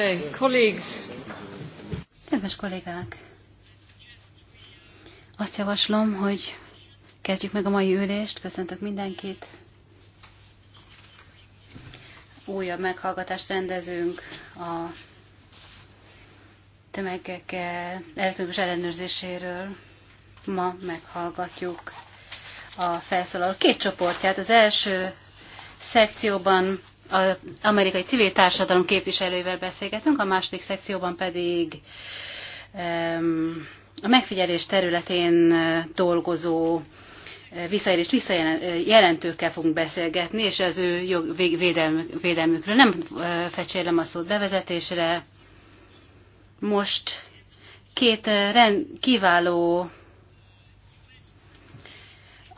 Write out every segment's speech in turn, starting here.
Okay, colleagues. Kedves kollégák! Azt javaslom, hogy kezdjük meg a mai ülést. Köszöntök mindenkit. Újabb meghallgatást rendezünk a tömegek elektronikus ellenőrzéséről. Ma meghallgatjuk a felszólaló két csoportját. Az első szekcióban az amerikai civil társadalom képviselőivel beszélgetünk, a második szekcióban pedig a megfigyelés területén eh, dolgozó eh, visszaélést visszajelentőkkel fogunk beszélgetni, és az ő jog, védelm, védelmükről. Nem eh, fecsérlem a szót bevezetésre. Most két rend, kiváló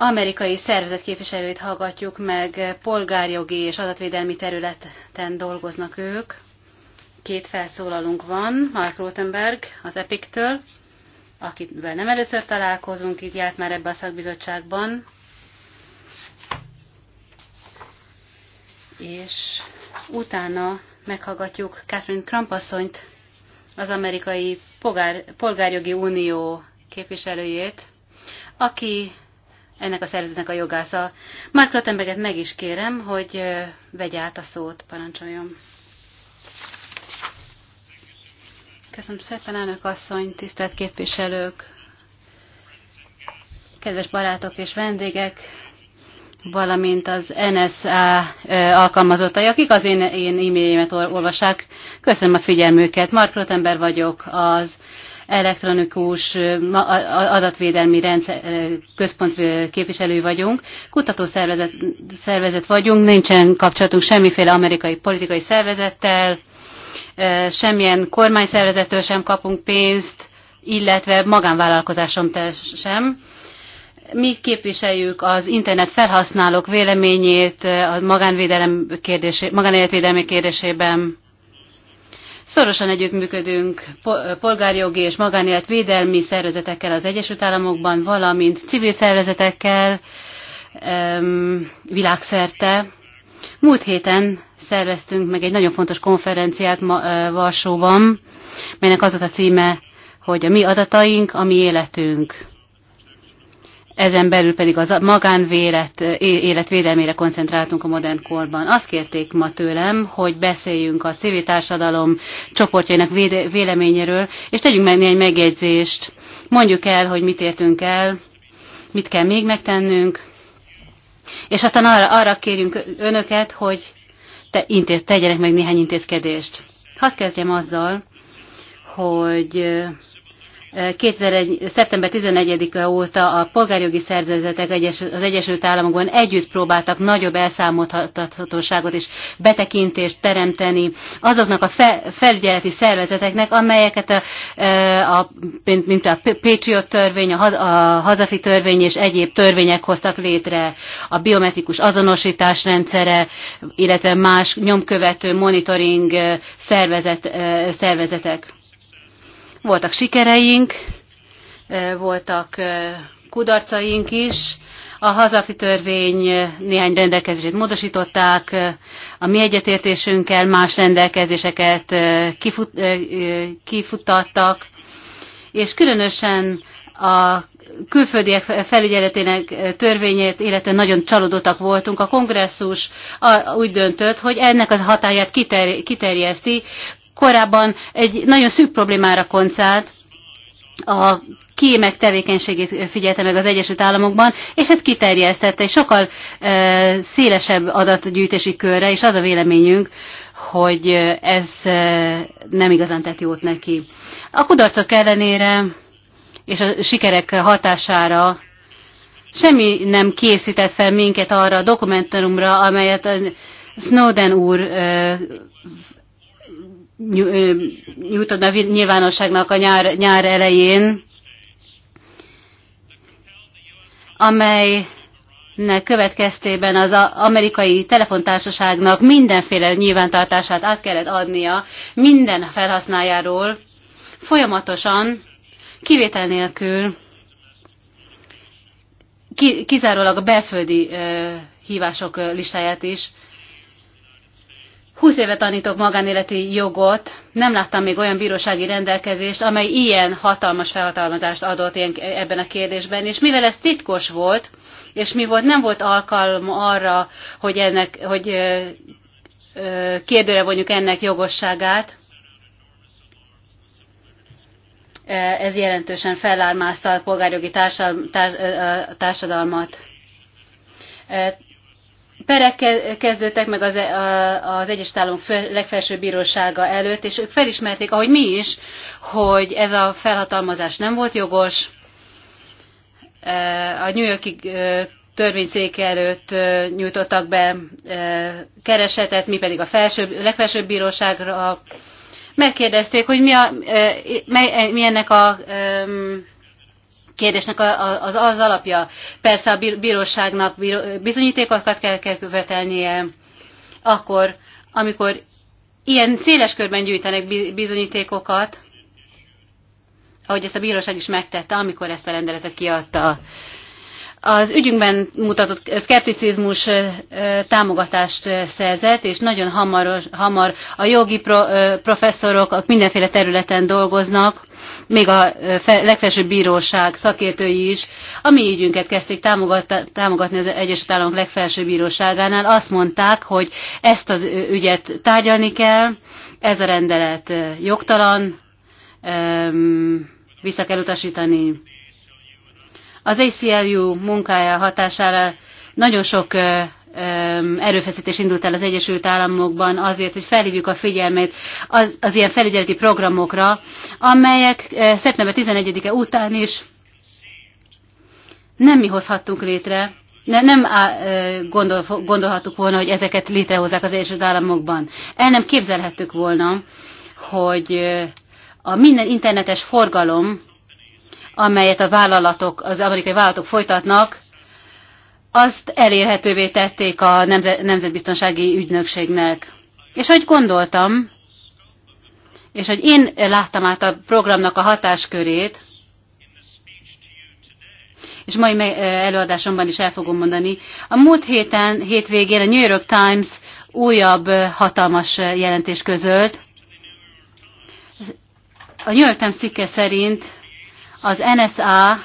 amerikai szervezet képviselőit hallgatjuk meg, polgárjogi és adatvédelmi területen dolgoznak ők. Két felszólalunk van, Mark Rotenberg az Epic-től, akivel nem először találkozunk, így járt már ebbe a szakbizottságban. És utána meghallgatjuk Catherine Krampasszonyt, az amerikai Polgár, Polgárjogi Unió képviselőjét, aki ennek a szervezetnek a jogásza. Mark Rottenberget meg is kérem, hogy vegye át a szót, parancsoljon. Köszönöm szépen, elnök asszony, tisztelt képviselők, kedves barátok és vendégek, valamint az NSA alkalmazottai, akik az én, én e-mailjémet olvassák. Köszönöm a figyelmüket. Mark Rottenberg vagyok, az elektronikus adatvédelmi rendszer, központ képviselő vagyunk, kutatószervezet szervezet vagyunk, nincsen kapcsolatunk semmiféle amerikai politikai szervezettel, semmilyen kormányszervezettől sem kapunk pénzt, illetve magánvállalkozásom sem. Mi képviseljük az internet felhasználók véleményét a magánvédelem kérdésé, magánéletvédelmi kérdésében Szorosan együttműködünk polgárjogi és magánélet védelmi szervezetekkel az Egyesült Államokban, valamint civil szervezetekkel világszerte. Múlt héten szerveztünk meg egy nagyon fontos konferenciát Varsóban, melynek az volt a címe, hogy a mi adataink, a mi életünk ezen belül pedig az magánvéret életvédelmére koncentráltunk a modern korban. Azt kérték ma tőlem, hogy beszéljünk a civil társadalom csoportjainak véleményéről, és tegyünk meg néhány megjegyzést. Mondjuk el, hogy mit értünk el, mit kell még megtennünk, és aztán arra, arra kérjünk önöket, hogy te intéz, tegyenek meg néhány intézkedést. Hadd kezdjem azzal, hogy 2001. szeptember 11-e óta a polgárjogi szerzetek az Egyesült Államokban együtt próbáltak nagyobb elszámoltathatóságot és betekintést teremteni azoknak a felügyeleti szervezeteknek, amelyeket a, e, a, mint, mint a Patriot törvény, a, a hazafi törvény és egyéb törvények hoztak létre, a biometrikus azonosítás rendszere, illetve más nyomkövető monitoring e, szervezet, e, szervezetek voltak sikereink, voltak kudarcaink is. A hazafi törvény néhány rendelkezését módosították, a mi egyetértésünkkel más rendelkezéseket kifut, kifutattak, és különösen a külföldiek felügyeletének törvényét, illetve nagyon csalódottak voltunk. A kongresszus úgy döntött, hogy ennek a hatáját kiterjeszti korábban egy nagyon szűk problémára koncált, a kémek tevékenységét figyelte meg az Egyesült Államokban, és ezt kiterjesztette egy sokkal e, szélesebb adatgyűjtési körre, és az a véleményünk, hogy ez e, nem igazán tett jót neki. A kudarcok ellenére és a sikerek hatására semmi nem készített fel minket arra a dokumentumra, amelyet a Snowden úr e, nyújtott be nyilvánosságnak a nyár, nyár elején, amelynek következtében az amerikai telefontársaságnak mindenféle nyilvántartását át kellett adnia minden felhasználjáról, folyamatosan, kivétel nélkül, kizárólag a belföldi hívások listáját is 20 éve tanítok magánéleti jogot, nem láttam még olyan bírósági rendelkezést, amely ilyen hatalmas felhatalmazást adott ilyen, ebben a kérdésben, és mivel ez titkos volt, és mi volt, nem volt alkalom arra, hogy, ennek, hogy ö, ö, kérdőre vonjuk ennek jogosságát, ez jelentősen felármázta a polgárjogi társadalmat perek kezdődtek meg az, e- az Egyes Államok legfelsőbb bírósága előtt, és ők felismerték, ahogy mi is, hogy ez a felhatalmazás nem volt jogos. E, a New Yorki e, törvényszék előtt nyújtottak be keresetet, mi pedig a felső legfelsőbb bíróságra megkérdezték, hogy mi, a, mi ennek a kérdésnek az az alapja. Persze a bíróságnak bizonyítékokat kell, kell követelnie, akkor, amikor ilyen széles körben gyűjtenek bizonyítékokat, ahogy ezt a bíróság is megtette, amikor ezt a rendeletet kiadta az ügyünkben mutatott szkepticizmus támogatást szerzett, és nagyon hamar, hamar a jogi pro, professzorok mindenféle területen dolgoznak, még a legfelsőbb bíróság szakértői is. A mi ügyünket kezdték támogatni az Egyesült Államok legfelsőbb bíróságánál. Azt mondták, hogy ezt az ügyet tárgyalni kell, ez a rendelet jogtalan, vissza kell utasítani az ACLU munkája hatására nagyon sok erőfeszítés indult el az Egyesült Államokban azért, hogy felhívjuk a figyelmét az, az ilyen felügyeleti programokra, amelyek szeptember 11-e után is nem mi hozhattunk létre, ne, nem á, gondol, gondolhattuk volna, hogy ezeket létrehozzák az Egyesült Államokban. El nem képzelhettük volna, hogy a minden internetes forgalom amelyet a vállalatok, az amerikai vállalatok folytatnak, azt elérhetővé tették a Nemzetbiztonsági Ügynökségnek. És hogy gondoltam, és hogy én láttam át a programnak a hatáskörét, és mai előadásomban is el fogom mondani. A múlt héten, hétvégén a New York Times újabb hatalmas jelentés közölt. A New York Times cikke szerint az NSA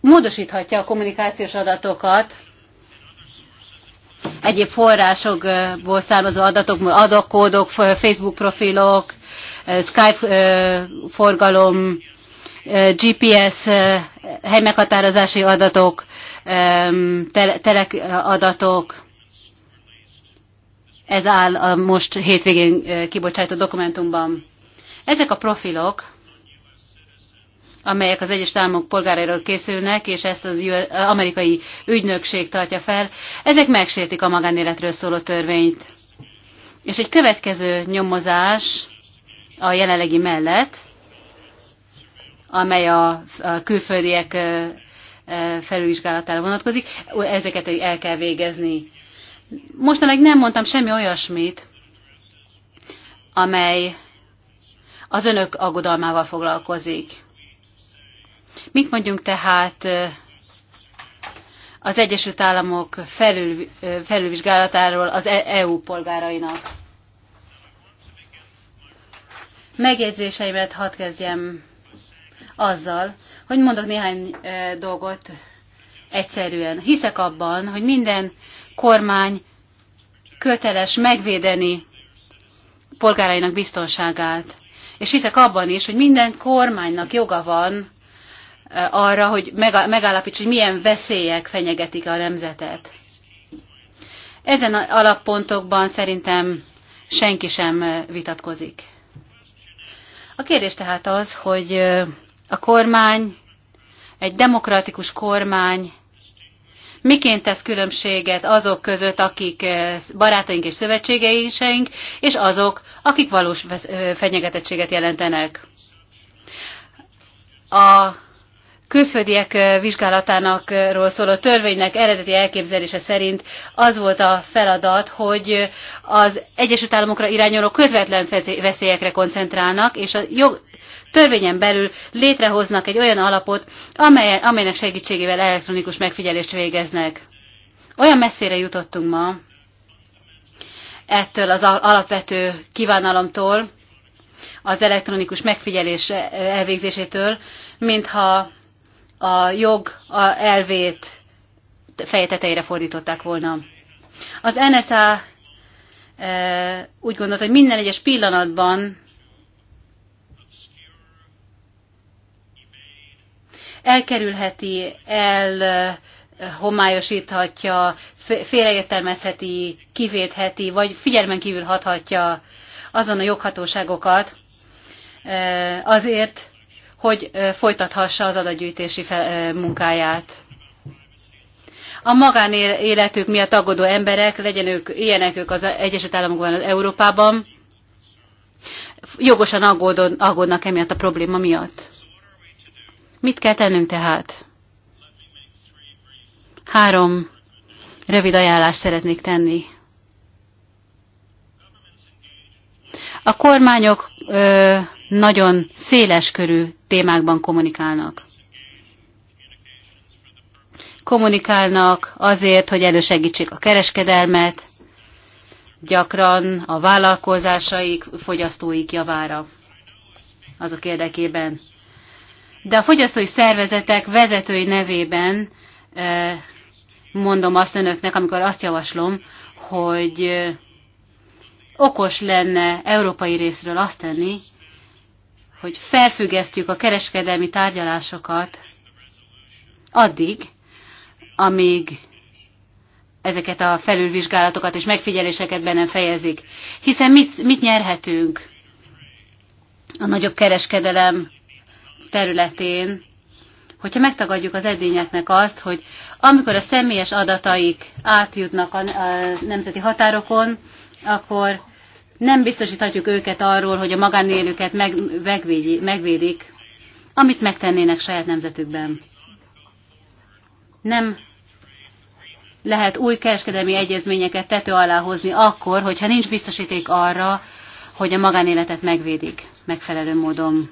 módosíthatja a kommunikációs adatokat, egyéb forrásokból származó adatok, adokódok, Facebook profilok, Skype forgalom, GPS helymeghatározási adatok, telek adatok, ez áll a most hétvégén kibocsátott dokumentumban. Ezek a profilok amelyek az egyes államok polgárairól készülnek, és ezt az amerikai ügynökség tartja fel, ezek megsértik a magánéletről szóló törvényt. És egy következő nyomozás a jelenlegi mellett, amely a külföldiek felülvizsgálatára vonatkozik, ezeket el kell végezni. Mostanáig nem mondtam semmi olyasmit, amely az önök aggodalmával foglalkozik. Mit mondjunk tehát az Egyesült Államok felül, felülvizsgálatáról az e- EU polgárainak? Megjegyzéseimet hadd kezdjem azzal, hogy mondok néhány dolgot egyszerűen. Hiszek abban, hogy minden kormány köteles megvédeni polgárainak biztonságát. És hiszek abban is, hogy minden kormánynak joga van Eh, arra, hogy megállapíts, hogy milyen veszélyek fenyegetik a nemzetet. Ezen alappontokban szerintem senki sem eh, vitatkozik. A kérdés tehát az, hogy eh, a kormány, egy demokratikus kormány miként tesz különbséget azok között, akik barátaink és szövetségeink, és azok, akik valós fenyegetettséget jelentenek. A külföldiek vizsgálatának szóló törvénynek eredeti elképzelése szerint az volt a feladat, hogy az Egyesült Államokra irányuló közvetlen veszélyekre koncentrálnak, és a jog, törvényen belül létrehoznak egy olyan alapot, amely, amelynek segítségével elektronikus megfigyelést végeznek. Olyan messzire jutottunk ma ettől az alapvető kívánalomtól, az elektronikus megfigyelés e- elvégzésétől, mintha a jog a elvét fejeteteire fordították volna. Az NSA e, úgy gondolta, hogy minden egyes pillanatban elkerülheti, elhomályosíthatja, e, félreértelmezheti, kivétheti, vagy figyelmen kívül hathatja azon a joghatóságokat e, azért, hogy folytathassa az adatgyűjtési munkáját. A magánéletük miatt aggódó emberek, legyen ők, ilyenek ők az Egyesült Államokban, az Európában, jogosan aggódnak emiatt a probléma miatt. Mit kell tennünk tehát? Három rövid ajánlást szeretnék tenni. A kormányok ö, nagyon széles körű témákban kommunikálnak. Kommunikálnak azért, hogy elősegítsék a kereskedelmet, gyakran a vállalkozásaik, fogyasztóik javára azok érdekében. De a fogyasztói szervezetek vezetői nevében eh, mondom azt önöknek, amikor azt javaslom, hogy eh, okos lenne európai részről azt tenni, hogy felfüggesztjük a kereskedelmi tárgyalásokat addig, amíg ezeket a felülvizsgálatokat és megfigyeléseket be nem fejezik. Hiszen mit, mit nyerhetünk a nagyobb kereskedelem területén, hogyha megtagadjuk az edényeknek azt, hogy amikor a személyes adataik átjutnak a, a nemzeti határokon, akkor nem biztosíthatjuk őket arról, hogy a magánélőket meg, megvédi, megvédik, amit megtennének saját nemzetükben. Nem lehet új kereskedelmi egyezményeket tető alá hozni akkor, hogyha nincs biztosíték arra, hogy a magánéletet megvédik megfelelő módon.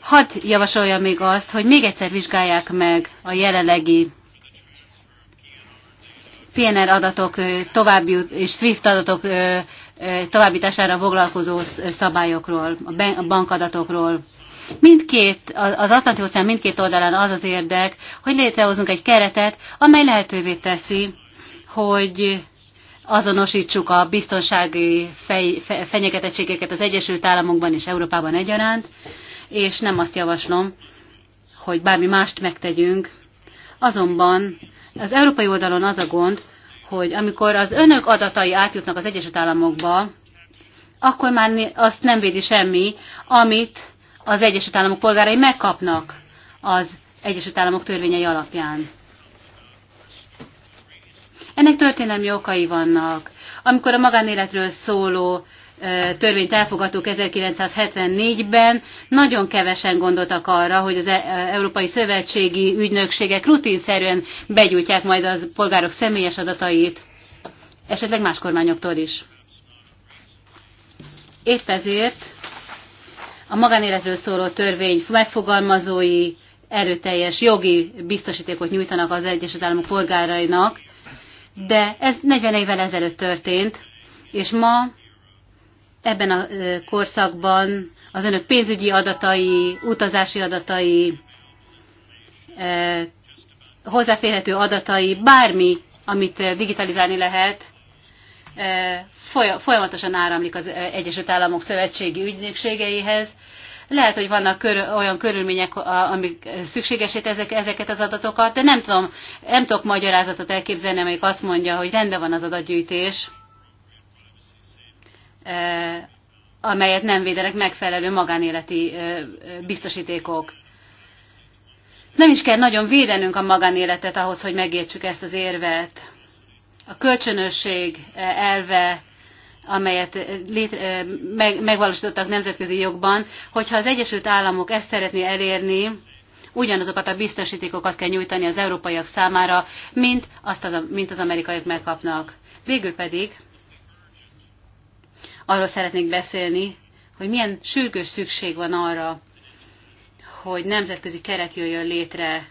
Hadd javasolja még azt, hogy még egyszer vizsgálják meg a jelenlegi PNR adatok további és SWIFT adatok továbbítására foglalkozó szabályokról, a bankadatokról. Mindkét, az Atlanti-óceán mindkét oldalán az az érdek, hogy létrehozunk egy keretet, amely lehetővé teszi, hogy azonosítsuk a biztonsági fej, fe, fenyegetettségeket az Egyesült Államokban és Európában egyaránt, és nem azt javaslom, hogy bármi mást megtegyünk. Azonban az európai oldalon az a gond, hogy amikor az önök adatai átjutnak az Egyesült Államokba, akkor már azt nem védi semmi, amit az Egyesült Államok polgárai megkapnak az Egyesült Államok törvényei alapján. Ennek történelmi okai vannak. Amikor a magánéletről szóló törvényt elfogadtuk 1974-ben, nagyon kevesen gondoltak arra, hogy az e- Európai Szövetségi Ügynökségek rutinszerűen begyújtják majd az polgárok személyes adatait, esetleg más kormányoktól is. Épp ezért a magánéletről szóló törvény megfogalmazói erőteljes jogi biztosítékot nyújtanak az Egyesült Államok polgárainak, de ez 40 évvel ezelőtt történt, és ma ebben a korszakban az önök pénzügyi adatai, utazási adatai, hozzáférhető adatai, bármi, amit digitalizálni lehet, folyamatosan áramlik az Egyesült Államok Szövetségi Ügynökségeihez. Lehet, hogy vannak kör, olyan körülmények, amik szükségesít ezek, ezeket az adatokat, de nem tudom, nem tudok magyarázatot elképzelni, amelyik azt mondja, hogy rendben van az adatgyűjtés, amelyet nem védenek megfelelő magánéleti biztosítékok. Nem is kell nagyon védenünk a magánéletet ahhoz, hogy megértsük ezt az érvet. A kölcsönösség elve, amelyet létre, meg, megvalósítottak nemzetközi jogban, hogyha az Egyesült Államok ezt szeretné elérni, ugyanazokat a biztosítékokat kell nyújtani az európaiak számára, mint, azt az, mint az amerikaiak megkapnak. Végül pedig arról szeretnék beszélni, hogy milyen sürgős szükség van arra, hogy nemzetközi keret jöjjön létre,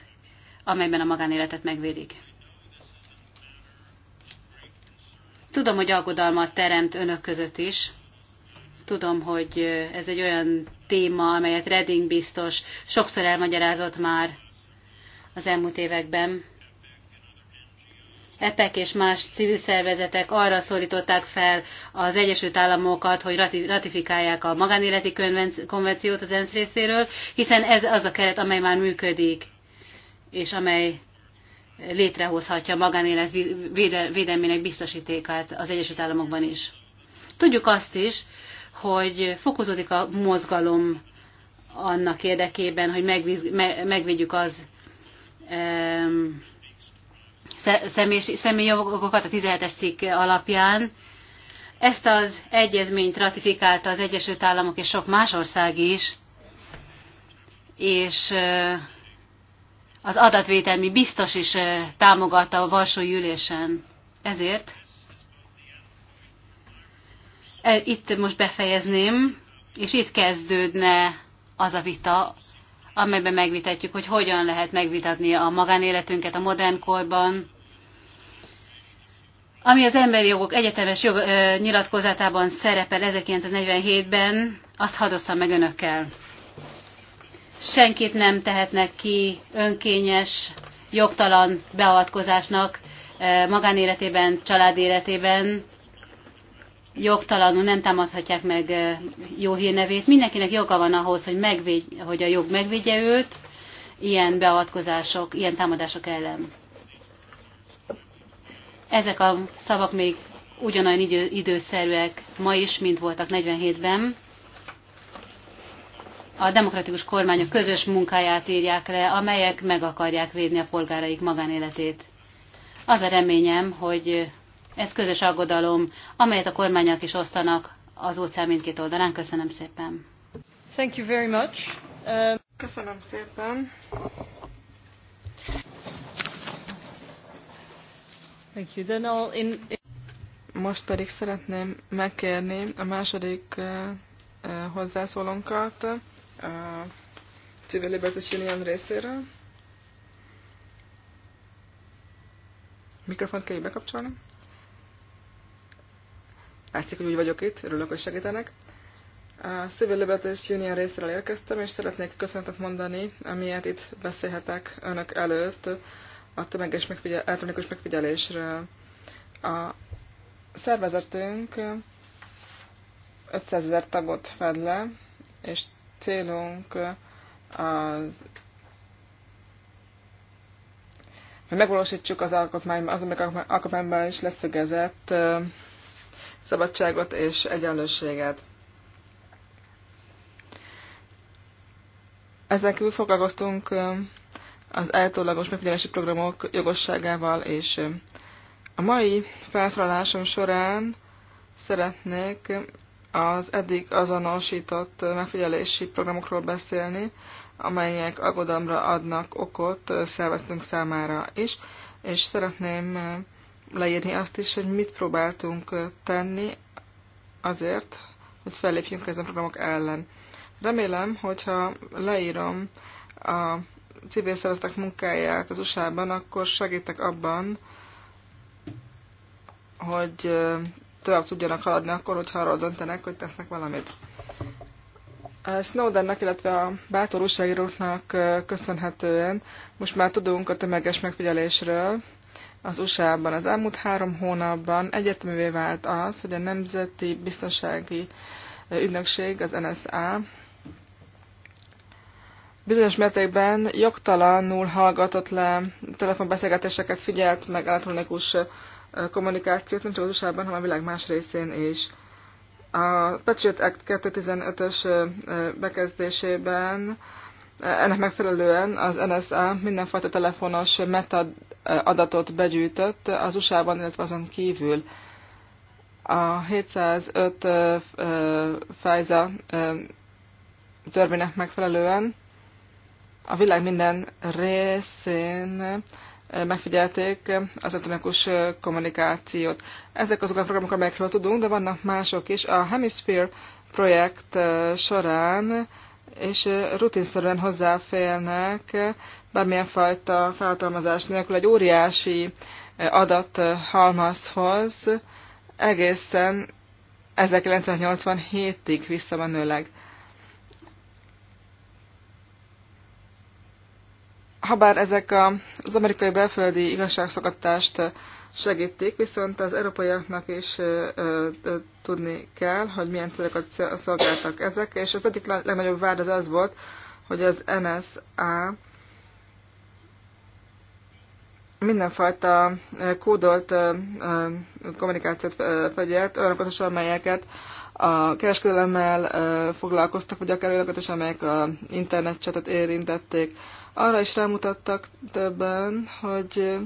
amelyben a magánéletet megvédik. Tudom, hogy aggodalmat teremt önök között is. Tudom, hogy ez egy olyan téma, amelyet Redding biztos sokszor elmagyarázott már az elmúlt években. EPEK és más civil szervezetek arra szólították fel az Egyesült Államokat, hogy ratifikálják a magánéleti konvenciót az ENSZ részéről, hiszen ez az a keret, amely már működik, és amely létrehozhatja a magánélet védelmének biztosítékát az Egyesült Államokban is. Tudjuk azt is, hogy fokozódik a mozgalom annak érdekében, hogy me, megvédjük az um, személyi jogokat a 17-es cikk alapján. Ezt az egyezményt ratifikálta az Egyesült Államok és sok más ország is, és az adatvételmi biztos is támogatta a Varsói ülésen. Ezért e, itt most befejezném, és itt kezdődne az a vita, amelyben megvitatjuk, hogy hogyan lehet megvitatni a magánéletünket a modern korban, ami az emberi jogok egyetemes jog, ö, nyilatkozatában szerepel 1947-ben, azt hadosszam meg önökkel. Senkit nem tehetnek ki önkényes, jogtalan beavatkozásnak ö, magánéletében, családéletében. Jogtalanul nem támadhatják meg ö, jó hírnevét. Mindenkinek joga van ahhoz, hogy, megvédj, hogy a jog megvédje őt ilyen beavatkozások, ilyen támadások ellen. Ezek a szavak még ugyanolyan idő, időszerűek ma is, mint voltak 47-ben. A demokratikus kormányok közös munkáját írják le, amelyek meg akarják védni a polgáraik magánéletét. Az a reményem, hogy ez közös aggodalom, amelyet a kormányok is osztanak az óceán mindkét oldalán. Köszönöm szépen. Thank you very much. Um... Köszönöm szépen. Thank you. Then in, in... Most pedig szeretném megkérni a második uh, hozzászólónkat eh, a uh, Civil Liberties Union részéről. Mikrofont kell bekapcsolni. Látszik, hogy úgy vagyok itt, örülök, hogy segítenek. A Civil Liberties Union részéről érkeztem, és szeretnék köszönetet mondani, amiért itt beszélhetek önök előtt a tömeges megfigyel, elektronikus megfigyelésről. A szervezetünk 500 ezer tagot fed le, és célunk az hogy megvalósítsuk az alkotmányban, az, amik alkotmányban is leszögezett szabadságot és egyenlőséget. Ezzel kívül foglalkoztunk az eltólagos megfigyelési programok jogosságával, és a mai felszólalásom során szeretnék az eddig azonosított megfigyelési programokról beszélni, amelyek aggodalomra adnak okot szerveztünk számára is, és szeretném leírni azt is, hogy mit próbáltunk tenni azért, hogy fellépjünk ezen programok ellen. Remélem, hogyha leírom a civil szervezetek munkáját az USA-ban, akkor segítek abban, hogy tovább tudjanak haladni akkor, hogyha arról döntenek, hogy tesznek valamit. Snowdennek, illetve a bátor újságíróknak köszönhetően most már tudunk a tömeges megfigyelésről az USA-ban. Az elmúlt három hónapban egyeteművé vált az, hogy a Nemzeti Biztonsági Ügynökség, az NSA bizonyos mértékben jogtalanul hallgatott le telefonbeszélgetéseket, figyelt meg elektronikus kommunikációt, nem csak az usa hanem a világ más részén is. A Patriot Act 2015-ös bekezdésében ennek megfelelően az NSA mindenfajta telefonos metadatot begyűjtött az USA-ban, illetve azon kívül. A 705 Pfizer törvénynek megfelelően a világ minden részén eh, megfigyelték az elektronikus eh, kommunikációt. Ezek azok a programok, amelyekről tudunk, de vannak mások is. A Hemisphere projekt eh, során és rutinszerűen hozzáférnek bármilyen fajta feltalmazás nélkül egy óriási adathalmazhoz egészen 1987-ig visszamenőleg. habár ezek a, az amerikai belföldi igazságszokatást segítik, viszont az európaiaknak is tudni kell, hogy milyen célokat szolgáltak ezek, és az egyik legnagyobb vád az az volt, hogy az NSA mindenfajta kódolt kommunikációt fegyelt, olyan pontosan, amelyeket a kereskedelemmel foglalkoztak, vagy akár olyanokat is, amelyek a internetcsetet érintették. Arra is rámutattak többen, hogy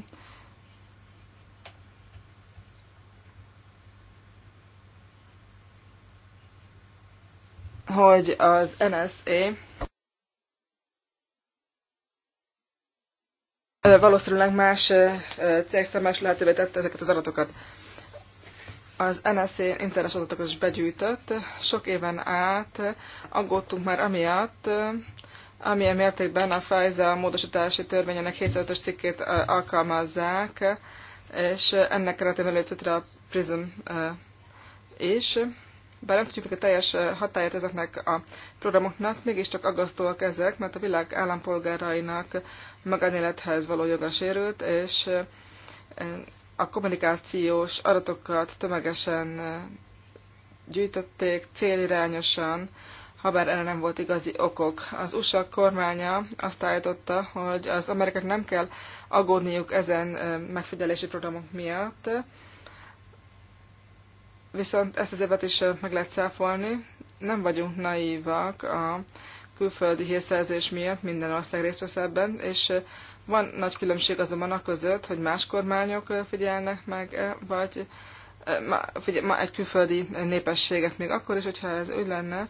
hogy az NSA valószínűleg más cégszemmel lehetővé tette ezeket az adatokat az NSZ internes adatokat is begyűjtött. Sok éven át aggódtunk már amiatt, amilyen mértékben a Pfizer módosítási törvényének 75 ös cikkét alkalmazzák, és ennek keretében lőtt a PRISM is. Bár nem tudjuk a teljes hatáját ezeknek a programoknak, mégiscsak aggasztóak ezek, mert a világ állampolgárainak magánélethez való joga sérült, és a kommunikációs adatokat tömegesen gyűjtötték célirányosan, habár erre nem volt igazi okok. Az USA kormánya azt állította, hogy az amerikák nem kell aggódniuk ezen megfigyelési programok miatt, viszont ezt az évet is meg lehet száfolni. Nem vagyunk naívak a külföldi hírszerzés miatt minden ország részt vesz ebben, és van nagy különbség azonban a között, hogy más kormányok figyelnek meg, vagy figyel, egy külföldi népességet még akkor is, hogyha ez úgy lenne,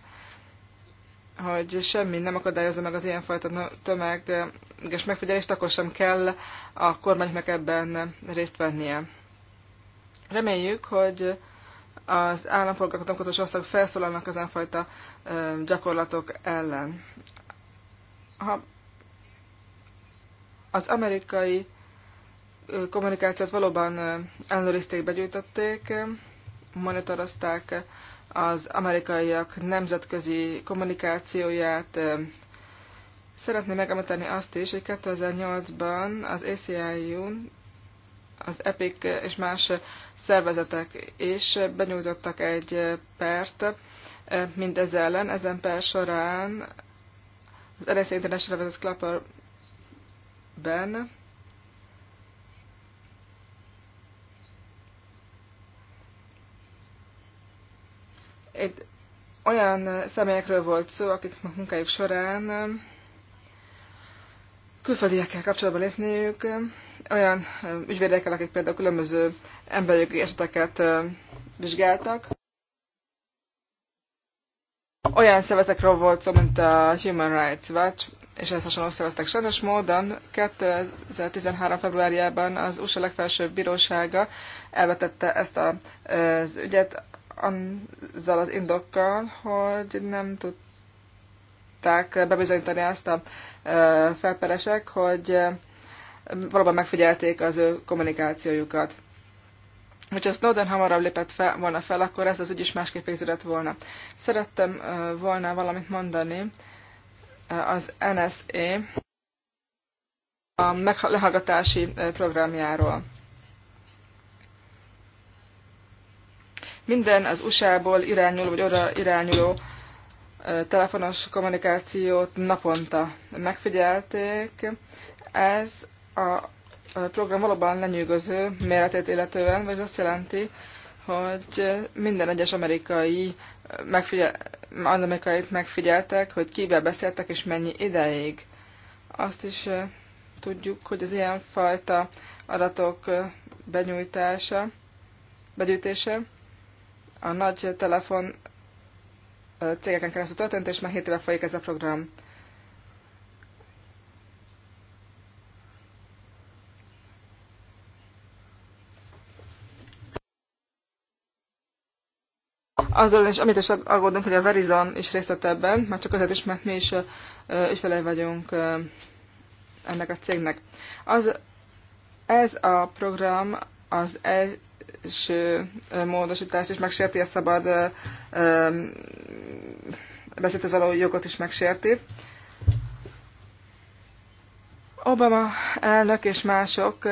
hogy semmi nem akadályozza meg az ilyenfajta tömeges megfigyelést, akkor sem kell a kormánynak ebben részt vennie. Reméljük, hogy az állampolgárokat, amikor ország felszólalnak ezenfajta gyakorlatok ellen. Ha az amerikai kommunikációt valóban ellenőrizték, begyűjtötték, monitorozták az amerikaiak nemzetközi kommunikációját. Szeretném megemlíteni azt is, hogy 2008-ban az ACIU az EPIC és más szervezetek is benyújtottak egy pert eh, mindez ellen. Ezen per során az NSA International vs. Clapper-ben egy olyan személyekről volt szó, akik munkájuk során külföldiekkel kapcsolatban lépniük, olyan ügyvédekkel, akik például különböző emberjogi eseteket vizsgáltak. Olyan szervezetekről volt szó, mint a Human Rights Watch, és ezt hasonló szerveztek. Sajnos módon 2013. februárjában az USA legfelsőbb bírósága elvetette ezt az ügyet azzal az indokkal, hogy nem tud tudták bebizonyítani azt a felperesek, hogy valóban megfigyelték az ő kommunikációjukat. Hogyha Snowden hamarabb lépett fel, volna fel, akkor ez az ügy is másképp végződött volna. Szerettem volna valamit mondani az NSA a lehallgatási programjáról. Minden az USA-ból irányuló vagy oda irányuló telefonos kommunikációt naponta megfigyelték. Ez a program valóban lenyűgöző méretét illetően, vagy azt jelenti, hogy minden egyes amerikai megfigyel, amerikait megfigyeltek, hogy kivel beszéltek és mennyi ideig. Azt is tudjuk, hogy az ilyenfajta adatok benyújtása, begyűjtése a nagy telefon cégeken keresztül történt, és már 7 éve folyik ez a program. azzal is, amit is aggódunk, hogy a Verizon is részt vett ebben, már csak azért is, mert mi is ügyfelei vagyunk ennek a cégnek. Az, ez a program az e- belső módosítást is megsérti, a szabad beszédhez való jogot is megsérti. Obama elnök és mások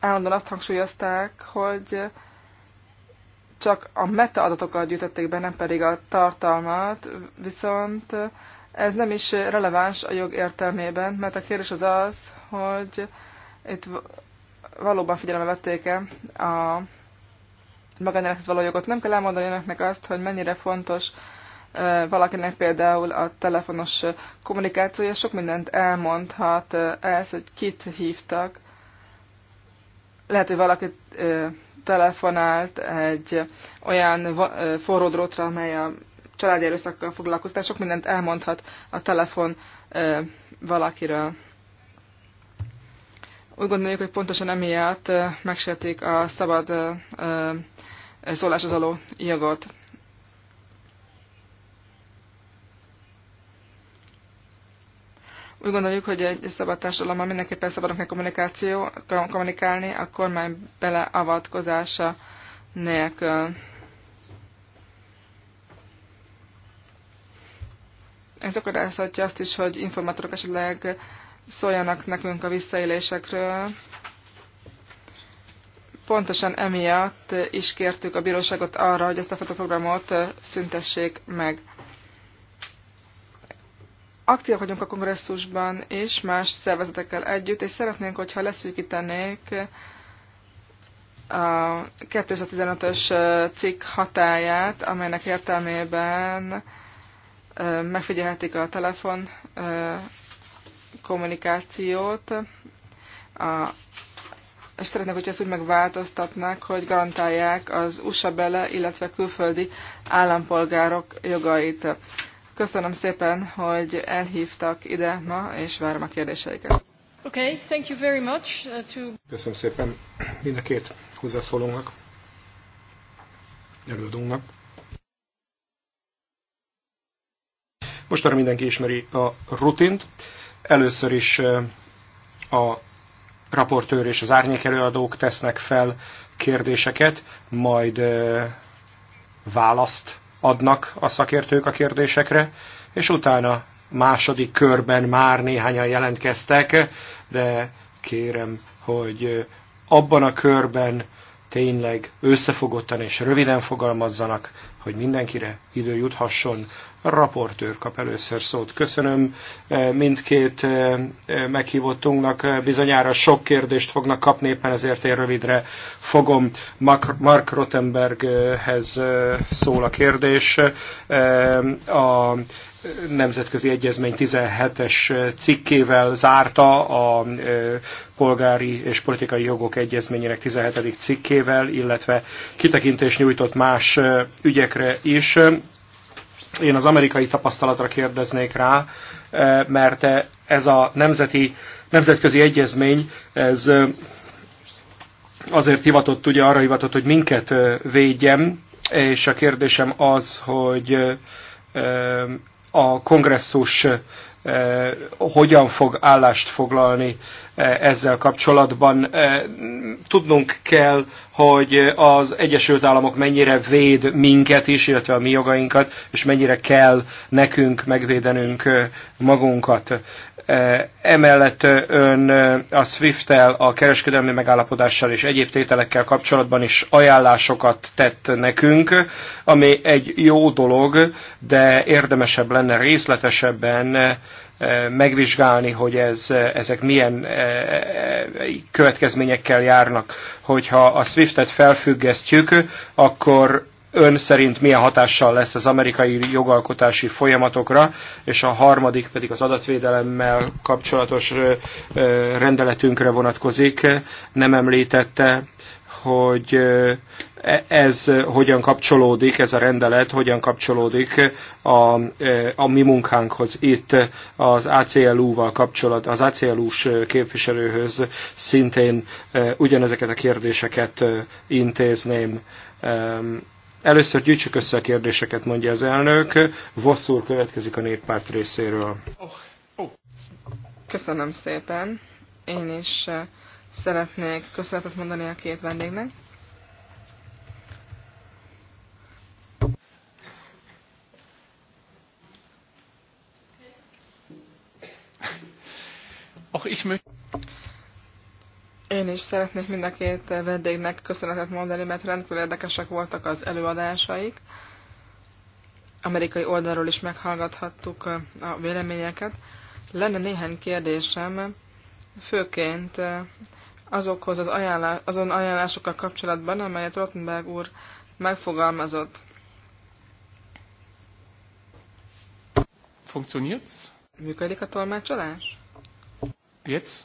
állandóan azt hangsúlyozták, hogy csak a metaadatokat gyűjtötték be, nem pedig a tartalmat, viszont ez nem is releváns a jog értelmében, mert a kérdés az az, hogy itt valóban figyelembe vették-e a magánélethez való jogot. Nem kell elmondani önöknek azt, hogy mennyire fontos valakinek például a telefonos kommunikációja, sok mindent elmondhat ez, hogy kit hívtak. Lehet, hogy valaki telefonált egy olyan forró drótra, amely a családi erőszakkal foglalkoztál, sok mindent elmondhat a telefon valakiről. Úgy gondoljuk, hogy pontosan emiatt megsértik a szabad szóláshoz való jogot. Úgy gondoljuk, hogy egy szabad társadalomban mindenképpen szabadon kell kommunikáció, kommunikálni a kormány beleavatkozása nélkül. Ez akadályozhatja azt is, hogy informátorok esetleg szóljanak nekünk a visszaélésekről. Pontosan emiatt is kértük a bíróságot arra, hogy ezt a fotoprogramot szüntessék meg. Aktívak vagyunk a kongresszusban és más szervezetekkel együtt, és szeretnénk, hogyha leszűkítenék a 215-ös cikk hatáját, amelynek értelmében megfigyelhetik a telefon kommunikációt, a, és szeretnék, hogy ezt úgy megváltoztatnák, hogy garantálják az USA bele, illetve külföldi állampolgárok jogait. Köszönöm szépen, hogy elhívtak ide ma, és várom a kérdéseiket. Okay, thank you very much uh, to... Köszönöm szépen mind a két hozzászólónak, előadónak. Most már mindenki ismeri a rutint. Először is a raportőr és az árnyékelőadók tesznek fel kérdéseket, majd választ adnak a szakértők a kérdésekre, és utána második körben már néhányan jelentkeztek, de kérem, hogy abban a körben, tényleg összefogottan és röviden fogalmazzanak, hogy mindenkire idő juthasson. A raportőr kap először szót. Köszönöm e, mindkét e, e, meghívottunknak. Bizonyára sok kérdést fognak kapni, éppen ezért én rövidre fogom. Mark Rottenberghez szól a kérdés. A nemzetközi egyezmény 17-es cikkével zárta a polgári és politikai jogok egyezményének 17. cikkével, illetve kitekintést nyújtott más ügyekre is. Én az amerikai tapasztalatra kérdeznék rá, mert ez a nemzeti, nemzetközi egyezmény, ez azért hivatott, ugye arra hivatott, hogy minket védjem, és a kérdésem az, hogy a kongresszus eh, hogyan fog állást foglalni E, ezzel kapcsolatban. E, tudnunk kell, hogy az Egyesült Államok mennyire véd minket is, illetve a mi jogainkat, és mennyire kell nekünk megvédenünk e, magunkat. Emellett ön a SWIFT-tel, a kereskedelmi megállapodással és egyéb tételekkel kapcsolatban is ajánlásokat tett nekünk, ami egy jó dolog, de érdemesebb lenne részletesebben megvizsgálni, hogy ez, ezek milyen e, e, következményekkel járnak. Hogyha a SWIFT-et felfüggesztjük, akkor ön szerint milyen hatással lesz az amerikai jogalkotási folyamatokra, és a harmadik pedig az adatvédelemmel kapcsolatos e, rendeletünkre vonatkozik. Nem említette, hogy E, ez hogyan kapcsolódik, ez a rendelet hogyan kapcsolódik a, a mi munkánkhoz itt az ACLU-val kapcsolat, az ACLU-s képviselőhöz szintén ugyanezeket a kérdéseket intézném. Először gyűjtsük össze a kérdéseket, mondja az elnök. Vosszúr következik a néppárt részéről. Köszönöm szépen. Én is szeretnék köszönetet mondani a két vendégnek. Ach ich möchte. Én is szeretnék mind a két vendégnek köszönetet mondani, mert rendkívül érdekesek voltak az előadásaik. Amerikai oldalról is meghallgathattuk a véleményeket. Lenne néhány kérdésem, főként azokhoz az ajánlás, azon ajánlásokkal kapcsolatban, amelyet Rottenberg úr megfogalmazott. Funktioniert's? Működik a tolmácsolás? Jetzt?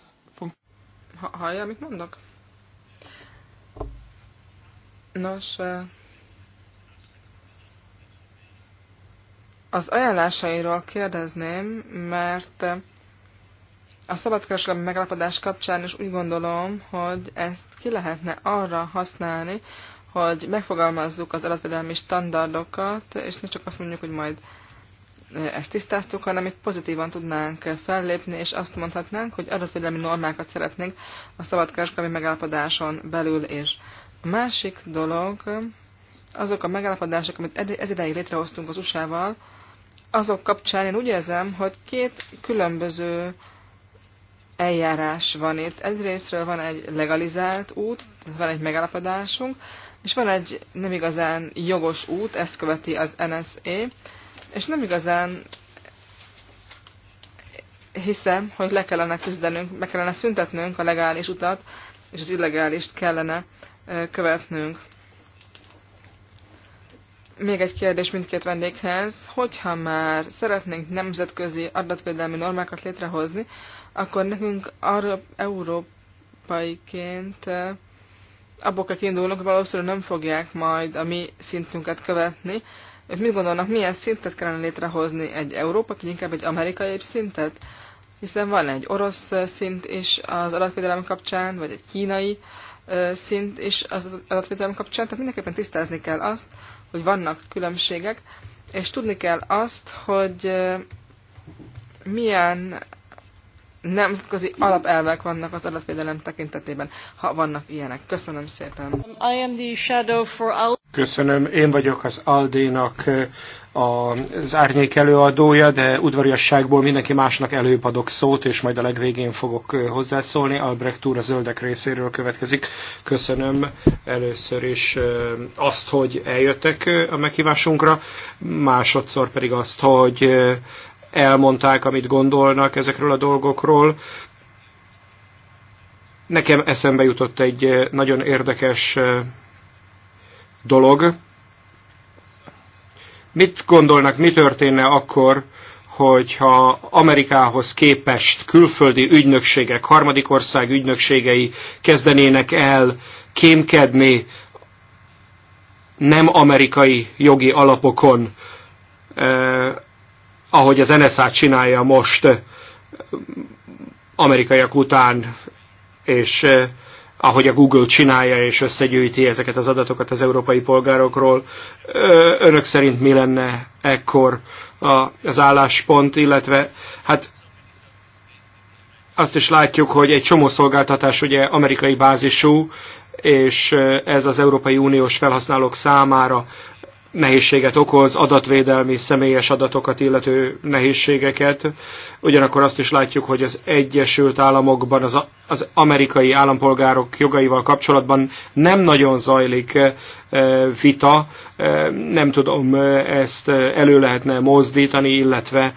Ha, hallja, mit mondok? Nos, az ajánlásairól kérdezném, mert a szabadkereskedelmi megállapodás kapcsán is úgy gondolom, hogy ezt ki lehetne arra használni, hogy megfogalmazzuk az adatvédelmi standardokat, és ne csak azt mondjuk, hogy majd ezt tisztáztuk, hanem itt pozitívan tudnánk fellépni, és azt mondhatnánk, hogy adatvédelmi normákat szeretnénk a szabadkereskedelmi megállapodáson belül is. A másik dolog, azok a megállapodások, amit ez ideig létrehoztunk az USA-val, azok kapcsán én úgy érzem, hogy két különböző eljárás van itt. Egyrésztről van egy legalizált út, van egy megállapodásunk, és van egy nem igazán jogos út, ezt követi az NSA, és nem igazán hiszem, hogy le kellene küzdenünk, meg kellene szüntetnünk a legális utat, és az illegálist kellene követnünk. Még egy kérdés mindkét vendéghez, hogyha már szeretnénk nemzetközi adatvédelmi normákat létrehozni, akkor nekünk arra európaiként abból kell kiindulnunk, valószínűleg nem fogják majd a mi szintünket követni, ők mit gondolnak, milyen szintet kellene létrehozni egy Európa, vagy inkább egy amerikai szintet? Hiszen van egy orosz szint is az adatvédelem kapcsán, vagy egy kínai szint is az adatvédelem kapcsán, tehát mindenképpen tisztázni kell azt, hogy vannak különbségek, és tudni kell azt, hogy milyen nemzetközi alapelvek vannak az adatvédelem tekintetében, ha vannak ilyenek. Köszönöm szépen. I am the shadow for Köszönöm. Én vagyok az Aldénak eh, az árnyék előadója, de udvariasságból mindenki másnak előbb adok szót, és majd a legvégén fogok eh, hozzászólni. Albrecht úr a zöldek részéről következik. Köszönöm először is eh, azt, hogy eljöttek a meghívásunkra, másodszor pedig azt, hogy elmondták, amit gondolnak ezekről a dolgokról. Nekem eszembe jutott egy eh, nagyon érdekes eh, dolog. Mit gondolnak, mi történne akkor, hogyha Amerikához képest külföldi ügynökségek, harmadik ország ügynökségei kezdenének el kémkedni nem amerikai jogi alapokon eh, ahogy az NSA csinálja most amerikaiak után, és ahogy a Google csinálja és összegyűjti ezeket az adatokat az európai polgárokról. Önök szerint mi lenne ekkor az álláspont, illetve hát azt is látjuk, hogy egy csomó szolgáltatás ugye amerikai bázisú, és ez az Európai Uniós felhasználók számára nehézséget okoz, adatvédelmi, személyes adatokat illető nehézségeket. Ugyanakkor azt is látjuk, hogy az Egyesült Államokban az, az amerikai állampolgárok jogaival kapcsolatban nem nagyon zajlik e, e, vita, e, nem tudom, ezt elő lehetne mozdítani, illetve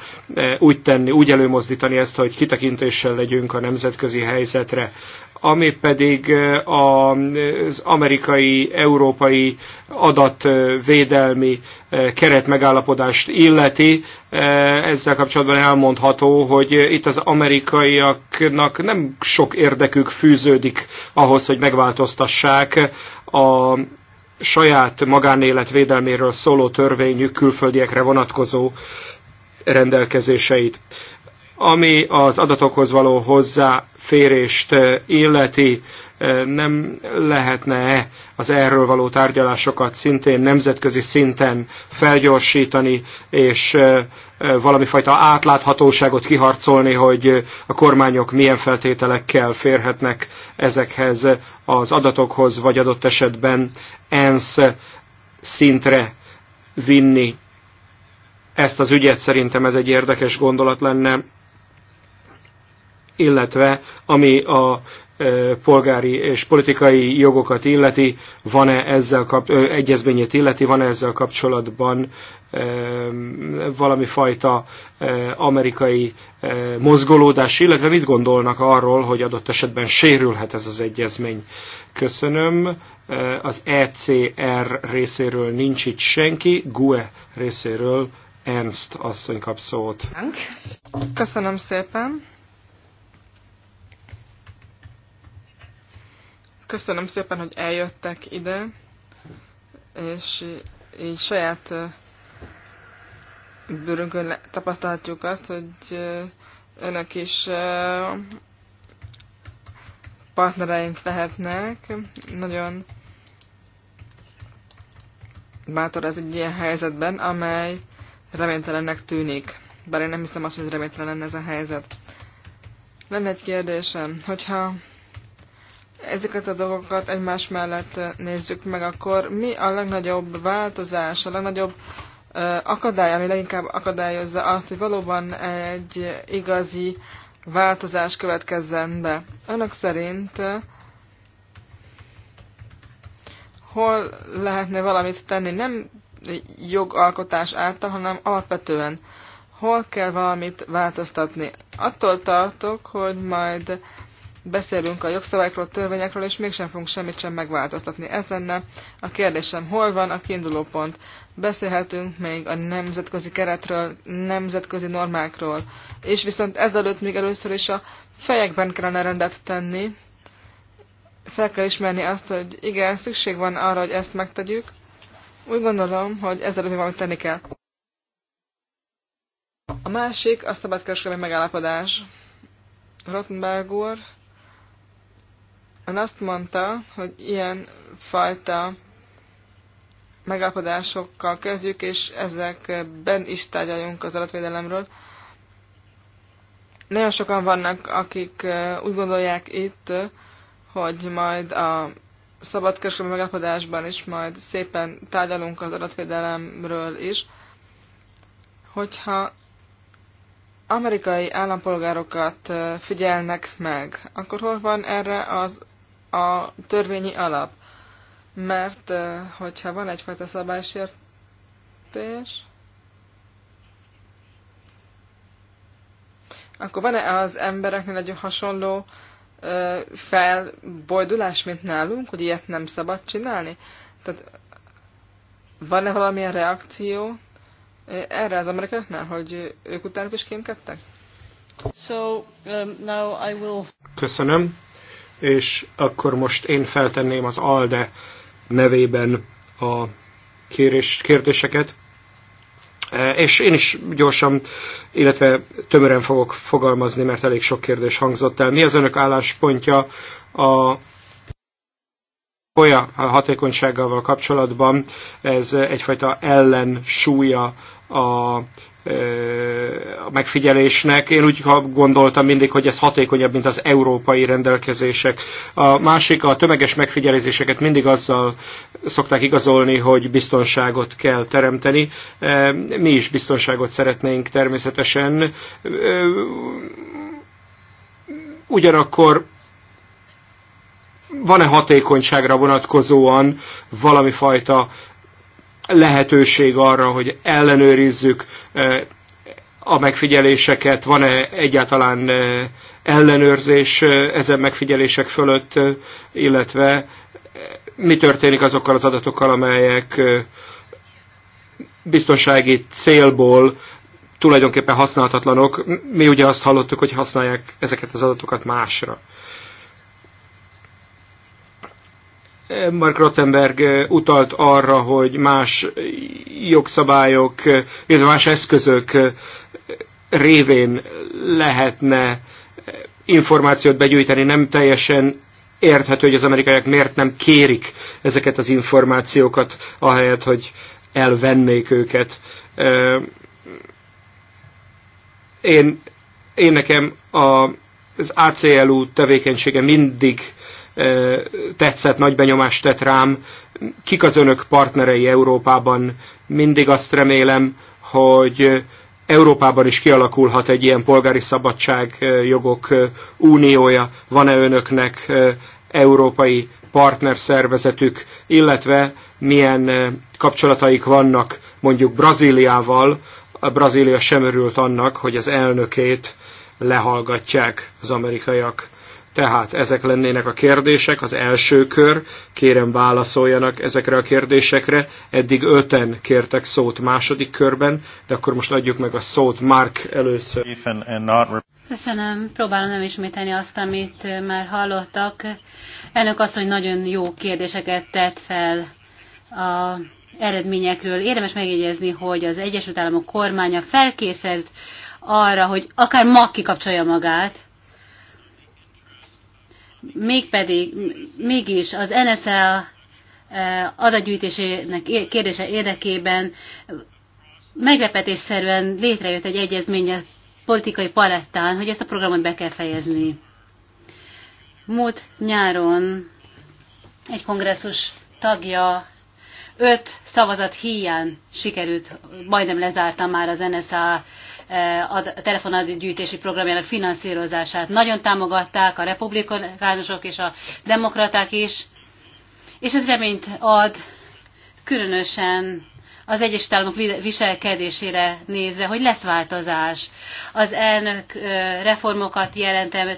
úgy tenni, úgy előmozdítani ezt, hogy kitekintéssel legyünk a nemzetközi helyzetre ami pedig az amerikai-európai adatvédelmi kereskedelmi eh, keretmegállapodást illeti, eh, ezzel kapcsolatban elmondható, hogy itt az amerikaiaknak nem sok érdekük fűződik ahhoz, hogy megváltoztassák a saját magánélet védelméről szóló törvényük külföldiekre vonatkozó rendelkezéseit. Ami az adatokhoz való hozzáférést eh, illeti, nem lehetne-e az erről való tárgyalásokat szintén nemzetközi szinten felgyorsítani, és valami fajta átláthatóságot kiharcolni, hogy a kormányok milyen feltételekkel férhetnek ezekhez az adatokhoz, vagy adott esetben ENSZ szintre vinni ezt az ügyet. Szerintem ez egy érdekes gondolat lenne, illetve ami a polgári és politikai jogokat illeti, van-e ezzel kap, egyezményét illeti, van-e ezzel kapcsolatban valami fajta amerikai mozgolódás, illetve mit gondolnak arról, hogy adott esetben sérülhet ez az egyezmény. Köszönöm. Az ECR részéről nincs itt senki, GUE részéről Ernst asszony kap szót. Köszönöm szépen. Köszönöm szépen, hogy eljöttek ide, és így saját bőrünkön tapasztalhatjuk azt, hogy önök is partnereink lehetnek. Nagyon bátor ez egy ilyen helyzetben, amely reménytelennek tűnik. Bár én nem hiszem azt, hogy reménytelen ez a helyzet. Lenne egy kérdésem, hogyha ezeket a dolgokat egymás mellett nézzük meg, akkor mi a legnagyobb változás, a legnagyobb akadály, ami leginkább akadályozza azt, hogy valóban egy igazi változás következzen be. Önök szerint hol lehetne valamit tenni, nem jogalkotás által, hanem alapvetően hol kell valamit változtatni. Attól tartok, hogy majd beszélünk a jogszabályokról, törvényekről, és mégsem fogunk semmit sem megváltoztatni. Ez lenne a kérdésem, hol van a kiinduló pont. Beszélhetünk még a nemzetközi keretről, nemzetközi normákról, és viszont ezelőtt még először is a fejekben kellene rendet tenni. Fel kell ismerni azt, hogy igen, szükség van arra, hogy ezt megtegyük. Úgy gondolom, hogy ezzel mi valamit tenni kell. A másik a szabadkereskedelmi megállapodás. Rottenberg úr Ön azt mondta, hogy ilyen fajta megállapodásokkal kezdjük, és ezekben is tárgyaljunk az adatvédelemről. Nagyon sokan vannak, akik úgy gondolják itt, hogy majd a szabadkereskedelmi megállapodásban is majd szépen tárgyalunk az adatvédelemről is, hogyha amerikai állampolgárokat figyelnek meg, akkor hol van erre az a törvényi alap. Mert eh, hogyha van egyfajta szabálysértés, akkor van-e az embereknél egy hasonló eh, felbojdulás, mint nálunk, hogy ilyet nem szabad csinálni? Tehát van-e valamilyen reakció eh, erre az amerikaiaknál, hogy ők utánuk is kémkedtek? So, um, now I will... Köszönöm és akkor most én feltenném az ALDE nevében a kérés, kérdéseket. E, és én is gyorsan, illetve tömören fogok fogalmazni, mert elég sok kérdés hangzott el. Mi az önök álláspontja a folya hatékonysággal kapcsolatban? Ez egyfajta ellensúlya a a megfigyelésnek. Én úgy gondoltam mindig, hogy ez hatékonyabb, mint az európai rendelkezések. A másik, a tömeges megfigyeléseket mindig azzal szokták igazolni, hogy biztonságot kell teremteni. Mi is biztonságot szeretnénk természetesen. Ugyanakkor van-e hatékonyságra vonatkozóan valami fajta lehetőség arra, hogy ellenőrizzük a megfigyeléseket, van-e egyáltalán ellenőrzés ezen megfigyelések fölött, illetve mi történik azokkal az adatokkal, amelyek biztonsági célból tulajdonképpen használhatatlanok. Mi ugye azt hallottuk, hogy használják ezeket az adatokat másra. Mark Rottenberg eh, utalt arra, hogy más jogszabályok, eh, illetve más eszközök eh, révén lehetne információt begyűjteni, nem teljesen érthető, hogy az amerikaiak miért nem kérik ezeket az információkat, ahelyett, hogy elvennék őket. Én, én nekem a, az ACLU tevékenysége mindig tetszett, nagy benyomást tett rám. Kik az önök partnerei Európában? Mindig azt remélem, hogy Európában is kialakulhat egy ilyen polgári szabadság jogok uniója. Van-e önöknek európai partnerszervezetük, illetve milyen kapcsolataik vannak mondjuk Brazíliával. A Brazília sem örült annak, hogy az elnökét lehallgatják az amerikaiak. Tehát ezek lennének a kérdések, az első kör, kérem válaszoljanak ezekre a kérdésekre. Eddig öten kértek szót második körben, de akkor most adjuk meg a szót Mark először. Köszönöm, próbálom nem ismételni azt, amit már hallottak. Ennek az, hogy nagyon jó kérdéseket tett fel a eredményekről. Érdemes megjegyezni, hogy az Egyesült Államok kormánya felkészült arra, hogy akár ma kikapcsolja magát, mégpedig mégis az NSA eh, adatgyűjtésének kérdése érdekében meglepetésszerűen létrejött egy egyezmény a politikai palettán, hogy ezt a programot be kell fejezni. Múlt nyáron egy kongresszus tagja öt szavazat híján sikerült, majdnem lezárta már az NSA Eh, a telefonadgyűjtési programjának finanszírozását. Nagyon támogatták a republikánusok és a demokraták is, és ez reményt ad különösen az Egyesült Államok viselkedésére nézve, hogy lesz változás. Az elnök eh, reformokat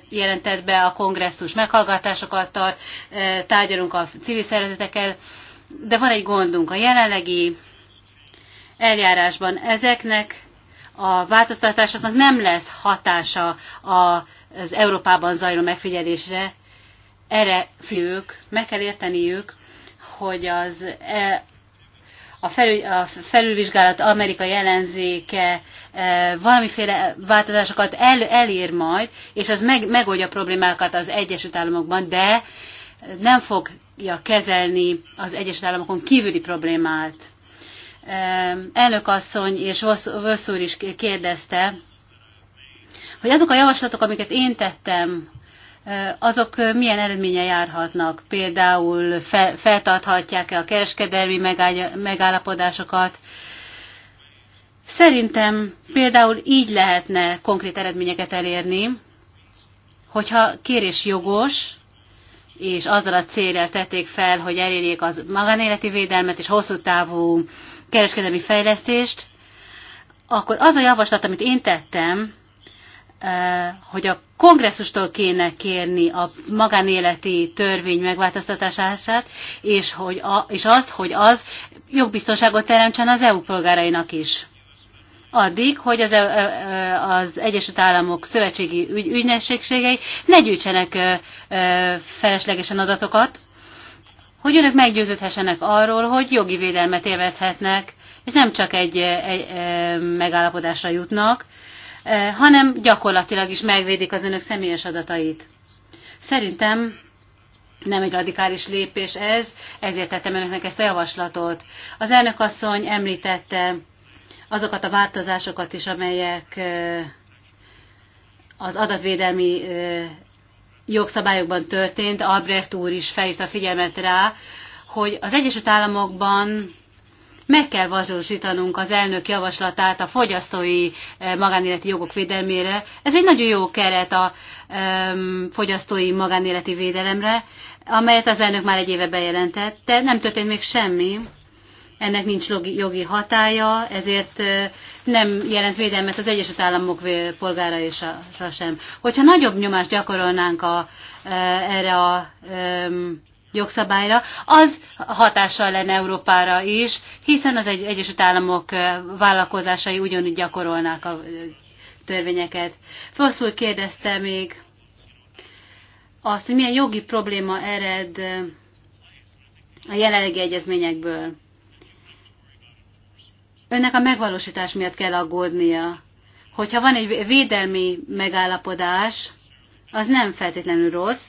jelentett be, a kongresszus meghallgatásokat tart, eh, tárgyalunk a civil szervezetekkel, de van egy gondunk. A jelenlegi eljárásban ezeknek a változtatásoknak nem lesz hatása az Európában zajló megfigyelésre. Erre fők. meg kell érteniük, hogy az, e, a, felül, a felülvizsgálat amerikai ellenzéke e, valamiféle változásokat el, elír majd, és az meg, megoldja a problémákat az Egyesült Államokban, de nem fogja kezelni az Egyesült Államokon kívüli problémát elnökasszony és Vossz úr is kérdezte, hogy azok a javaslatok, amiket én tettem, azok milyen eredménye járhatnak? Például fe, feltarthatják-e a kereskedelmi megállapodásokat? Szerintem például így lehetne konkrét eredményeket elérni, hogyha kérés jogos, és azzal a célral tették fel, hogy elérjék az magánéleti védelmet és hosszú távú kereskedelmi fejlesztést, akkor az a javaslat, amit én tettem, eh, hogy a kongresszustól kéne kérni a magánéleti törvény megváltoztatását, és, hogy a, és azt, hogy az jogbiztonságot teremtsen az EU polgárainak is. Addig, hogy az, e eh, eh, az Egyesült Államok szövetségi ügy, ügynességségei ne gyűjtsenek feleslegesen adatokat, hogy önök meggyőződhessenek arról, hogy jogi védelmet élvezhetnek, és nem csak egy, eh, egy, egy eh, megállapodásra jutnak, eh, hanem gyakorlatilag is megvédik az önök személyes adatait. Szerintem nem egy radikális lépés ez, ezért tettem önöknek ezt a javaslatot. Az elnök asszony említette azokat a változásokat is, amelyek az adatvédelmi jogszabályokban történt, Albrecht úr is felhívta a figyelmet rá, hogy az Egyesült Államokban meg kell valósítanunk az elnök javaslatát a fogyasztói eh, magánéleti jogok védelmére. Ez egy nagyon jó keret a fogyasztói magánéleti védelemre, amelyet az elnök már egy éve bejelentett, de nem történt még semmi. Ennek nincs jogi hatája, ezért eh, nem jelent védelmet az Egyesült Államok polgáraira sem. Hogyha nagyobb nyomást gyakorolnánk a, e, erre a e, jogszabályra, az hatással lenne Európára is, hiszen az Egyesült Államok e, vállalkozásai ugyanúgy gyakorolnák a törvényeket. Fosszul kérdezte még azt, hogy milyen jogi probléma ered a jelenlegi egyezményekből önnek a megvalósítás miatt kell aggódnia. Hogyha van egy védelmi megállapodás, az nem feltétlenül rossz,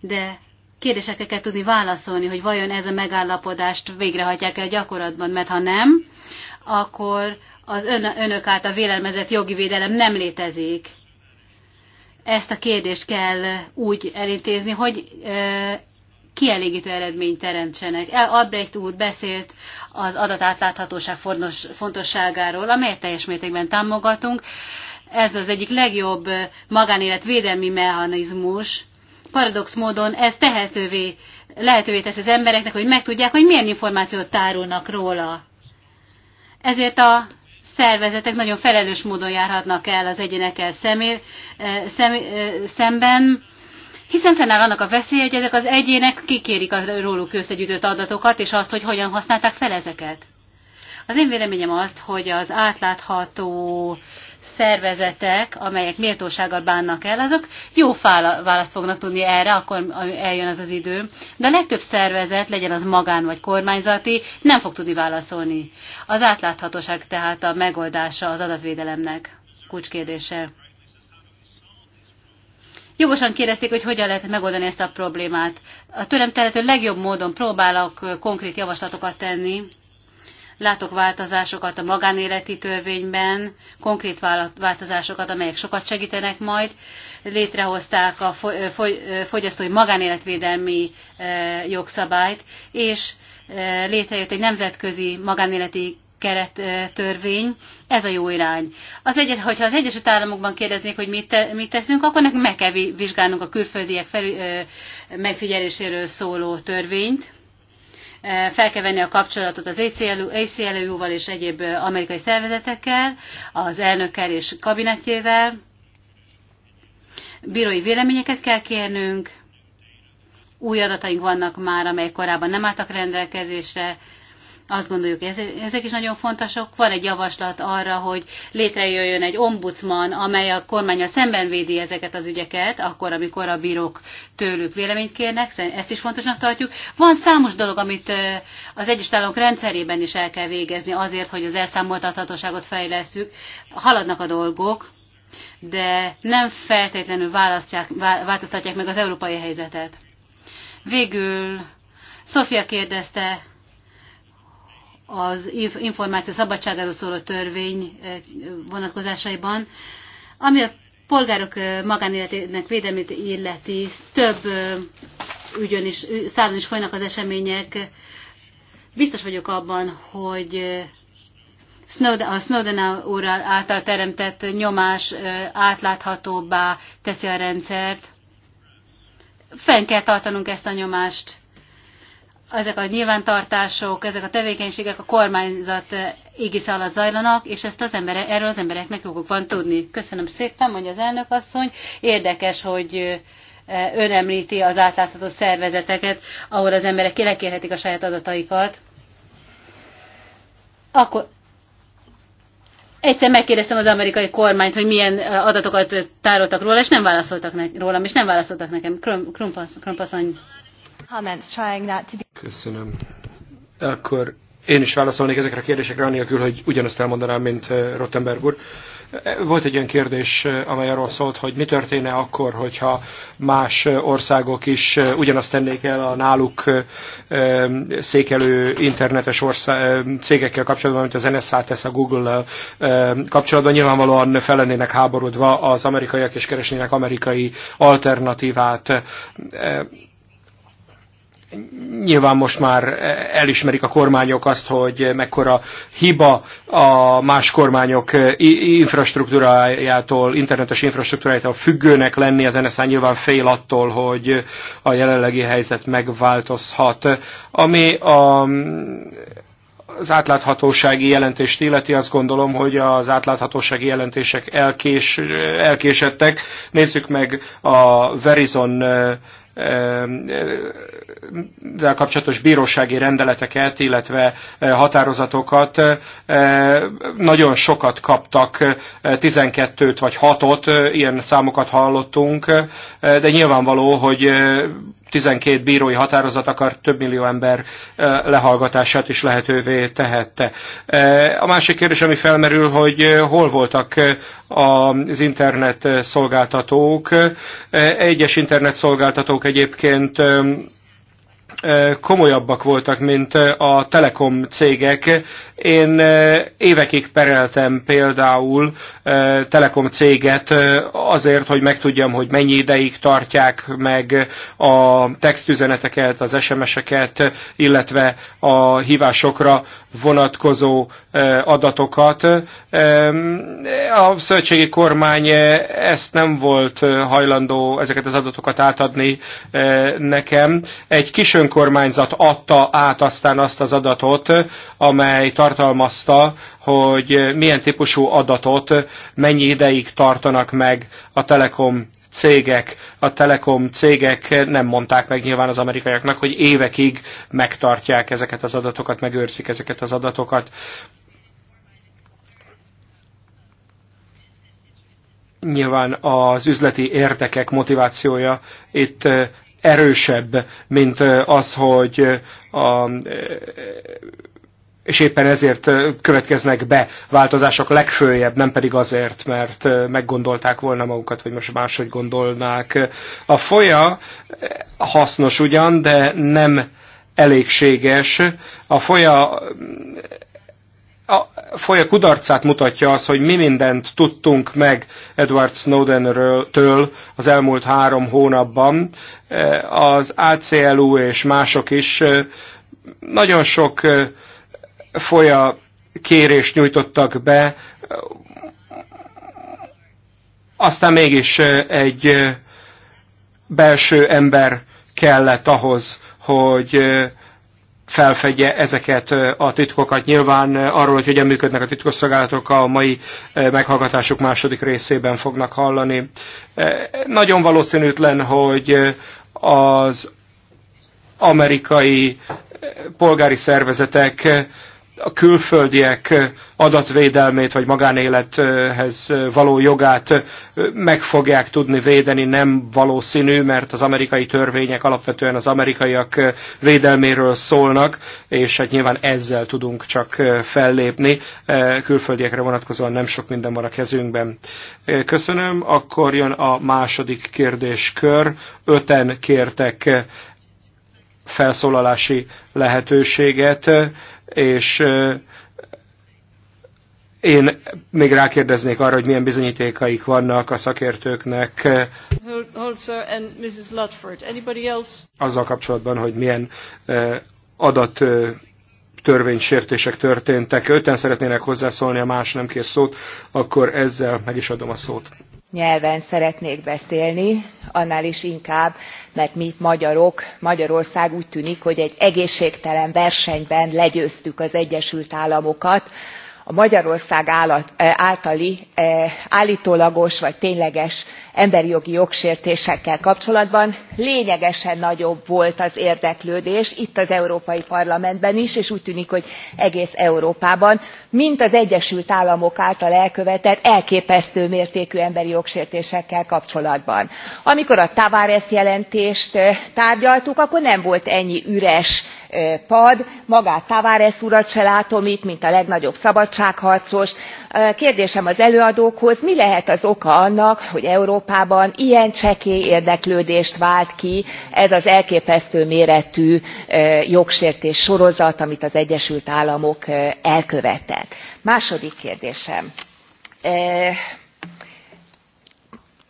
de kérdésekkel kell tudni válaszolni, hogy vajon ez a megállapodást végrehajtják-e a gyakorlatban, mert ha nem, akkor az ön, önök által vélelmezett jogi védelem nem létezik. Ezt a kérdést kell úgy elintézni, hogy e, kielégítő eredményt teremtsenek. E, Albrecht úr beszélt az adatátláthatóság fontosságáról, amelyet teljes mértékben támogatunk. Ez az egyik legjobb magánéletvédelmi mechanizmus. Paradox módon ez tehetővé, lehetővé tesz az embereknek, hogy megtudják, hogy milyen információt tárolnak róla. Ezért a szervezetek nagyon felelős módon járhatnak el az egyénekkel szemé, eh, szem, eh, szemben, hiszen fennáll annak a veszély, hogy ezek az egyének kikérik a róluk összegyűjtött adatokat, és azt, hogy hogyan használták fel ezeket. Az én véleményem azt, hogy az átlátható szervezetek, amelyek méltósággal bánnak el, azok jó választ fognak tudni erre, akkor eljön az az idő. De a legtöbb szervezet, legyen az magán vagy kormányzati, nem fog tudni válaszolni. Az átláthatóság tehát a megoldása az adatvédelemnek kulcskérdése. Jogosan kérdezték, hogy hogyan lehet megoldani ezt a problémát. A tőlem tehető legjobb módon próbálok konkrét javaslatokat tenni. Látok változásokat a magánéleti törvényben, konkrét változásokat, amelyek sokat segítenek majd. Létrehozták a fogyasztói magánéletvédelmi jogszabályt, és létrejött egy nemzetközi magánéleti törvény ez a jó irány. Az egyet, hogyha az Egyesült Államokban kérdeznék, hogy mit, te, mit teszünk, akkor nekünk meg kell vizsgálnunk a külföldiek fel, megfigyeléséről szóló törvényt, fel kell venni a kapcsolatot az ACLU-val és egyéb amerikai szervezetekkel, az elnökkel és kabinetjével. Bírói véleményeket kell kérnünk, új adataink vannak már, amelyek korábban nem álltak rendelkezésre, azt gondoljuk, ezek is nagyon fontosak. Van egy javaslat arra, hogy létrejöjjön egy ombudsman, amely a kormánya szemben védi ezeket az ügyeket, akkor, amikor a bírók tőlük véleményt kérnek, ezt is fontosnak tartjuk. Van számos dolog, amit az Egyes Államok rendszerében is el kell végezni azért, hogy az elszámoltathatóságot fejlesztjük. Haladnak a dolgok, de nem feltétlenül változtatják meg az európai helyzetet. Végül Sofia kérdezte, az információ szabadságáról szóló törvény eh, vonatkozásaiban, ami a polgárok eh, magánéletének védelmét illeti, több eh, ügyön is, szállon is folynak az események. Biztos vagyok abban, hogy Snowden, a Snowden úr által teremtett nyomás átláthatóbbá teszi a rendszert. Fenn kell tartanunk ezt a nyomást, ezek a nyilvántartások, ezek a tevékenységek a kormányzat égisze alatt zajlanak, és ezt az emberek, erről az embereknek joguk van tudni. Köszönöm szépen, mondja az elnök asszony. Érdekes, hogy ön említi az átlátható szervezeteket, ahol az emberek lekérhetik a saját adataikat. Akkor egyszer megkérdeztem az amerikai kormányt, hogy milyen adatokat tároltak róla, és nem válaszoltak ne, rólam, és nem válaszoltak nekem. Krumpaszony. krumpasz. Köszönöm. Akkor én is válaszolnék ezekre a kérdésekre, anélkül, hogy ugyanazt elmondanám, mint eh, Rottenberg úr. Eh, volt egy olyan kérdés, eh, amely arról szólt, hogy mi történne akkor, hogyha más országok is ugyanazt tennék el a náluk székelő internetes ország, cégekkel kapcsolatban, mint az NSA tesz a Google kapcsolatban. Nyilvánvalóan fel lennének háborodva az amerikaiak, és keresnének amerikai alternatívát nyilván most már elismerik a kormányok azt, hogy mekkora hiba a más kormányok infrastruktúrájától, internetes infrastruktúrájától függőnek lenni. Az NSZ nyilván fél attól, hogy a jelenlegi helyzet megváltozhat. Ami a az átláthatósági jelentést illeti, azt gondolom, hogy az átláthatósági jelentések elkés, elkésettek. Nézzük meg a Verizon de ehm, ehm, kapcsolatos bírósági rendeleteket, illetve eh, határozatokat eh, nagyon sokat kaptak, 12-t eh, vagy 6-ot, ilyen számokat hallottunk, de nyilvánvaló, hogy 12 bírói határozat akar több millió ember lehallgatását is lehetővé tehette. A másik kérdés, ami felmerül, hogy hol voltak az internet szolgáltatók. Egyes internet szolgáltatók egyébként komolyabbak voltak, mint a telekom cégek. Én évekig pereltem például telekom céget azért, hogy megtudjam, hogy mennyi ideig tartják meg a textüzeneteket, az SMS-eket, illetve a hívásokra vonatkozó adatokat. A szövetségi kormány ezt nem volt hajlandó ezeket az adatokat átadni nekem. Egy kis önkormányzat adta át aztán azt az adatot, amely tartalmazta, hogy milyen típusú adatot mennyi ideig tartanak meg a telekom cégek, a telekom cégek nem mondták meg nyilván az amerikaiaknak, hogy évekig megtartják ezeket az adatokat, megőrzik ezeket az adatokat. Nyilván az üzleti érdekek motivációja itt erősebb, mint az, hogy a, és éppen ezért következnek be változások legfőjebb, nem pedig azért, mert meggondolták volna magukat, vagy most máshogy gondolnák. A folya hasznos ugyan, de nem elégséges. A folya a, folyak kudarcát mutatja az, hogy mi mindent tudtunk meg Edward snowden től az elmúlt három hónapban. Eh, az ACLU és mások is eh, nagyon sok eh, folya kérést nyújtottak be, aztán mégis egy belső ember kellett ahhoz, hogy felfedje ezeket a titkokat. Nyilván arról, hogy hogyan működnek a titkosszolgálatok, a mai meghallgatások második részében fognak hallani. Nagyon valószínűtlen, hogy az amerikai polgári szervezetek a külföldiek adatvédelmét vagy magánélethez való jogát meg fogják tudni védeni, nem valószínű, mert az amerikai törvények alapvetően az amerikaiak védelméről szólnak, és hát nyilván ezzel tudunk csak fellépni. Külföldiekre vonatkozóan nem sok minden van a kezünkben. Köszönöm, akkor jön a második kérdéskör. Öten kértek felszólalási lehetőséget és én még rákérdeznék arra, hogy milyen bizonyítékaik vannak a szakértőknek azzal kapcsolatban, hogy milyen adat törvénysértések történtek. Öten szeretnének hozzászólni, a más nem kér szót, akkor ezzel meg is adom a szót. Nyelven szeretnék beszélni, annál is inkább, mert mi magyarok magyarország úgy tűnik hogy egy egészségtelen versenyben legyőztük az egyesült államokat a magyarország e, általi e, álltólagos vagy tényleges emberi jogi jogsértésekkel kapcsolatban lényegesen nagyobb volt az érdeklődés itt az európai parlamentben is és úgy tűnik hogy egész európában mint az egyesült államok által elkövetett elképesztő mértékű emberi jogsértésekkel kapcsolatban. amikor a tavares jelentést e, tárgyaltuk akkor nem volt ennyi üres pad magát tavares urat se látom itt mint a legnagyobb szabadságharcost. kérdésem az előadókhoz mi lehet az oka annak hogy európában ilyen csekély érdeklődést vált ki ez az elképesztő méretű jogsértéssorozat amit az egyesült államok elkövetett? második kérdésem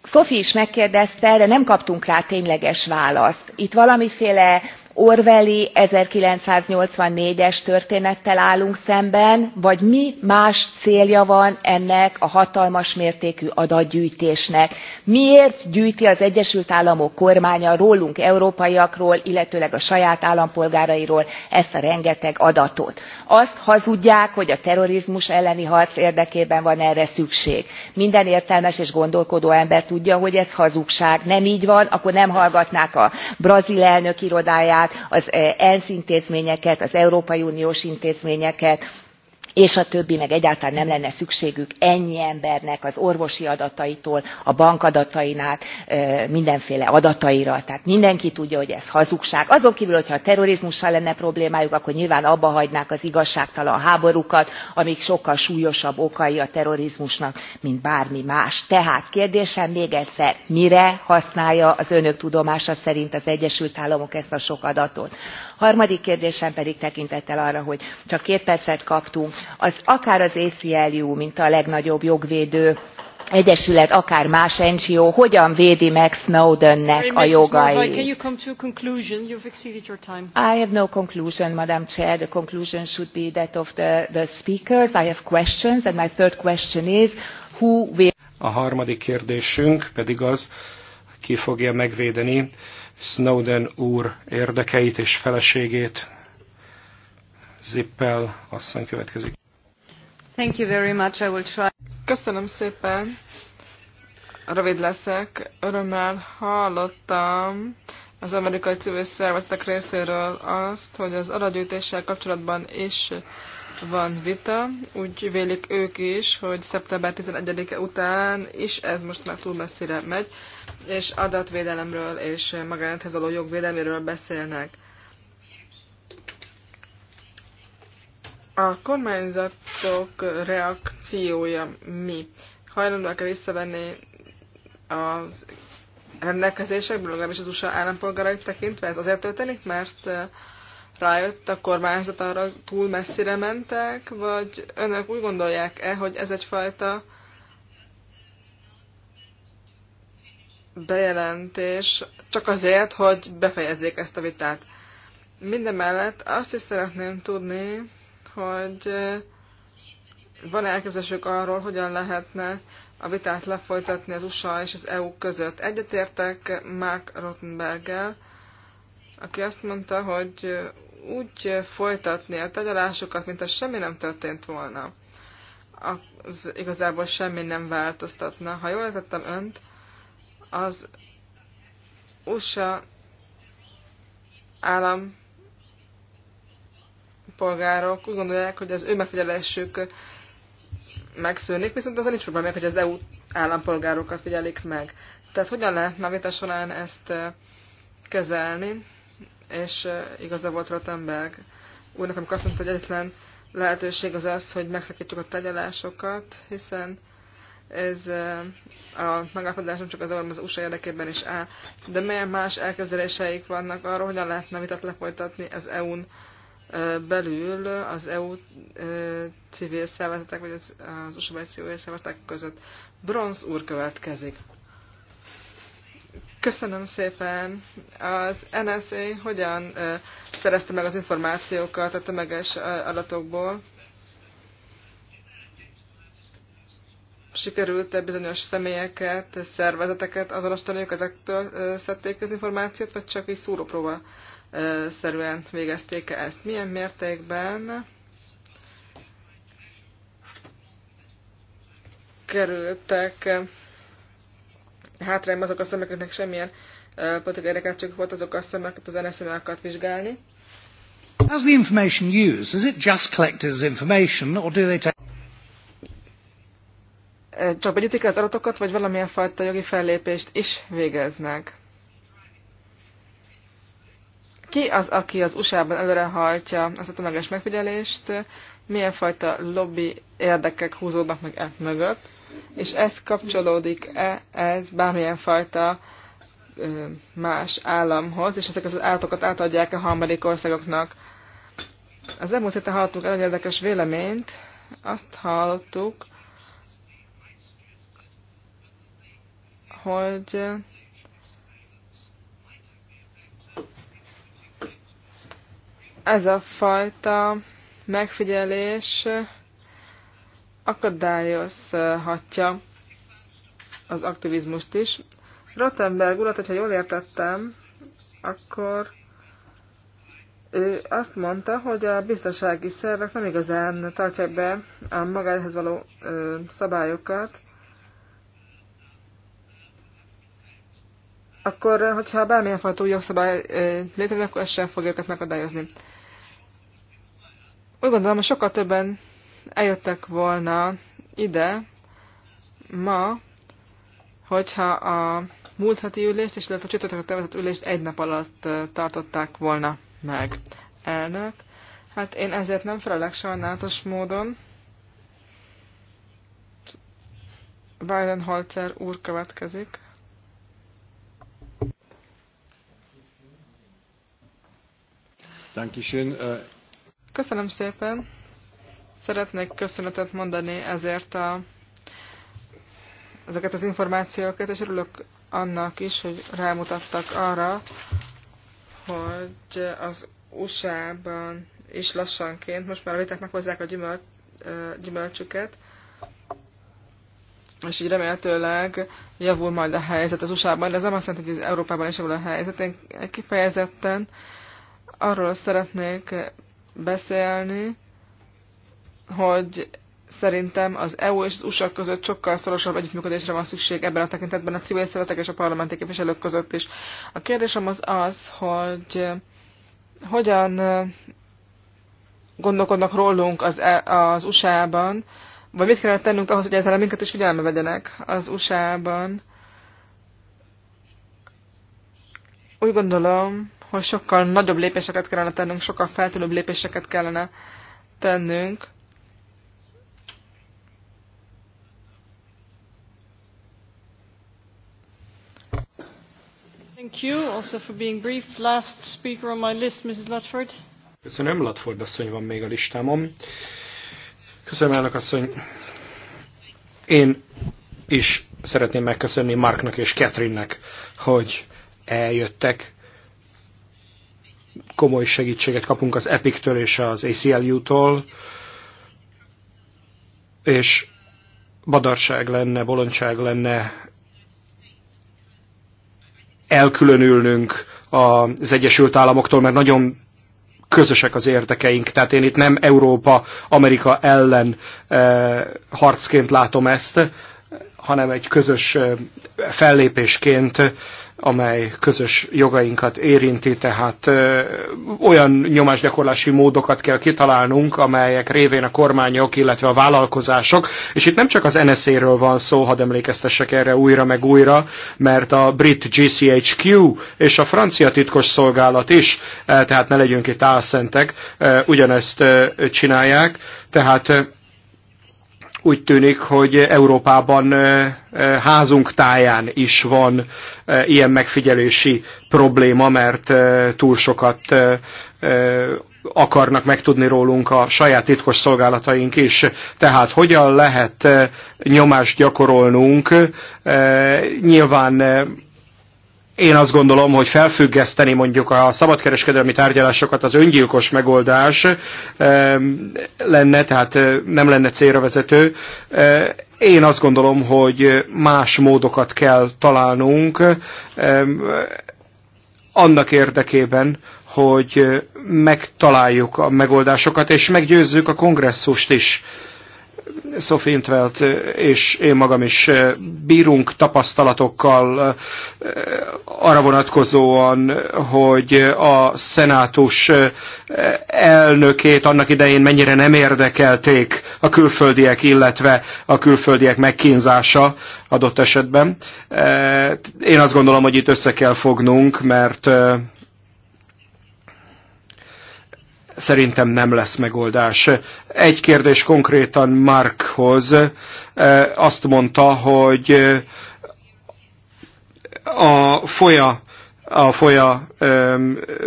sophie is megkérdezte de nem kaptunk rá tényleges választ itt valamiféle orwelli one thousand nine hundred and eighty four es történettel állunk szemben vagy mi más célja van ennek a hatalmas mértékű adatgyűjtésnek? miért gyűjti az egyesült államok kormánya rólunk európaiakról illetőleg a saját állampolgárairól ezt a rengeteg adatot? azt hazudják hogy a terrorizmus elleni harc érdekében van erre szükség. minden értelmes és gondolkodó ember tudja hogy ez hazugság nem gy van akkor nem hallgatnák a brazil elnök irodáját az eh, ensz intézményeket az európai uniós intézményeket és a többi meg egyáltalán nem lenne szükségük ennyi embernek az orvosi adataitól a bankadatain át mindenféle adataira tehát mindenki tudja hogy ez hazugság azon kvül hogyha a terrorizmussal lenne problémájuk akkor nyilván abbahagynák az igazságtalan háborúkat amik sokkal súlyosabb okai a terrorizmusnak mint bármi más. tehát kérdésem még egyszer mire használja az önök tudomása szerint az egyesült államok ezt a sok adatot? harmadik kérdésem pedig tekintettel arra hogy csak két percet kaptunk az akár az aclu mint a legnagyobb jogvédő egyesület akár más ngo hogyan védi meg snowdennek a jogait? i have no conclusion madam chair. the conclusion should be that of the, the speakers. i have questions and my third question is who will. a harmadik kérdésünk pedig az ki fogja megvédeni Snowden úr érdekeit és feleségét. Zippel asszony következik. Thank you very much. I will try. Köszönöm szépen. Rövid leszek. Örömmel hallottam az amerikai civil szervezetek részéről azt, hogy az adatgyűjtéssel kapcsolatban is van vita, úgy vélik ők is, hogy szeptember 11-e után is ez most már túl messzire megy, és adatvédelemről és magánethez való jogvédelméről beszélnek. A kormányzatok reakciója mi? Hajlandóak-e visszavenni az rendelkezésekből, legalábbis az USA állampolgárait tekintve? Ez azért történik, mert rájött a kormányzat arra, túl messzire mentek, vagy önök úgy gondolják-e, hogy ez egyfajta bejelentés csak azért, hogy befejezzék ezt a vitát. Minden mellett azt is szeretném tudni, hogy van e elképzelésük arról, hogyan lehetne a vitát lefolytatni az USA és az EU között. Egyetértek Mark Rottenberggel, aki azt mondta, hogy úgy folytatni a tagyalásokat, mint ha semmi nem történt volna. Az igazából semmi nem változtatna. Ha jól értettem önt, az USA állam polgárok úgy gondolják, hogy az ő megfigyelésük megszűnik, viszont az nincs problémák, hogy az EU állampolgárokat figyelik meg. Tehát hogyan lehetne a során ezt eh, kezelni? és igaza volt Rottenberg úrnak, amikor azt mondta, hogy egyetlen lehetőség az az, hogy megszakítjuk a tegyelásokat, hiszen ez a megállapodás nem csak az az USA érdekében is áll. De milyen más elképzeléseik vannak arról, hogyan lehetne vitat lefolytatni az EU-n belül az EU civil szervezetek, vagy az, az USA civil szervezetek között. Bronz úr következik. Köszönöm szépen. Az NSA hogyan szerezte meg az információkat a tömeges adatokból? Sikerült-e bizonyos személyeket, szervezeteket hogy ezektől szedték az információt, vagy csak így szúrópróba szerűen végezték -e ezt? Milyen mértékben kerültek hátrányban azok a szemeknek semmilyen politikai érdekeltség volt azok a szemeket az nsz akart vizsgálni. How's the information used? Is it just collectors' information, or do they take... Csak begyűjtik az adatokat, vagy valamilyen fajta jogi fellépést is végeznek. Ki az, aki az USA-ban előrehajtja ezt a tömeges megfigyelést? Milyen fajta lobby érdekek húzódnak meg e mögött? és ez kapcsolódik-e ez bármilyen fajta más államhoz, és ezek az állatokat átadják a harmadik országoknak. Az elmúlt héten hallottuk el egy érdekes véleményt, azt hallottuk, hogy ez a fajta megfigyelés akadályozhatja az aktivizmust is. Rottenberg urat, hogyha jól értettem, akkor ő azt mondta, hogy a biztonsági szervek nem igazán tartják be a magához való ö, szabályokat. Akkor, hogyha bármilyen fajta új jogszabály létrejön, akkor ezt sem fogja őket megadályozni. Úgy gondolom, hogy sokkal többen eljöttek volna ide ma, hogyha a múlt heti ülést, és illetve a csütörtökre tervezett ülést egy nap alatt tartották volna meg. Elnök, hát én ezért nem felelek sajnálatos módon. Holzer úr következik. Köszönöm szépen. Szeretnék köszönetet mondani ezért a, ezeket az információkat, és örülök annak is, hogy rámutattak arra, hogy az USA-ban is lassanként, most már a viták meghozzák a gyümölcs, gyümölcsüket, és így remélhetőleg javul majd a helyzet az USA-ban, de ez nem azt jelenti, hogy az Európában is javul a helyzet. Én kifejezetten arról szeretnék beszélni, hogy szerintem az EU és az USA között sokkal szorosabb együttműködésre van szükség ebben a tekintetben a civil szeretek és a parlamenti képviselők között is. A kérdésem az az, hogy hogyan gondolkodnak rólunk az, e, az USA-ban, vagy mit kellene tennünk ahhoz, hogy egyáltalán minket is figyelme vegyenek az USA-ban. Úgy gondolom, hogy sokkal nagyobb lépéseket kellene tennünk, sokkal feltűnőbb lépéseket kellene tennünk, Köszönöm, Latford asszony van még a listámon. Köszönöm, elnök asszony. Én is szeretném megköszönni Marknak és Catherine-nek, hogy eljöttek. Komoly segítséget kapunk az Epic-től és az ACLU-tól, és badarság lenne, bolondság lenne elkülönülnünk az Egyesült Államoktól, mert nagyon közösek az érdekeink. Tehát én itt nem Európa, Amerika ellen e, harcként látom ezt, hanem egy közös fellépésként, amely közös jogainkat érinti, tehát olyan nyomásgyakorlási módokat kell kitalálnunk, amelyek révén a kormányok, illetve a vállalkozások, és itt nem csak az NSZ-ről van szó, hadd emlékeztessek erre újra meg újra, mert a brit GCHQ és a francia titkos szolgálat is, tehát ne legyünk itt álszentek, ugyanezt csinálják, tehát úgy tűnik, hogy Európában házunk táján is van ilyen megfigyelési probléma, mert túl sokat akarnak megtudni rólunk a saját titkos szolgálataink is. Tehát hogyan lehet nyomást gyakorolnunk? Nyilván én azt gondolom, hogy felfüggeszteni mondjuk a szabadkereskedelmi tárgyalásokat az öngyilkos megoldás eh, lenne, tehát eh, nem lenne célra vezető. Eh, én azt gondolom, hogy más módokat kell találnunk annak érdekében, hogy megtaláljuk a megoldásokat, és meggyőzzük a kongresszust is Sophie Intveld és én magam is bírunk tapasztalatokkal arra vonatkozóan, hogy a szenátus elnökét annak idején mennyire nem érdekelték a külföldiek, illetve a külföldiek megkínzása adott esetben. Én azt gondolom, hogy itt össze kell fognunk, mert szerintem nem lesz megoldás. Egy kérdés konkrétan Markhoz. Azt mondta, hogy a folya a folya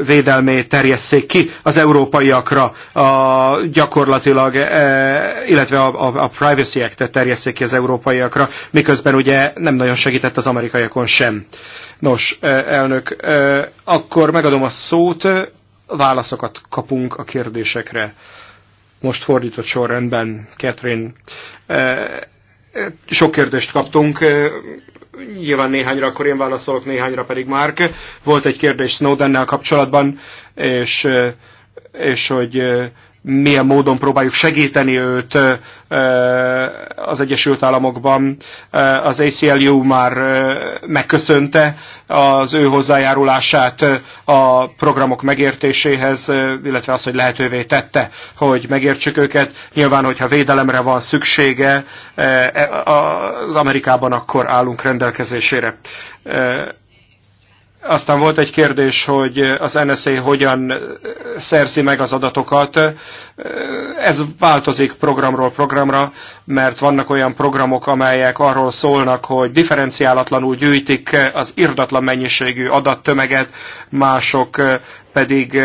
védelmét terjesszék ki az európaiakra, a, gyakorlatilag, illetve a, a, a Privacy Act-et terjesszék ki az európaiakra, miközben ugye nem nagyon segített az amerikaiakon sem. Nos, elnök, akkor megadom a szót válaszokat kapunk a kérdésekre. Most fordított sorrendben, Catherine. Eh, eh, sok kérdést kaptunk, eh, nyilván néhányra akkor én válaszolok, néhányra pedig Mark. Volt egy kérdés Snowden kapcsolatban, és, és hogy milyen módon próbáljuk segíteni őt az Egyesült Államokban. Az ACLU már megköszönte az ő hozzájárulását a programok megértéséhez, illetve az, hogy lehetővé tette, hogy megértsük őket. Nyilván, hogyha védelemre van szüksége e, az Amerikában, akkor állunk rendelkezésére aztán volt egy kérdés, hogy az NSA hogyan szerzi meg az adatokat. Ez változik programról programra, mert vannak olyan programok, amelyek arról szólnak, hogy differenciálatlanul gyűjtik az irdatlan mennyiségű adattömeget, mások pedig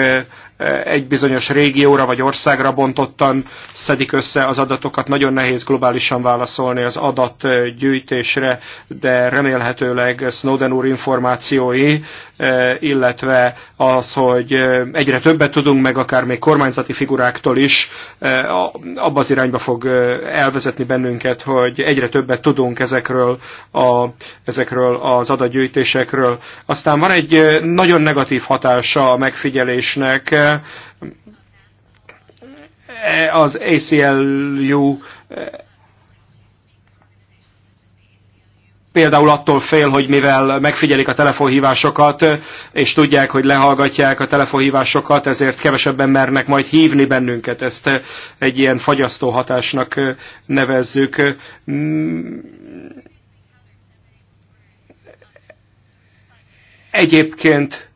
egy bizonyos régióra vagy országra bontottan szedik össze az adatokat. Nagyon nehéz globálisan válaszolni az adatgyűjtésre, de remélhetőleg Snowden úr információi, eh, illetve az, hogy eh, egyre többet tudunk meg akár még kormányzati figuráktól is, eh, abba az irányba fog elvezetni bennünket, hogy egyre többet tudunk ezekről, a, ezekről az adatgyűjtésekről. Aztán van egy nagyon negatív hatása a megfigyelésnek, az ACLU például attól fél, hogy mivel megfigyelik a telefonhívásokat, és tudják, hogy lehallgatják a telefonhívásokat, ezért kevesebben mernek majd hívni bennünket. Ezt egy ilyen fagyasztó hatásnak nevezzük. Egyébként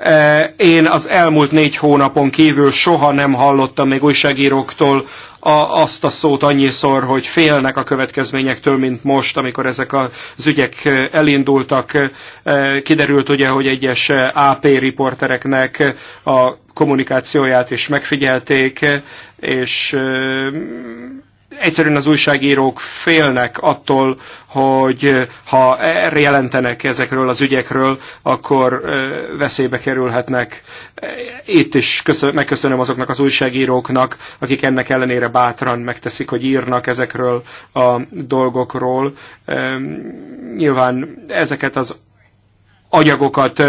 Eh, én az elmúlt négy hónapon kívül soha nem hallottam még újságíróktól a, azt a szót annyiszor, hogy félnek a következményektől, mint most, amikor ezek az ügyek eh, elindultak. Eh, kiderült ugye, hogy egyes AP riportereknek a kommunikációját is megfigyelték, és egyszerűen az újságírók félnek attól, hogy eh, ha er-, jelentenek ezekről az ügyekről, akkor eh, veszélybe kerülhetnek. Eh, itt is köszön, megköszönöm azoknak az újságíróknak, akik ennek ellenére bátran megteszik, hogy írnak ezekről a dolgokról. Nyilván ezeket az anyagokat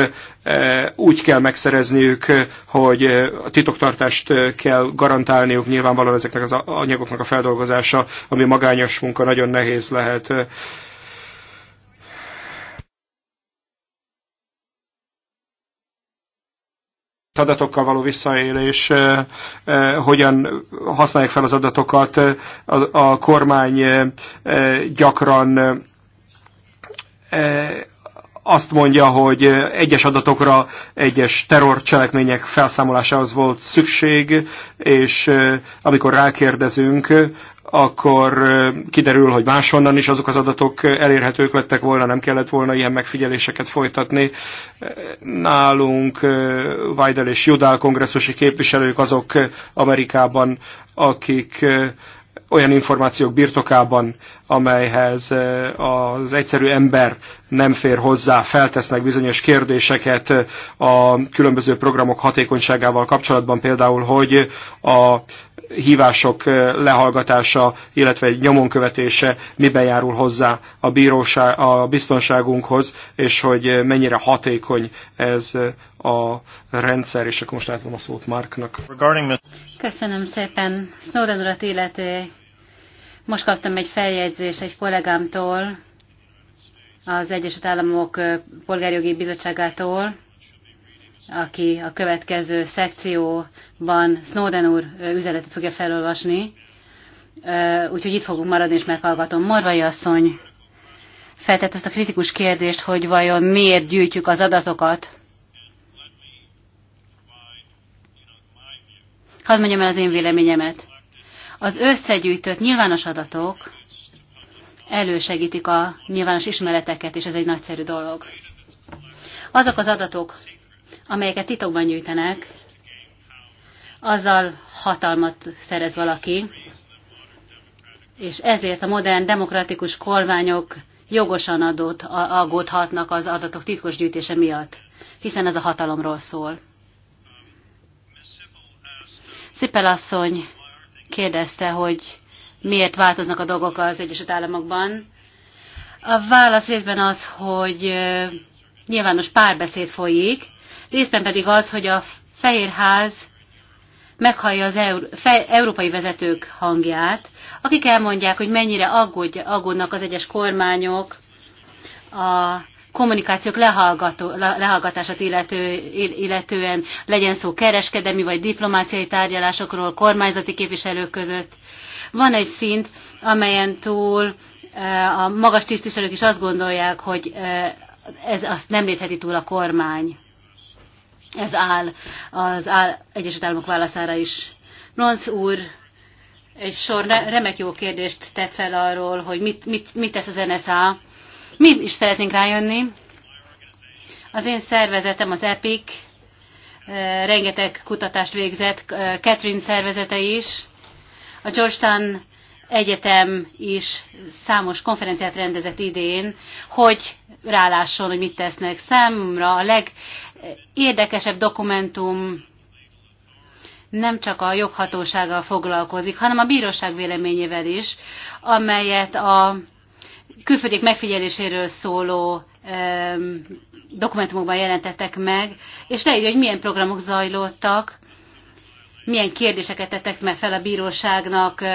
úgy kell megszerezniük, hogy a titoktartást kell garantálniuk, nyilvánvalóan ezeknek az anyagoknak a feldolgozása, ami magányos munka, nagyon nehéz lehet. adatokkal való visszaélés, hogyan használják fel az adatokat, a, a kormány gyakran azt mondja, hogy egyes adatokra, egyes terrorcselekmények felszámolásához volt szükség, és amikor rákérdezünk, akkor kiderül, hogy máshonnan is azok az adatok elérhetők lettek volna, nem kellett volna ilyen megfigyeléseket folytatni. Nálunk Vajdel és Judál kongresszusi képviselők azok Amerikában, akik olyan információk birtokában, amelyhez eh, az egyszerű ember nem fér hozzá, feltesznek bizonyos kérdéseket eh, a különböző programok hatékonyságával kapcsolatban, például, hogy a hívások eh, lehallgatása, illetve egy nyomonkövetése miben járul hozzá a, bíróság, a biztonságunkhoz, és hogy mennyire hatékony ez a rendszer, és akkor most látom a szót Marknak. Köszönöm szépen. Snowden urat illeti most kaptam egy feljegyzést egy kollégámtól, az Egyesült Államok Polgárjogi Bizottságától, aki a következő szekcióban Snowden úr üzenetet fogja felolvasni. Úgyhogy itt fogunk maradni, és meghallgatom. Marvai asszony feltett ezt a kritikus kérdést, hogy vajon miért gyűjtjük az adatokat. Hadd mondjam el az én véleményemet. Az összegyűjtött nyilvános adatok elősegítik a nyilvános ismereteket, és ez egy nagyszerű dolog. Azok az adatok, amelyeket titokban gyűjtenek, azzal hatalmat szerez valaki, és ezért a modern demokratikus kormányok jogosan adott, aggódhatnak az adatok titkos gyűjtése miatt, hiszen ez a hatalomról szól. Szipel asszony kérdezte, hogy miért változnak a dolgok az Egyesült Államokban. A válasz részben az, hogy nyilvános párbeszéd folyik, részben pedig az, hogy a Fehérház meghallja az eur- európai vezetők hangját, akik elmondják, hogy mennyire aggódnak az egyes kormányok a kommunikációk lehallgató, lehallgatását illető, illetően legyen szó kereskedelmi vagy diplomáciai tárgyalásokról kormányzati képviselők között. Van egy szint, amelyen túl e, a magas tisztviselők is azt gondolják, hogy e, ez azt nem létheti túl a kormány. Ez áll az áll Egyesült Államok válaszára is. Bronz úr egy sor remek jó kérdést tett fel arról, hogy mit, mit, mit tesz az NSA mi is szeretnénk rájönni. Az én szervezetem az EPIC, eh, rengeteg kutatást végzett, eh, Catherine szervezete is, a Georgetown Egyetem is számos konferenciát rendezett idén, hogy rálásson, hogy mit tesznek. Számomra a legérdekesebb dokumentum nem csak a joghatósággal foglalkozik, hanem a bíróság véleményével is, amelyet a külföldiek megfigyeléséről szóló um, dokumentumokban jelentettek meg, és leírja, hogy milyen programok zajlottak, milyen kérdéseket tettek meg fel a bíróságnak uh,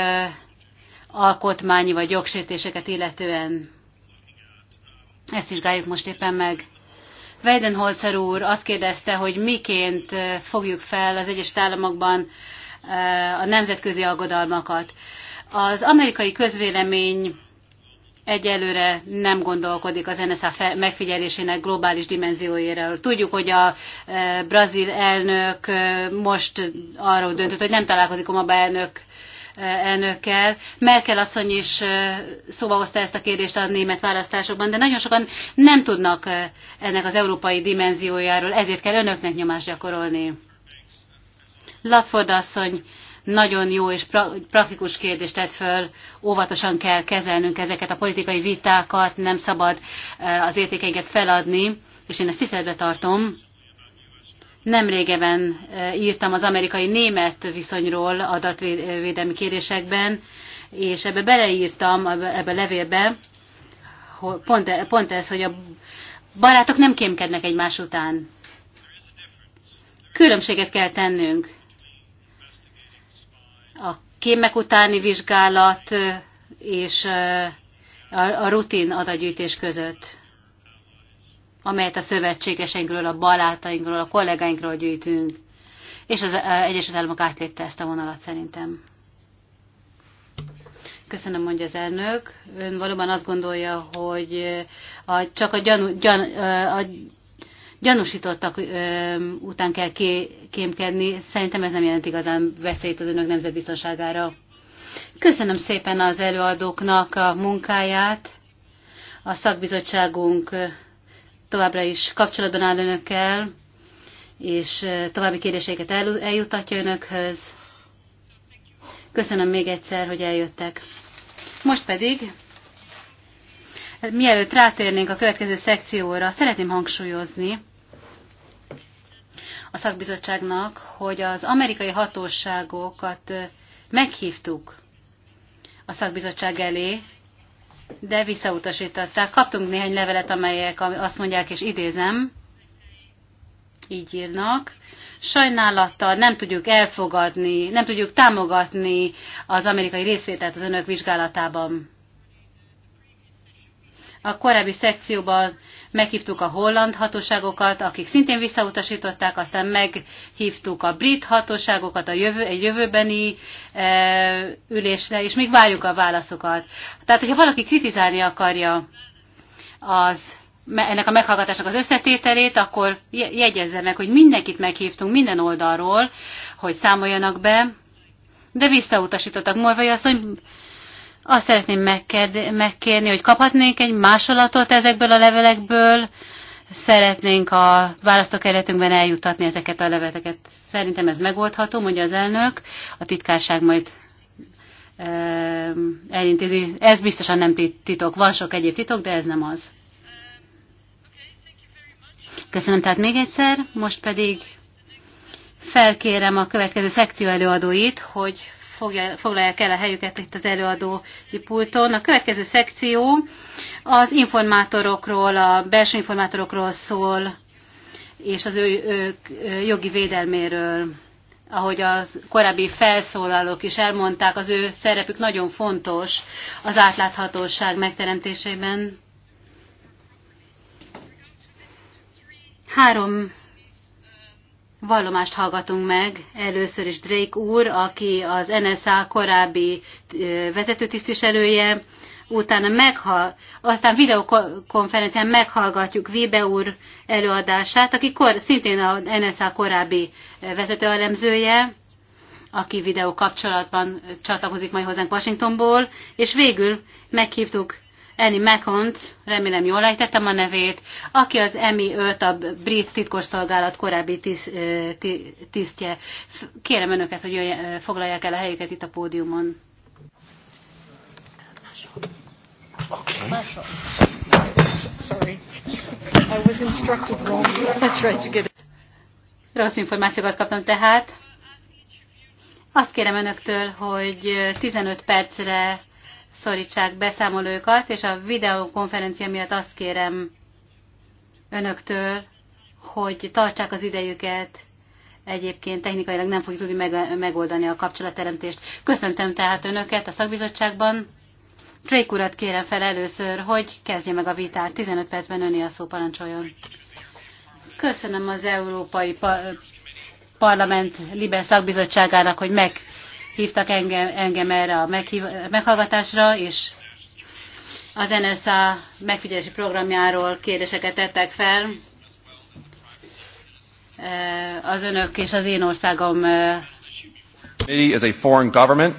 alkotmányi vagy jogsértéseket illetően. Ezt vizsgáljuk most éppen meg. Weidenholzer úr azt kérdezte, hogy miként fogjuk fel az egyes Államokban a nemzetközi aggodalmakat. Az amerikai közvélemény egyelőre nem gondolkodik az NSA megfigyelésének globális dimenzióiről. Tudjuk, hogy a e, brazil elnök e, most arról döntött, hogy nem találkozik Obama elnök e, elnökkel. Merkel asszony is szóba hozta ezt a kérdést a német választásokban, de nagyon sokan nem tudnak ennek az európai dimenziójáról, ezért kell önöknek nyomást gyakorolni. Latford asszony nagyon jó és praktikus kérdést tett föl, óvatosan kell kezelnünk ezeket a politikai vitákat, nem szabad e, az értékeinket feladni, és én ezt tiszteletbe tartom. Nem régebben e, írtam az amerikai-német viszonyról adatvédelmi kérésekben, és ebbe beleírtam, ebbe a levélbe, pont, e, pont ez, hogy a barátok nem kémkednek egymás után. Különbséget kell tennünk a kémek utáni vizsgálat és a rutin adagyűjtés között, amelyet a szövetségeseinkről, a balátainkról, a kollégáinkról gyűjtünk. És az Egyesült Államok átlépte ezt a vonalat szerintem. Köszönöm, mondja az elnök. Ön valóban azt gondolja, hogy a, csak a, gyanú, gyan, a gyanúsítottak után kell kémkedni. Szerintem ez nem jelent igazán veszélyt az önök nemzetbiztonságára. Köszönöm szépen az előadóknak a munkáját. A szakbizottságunk továbbra is kapcsolatban áll önökkel, és további kérdéseket eljutatja önökhöz. Köszönöm még egyszer, hogy eljöttek. Most pedig, mielőtt rátérnénk a következő szekcióra, szeretném hangsúlyozni, a szakbizottságnak, hogy az amerikai hatóságokat meghívtuk a szakbizottság elé, de visszautasították. Kaptunk néhány levelet, amelyek azt mondják, és idézem, így írnak, sajnálattal nem tudjuk elfogadni, nem tudjuk támogatni az amerikai részvételt az önök vizsgálatában. A korábbi szekcióban meghívtuk a holland hatóságokat, akik szintén visszautasították, aztán meghívtuk a brit hatóságokat a jövő, egy jövőbeni e, ülésre, és még várjuk a válaszokat. Tehát, hogyha valaki kritizálni akarja az ennek a meghallgatásnak az összetételét, akkor jegyezze meg, hogy mindenkit meghívtunk minden oldalról, hogy számoljanak be, de visszautasítottak. Morvai asszony azt szeretném megkérni, hogy kaphatnénk egy másolatot ezekből a levelekből, szeretnénk a választókerületünkben eljutatni ezeket a leveleket. Szerintem ez megoldható, mondja az elnök, a titkárság majd e, elintézi. Ez biztosan nem titok, van sok egyéb titok, de ez nem az. Köszönöm tehát még egyszer, most pedig felkérem a következő szekció előadóit, hogy foglalják el a helyüket itt az előadói pulton. A következő szekció az informátorokról, a belső informátorokról szól, és az ő, ők jogi védelméről. Ahogy a korábbi felszólalók is elmondták, az ő szerepük nagyon fontos az átláthatóság megteremtésében. Három vallomást hallgatunk meg. Először is Drake úr, aki az NSA korábbi vezetőtisztviselője, utána megha, aztán videokonferencián meghallgatjuk Vibe úr előadását, aki kor, szintén a NSA korábbi vezetőelemzője, aki videó kapcsolatban csatlakozik majd hozzánk Washingtonból, és végül meghívtuk Annie McCont, remélem jól ejtettem a nevét, aki az Emmy 5, a brit titkosszolgálat korábbi tiszt, tisztje. Kérem önöket, hogy foglalják el a helyüket itt a pódiumon. Rossz információkat kaptam tehát. Azt kérem önöktől, hogy 15 percre szorítsák beszámolókat, és a videokonferencia miatt azt kérem önöktől, hogy tartsák az idejüket, egyébként technikailag nem fogjuk tudni megoldani a kapcsolatteremtést. Köszöntöm tehát önöket a szakbizottságban. Drake urat kérem fel először, hogy kezdje meg a vitát. 15 percben öné a szó parancsoljon. Köszönöm az Európai Parlament Libe szakbizottságának, hogy meg hívtak engem, engem erre a meghallgatásra, és az NSA megfigyelési programjáról kérdéseket tettek fel. E, az önök és az én országom e, is a foreign government.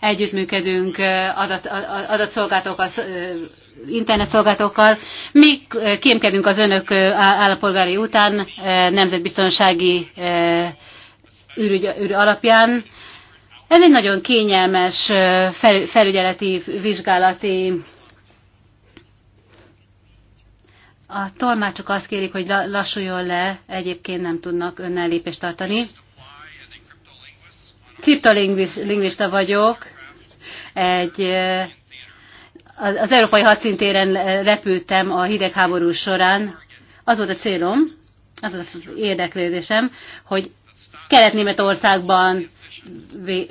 együttműködünk e, adat, adatszolgáltókkal, internetszolgáltókkal. Mi kémkedünk az önök állampolgári után nemzetbiztonsági ürügy alapján. Ez egy nagyon kényelmes felügyeleti, vizsgálati a tolmácsok azt kérik, hogy lassuljon le, egyébként nem tudnak önnel lépést tartani. Kriptolingvista vagyok, egy az, az európai hadszintéren eh, repültem a hidegháború során. Az volt a célom, az volt az érdeklődésem, hogy Kelet-Németországban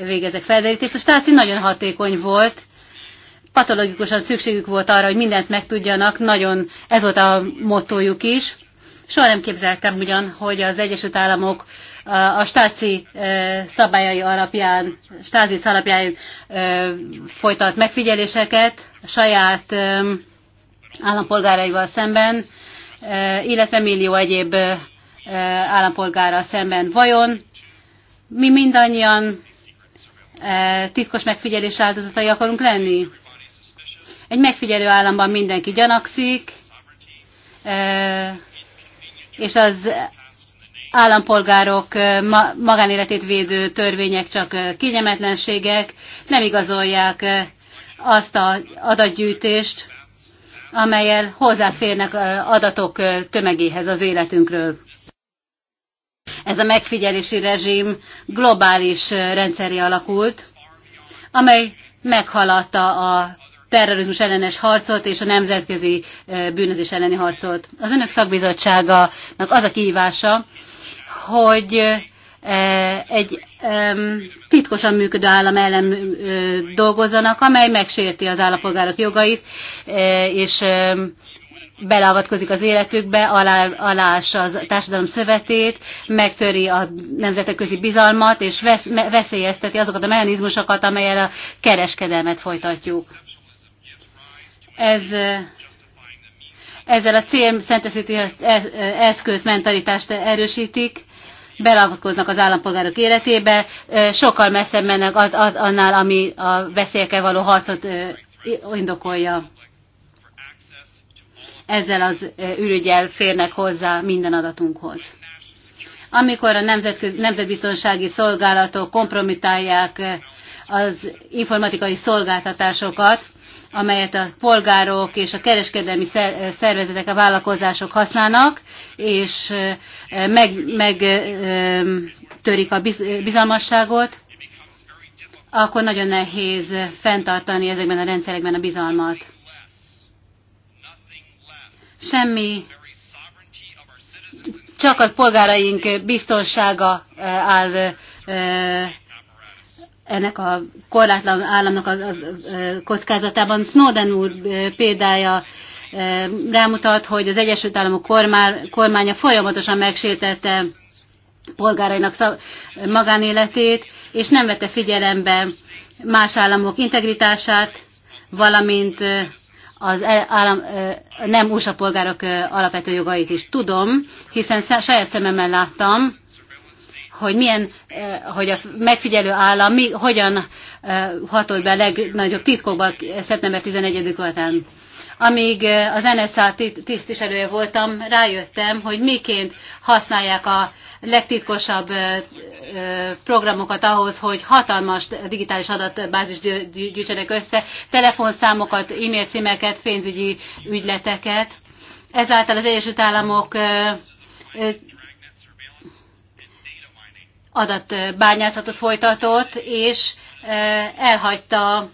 végezek felderítést. A stáci nagyon hatékony volt, patológikusan szükségük volt arra, hogy mindent megtudjanak, nagyon ez volt a motójuk is. Soha nem képzeltem ugyan, hogy az Egyesült Államok a stáci szabályai alapján, stázi alapján folytat megfigyeléseket saját állampolgáraival szemben, illetve millió egyéb állampolgára szemben. Vajon mi mindannyian titkos megfigyelés áldozatai akarunk lenni? Egy megfigyelő államban mindenki gyanakszik, és az állampolgárok magánéletét védő törvények csak kényelmetlenségek, nem igazolják azt az adatgyűjtést, amelyel hozzáférnek adatok tömegéhez az életünkről. Ez a megfigyelési rezsim globális rendszeré alakult, amely meghaladta a terrorizmus ellenes harcot és a nemzetközi bűnözés elleni harcot. Az önök szakbizottságának az a kihívása, hogy egy titkosan működő állam ellen dolgozzanak, amely megsérti az állampolgárok jogait, és beleavatkozik az életükbe, alá, a társadalom szövetét, megtöri a nemzetközi bizalmat, és vesz, veszélyezteti azokat a mechanizmusokat, amelyel a kereskedelmet folytatjuk. Ez, ezzel a cél szenteszíti eszköz mentalitást erősítik, belavatkoznak az állampolgárok életébe, sokkal messzebb mennek az, az, annál, ami a veszélyekkel való harcot indokolja. Ezzel az ürügyel férnek hozzá minden adatunkhoz. Amikor a nemzetbiztonsági szolgálatok kompromitálják az informatikai szolgáltatásokat, amelyet a polgárok és a kereskedelmi szervezetek, a vállalkozások használnak, és megtörik meg, a bizalmasságot, akkor nagyon nehéz fenntartani ezekben a rendszerekben a bizalmat. Semmi, csak a polgáraink biztonsága áll ennek a korlátlan államnak a kockázatában. Snowden úr példája rámutat, hogy az Egyesült Államok kormánya folyamatosan megsértette polgárainak magánéletét, és nem vette figyelembe más államok integritását, valamint az e, állam, nem USA polgárok alapvető jogait is tudom, hiszen saját szememmel láttam, hogy milyen, eh, hogy a megfigyelő állam mi, hogyan eh, hatolt be a legnagyobb titkokba szeptember 11 után. Amíg eh, az NSA tisztviselője voltam, rájöttem, hogy miként használják a legtitkosabb programokat ahhoz, hogy hatalmas digitális adatbázis gyűjtsenek össze, telefonszámokat, e-mail címeket, pénzügyi ügyleteket. Ezáltal az Egyesült Államok adatbányászatot folytatott, és elhagyta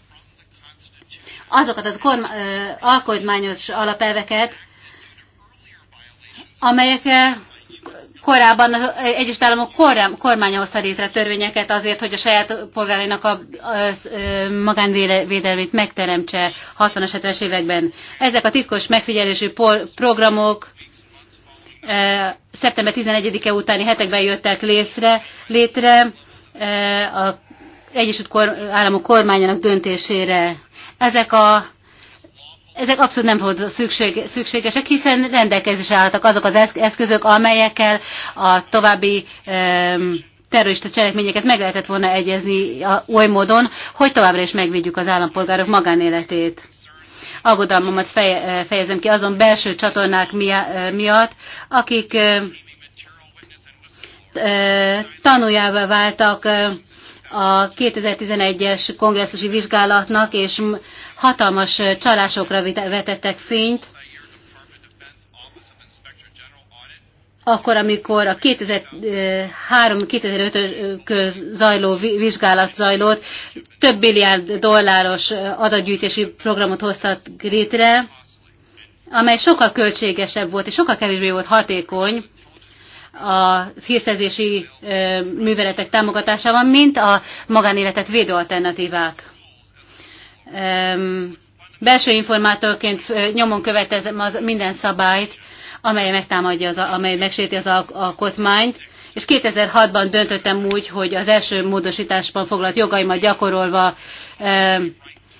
azokat az alkotmányos alapelveket, amelyek korábban az Egyes Államok kormánya hozta létre törvényeket azért, hogy a saját polgárainak a, magánvédelmét megteremtse 60-as, 70-es években. Ezek a titkos megfigyelésű programok szeptember 11-e utáni hetekben jöttek létre, létre a Egyesült Államok kormányának döntésére. Ezek a ezek abszolút nem volt szükség, szükségesek, hiszen rendelkezésre álltak azok az eszközök, amelyekkel a további terrorista cselekményeket meg lehetett volna egyezni oly módon, hogy továbbra is megvédjük az állampolgárok magánéletét aggodalmamat eh, fejezem ki azon belső csatornák eh, miatt, akik eh, tanuljává váltak a 2011-es kongresszusi vizsgálatnak, és hatalmas csalásokra vetettek fényt, akkor, amikor a 2003-2005 köz zajló vizsgálat zajlott, több milliárd dolláros adatgyűjtési programot hoztak létre, amely sokkal költségesebb volt, és sokkal kevésbé volt hatékony a hírszerzési műveletek támogatásában, mint a magánéletet védő alternatívák. Belső informátorként nyomon követem az minden szabályt, amely megtámadja, az, amely megsérti az alkotmányt, és 2006-ban döntöttem úgy, hogy az első módosításban foglalt jogaimat gyakorolva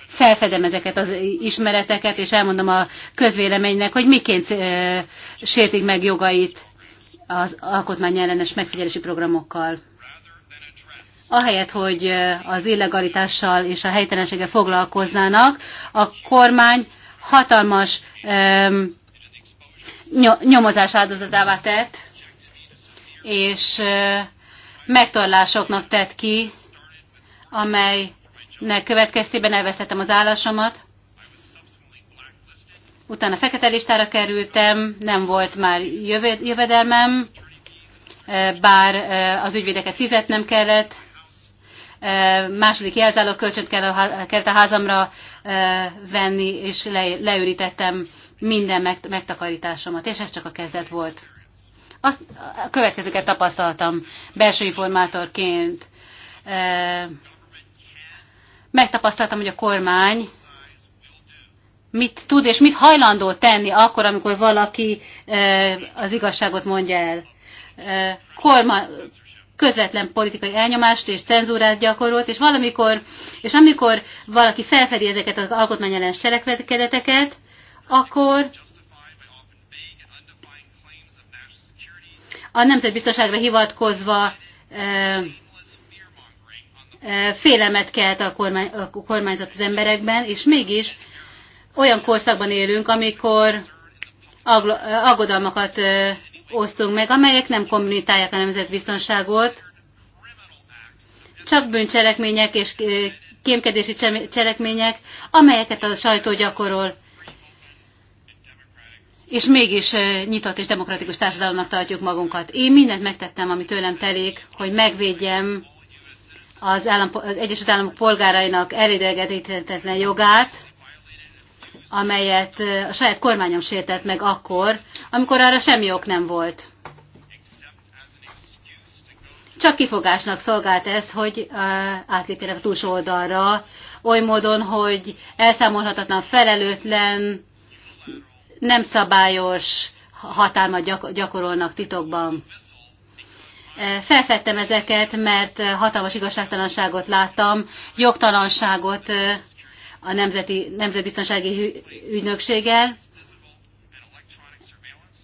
felfedem ezeket az ismereteket, és elmondom a közvéleménynek, hogy miként sértik meg jogait az alkotmány ellenes megfigyelési programokkal. Ahelyett, hogy az illegalitással és a helytelenséggel foglalkoznának, a kormány hatalmas nyomozás áldozatává tett, és megtorlásoknak tett ki, amelynek következtében elvesztettem az állásomat. Utána fekete listára kerültem, nem volt már jövedelmem, bár az ügyvédeket fizetnem kellett, második jelzáló kölcsönt kellett a házamra venni, és leürítettem minden megtakarításomat, és ez csak a kezdet volt. Azt, a következőket tapasztaltam belső informátorként. Megtapasztaltam, hogy a kormány mit tud és mit hajlandó tenni akkor, amikor valaki az igazságot mondja el. Korma, közvetlen politikai elnyomást és cenzúrát gyakorolt, és valamikor, és amikor valaki felfedi ezeket az alkotmányellenes cselekedeteket, akkor a nemzetbiztonságra hivatkozva félemet kelt a, kormány, a kormányzat az emberekben, és mégis olyan korszakban élünk, amikor aggodalmakat osztunk meg, amelyek nem kommunitálják a nemzetbiztonságot, csak bűncselekmények és kémkedési cselekmények, amelyeket a sajtó gyakorol és mégis nyitott és demokratikus társadalomnak tartjuk magunkat. Én mindent megtettem, ami tőlem telik, hogy megvédjem az, állam, az Egyesült Államok polgárainak elidegethetetlen jogát, amelyet a saját kormányom sértett meg akkor, amikor arra semmi ok nem volt. Csak kifogásnak szolgált ez, hogy átlépjenek a túlsó oldalra, oly módon, hogy elszámolhatatlan, felelőtlen, nem szabályos hatalmat gyakorolnak titokban. E, felfedtem ezeket, mert hatalmas igazságtalanságot láttam, jogtalanságot e, a Nemzeti, Nemzetbiztonsági Ügynökséggel.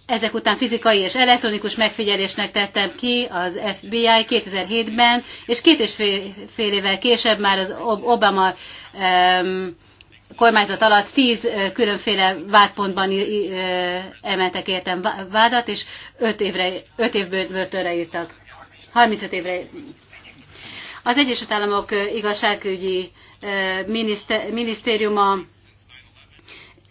Ezek után fizikai és elektronikus megfigyelésnek tettem ki az FBI 2007-ben, és két és fél, fél évvel később már az Obama um, kormányzat alatt tíz különféle vádpontban emeltek értem vádat, és öt, évre, öt év börtönre írtak. 35 évre. Az Egyesült Államok igazságügyi minisztériuma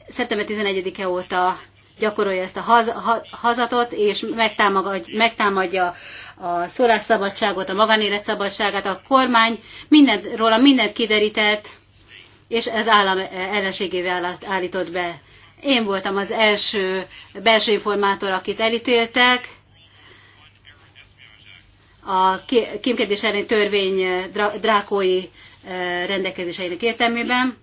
szeptember 11-e óta gyakorolja ezt a hazatot, és megtámadja, megtámadja a szólásszabadságot, a magánélet szabadságát. A kormány mindent, róla mindent kiderített, és ez állam ellenségével állított be. Én voltam az első belső informátor, akit elítéltek. A kémkedés elleni törvény drákói rendelkezéseinek értelmében.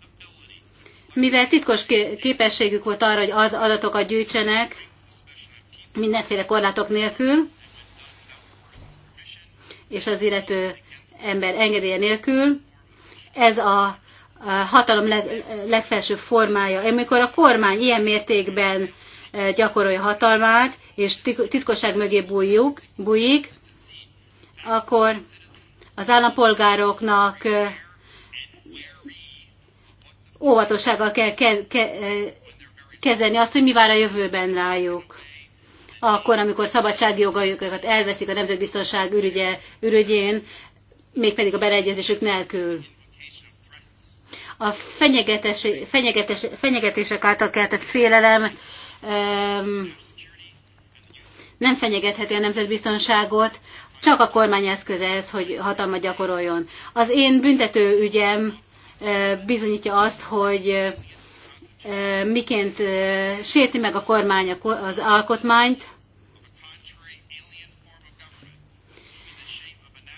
Mivel titkos képességük volt arra, hogy adatokat gyűjtsenek mindenféle korlátok nélkül, és az illető ember engedélye nélkül, ez a a hatalom leg, legfelsőbb formája. Amikor a kormány ilyen mértékben e, gyakorolja hatalmát, és titkosság mögé bújjuk, bújik, akkor az állampolgároknak e, óvatossággal kell e, kezelni azt, hogy mi vár a jövőben rájuk. Akkor, amikor szabadságjogaikat elveszik a nemzetbiztonság ürügye, ürügyén, mégpedig a beleegyezésük nélkül a fenyegetés, fenyegetés, fenyegetések által keltett félelem nem fenyegetheti a nemzetbiztonságot, csak a kormány eszköze ez, hogy hatalmat gyakoroljon. Az én büntető ügyem bizonyítja azt, hogy miként sérti meg a kormány az alkotmányt,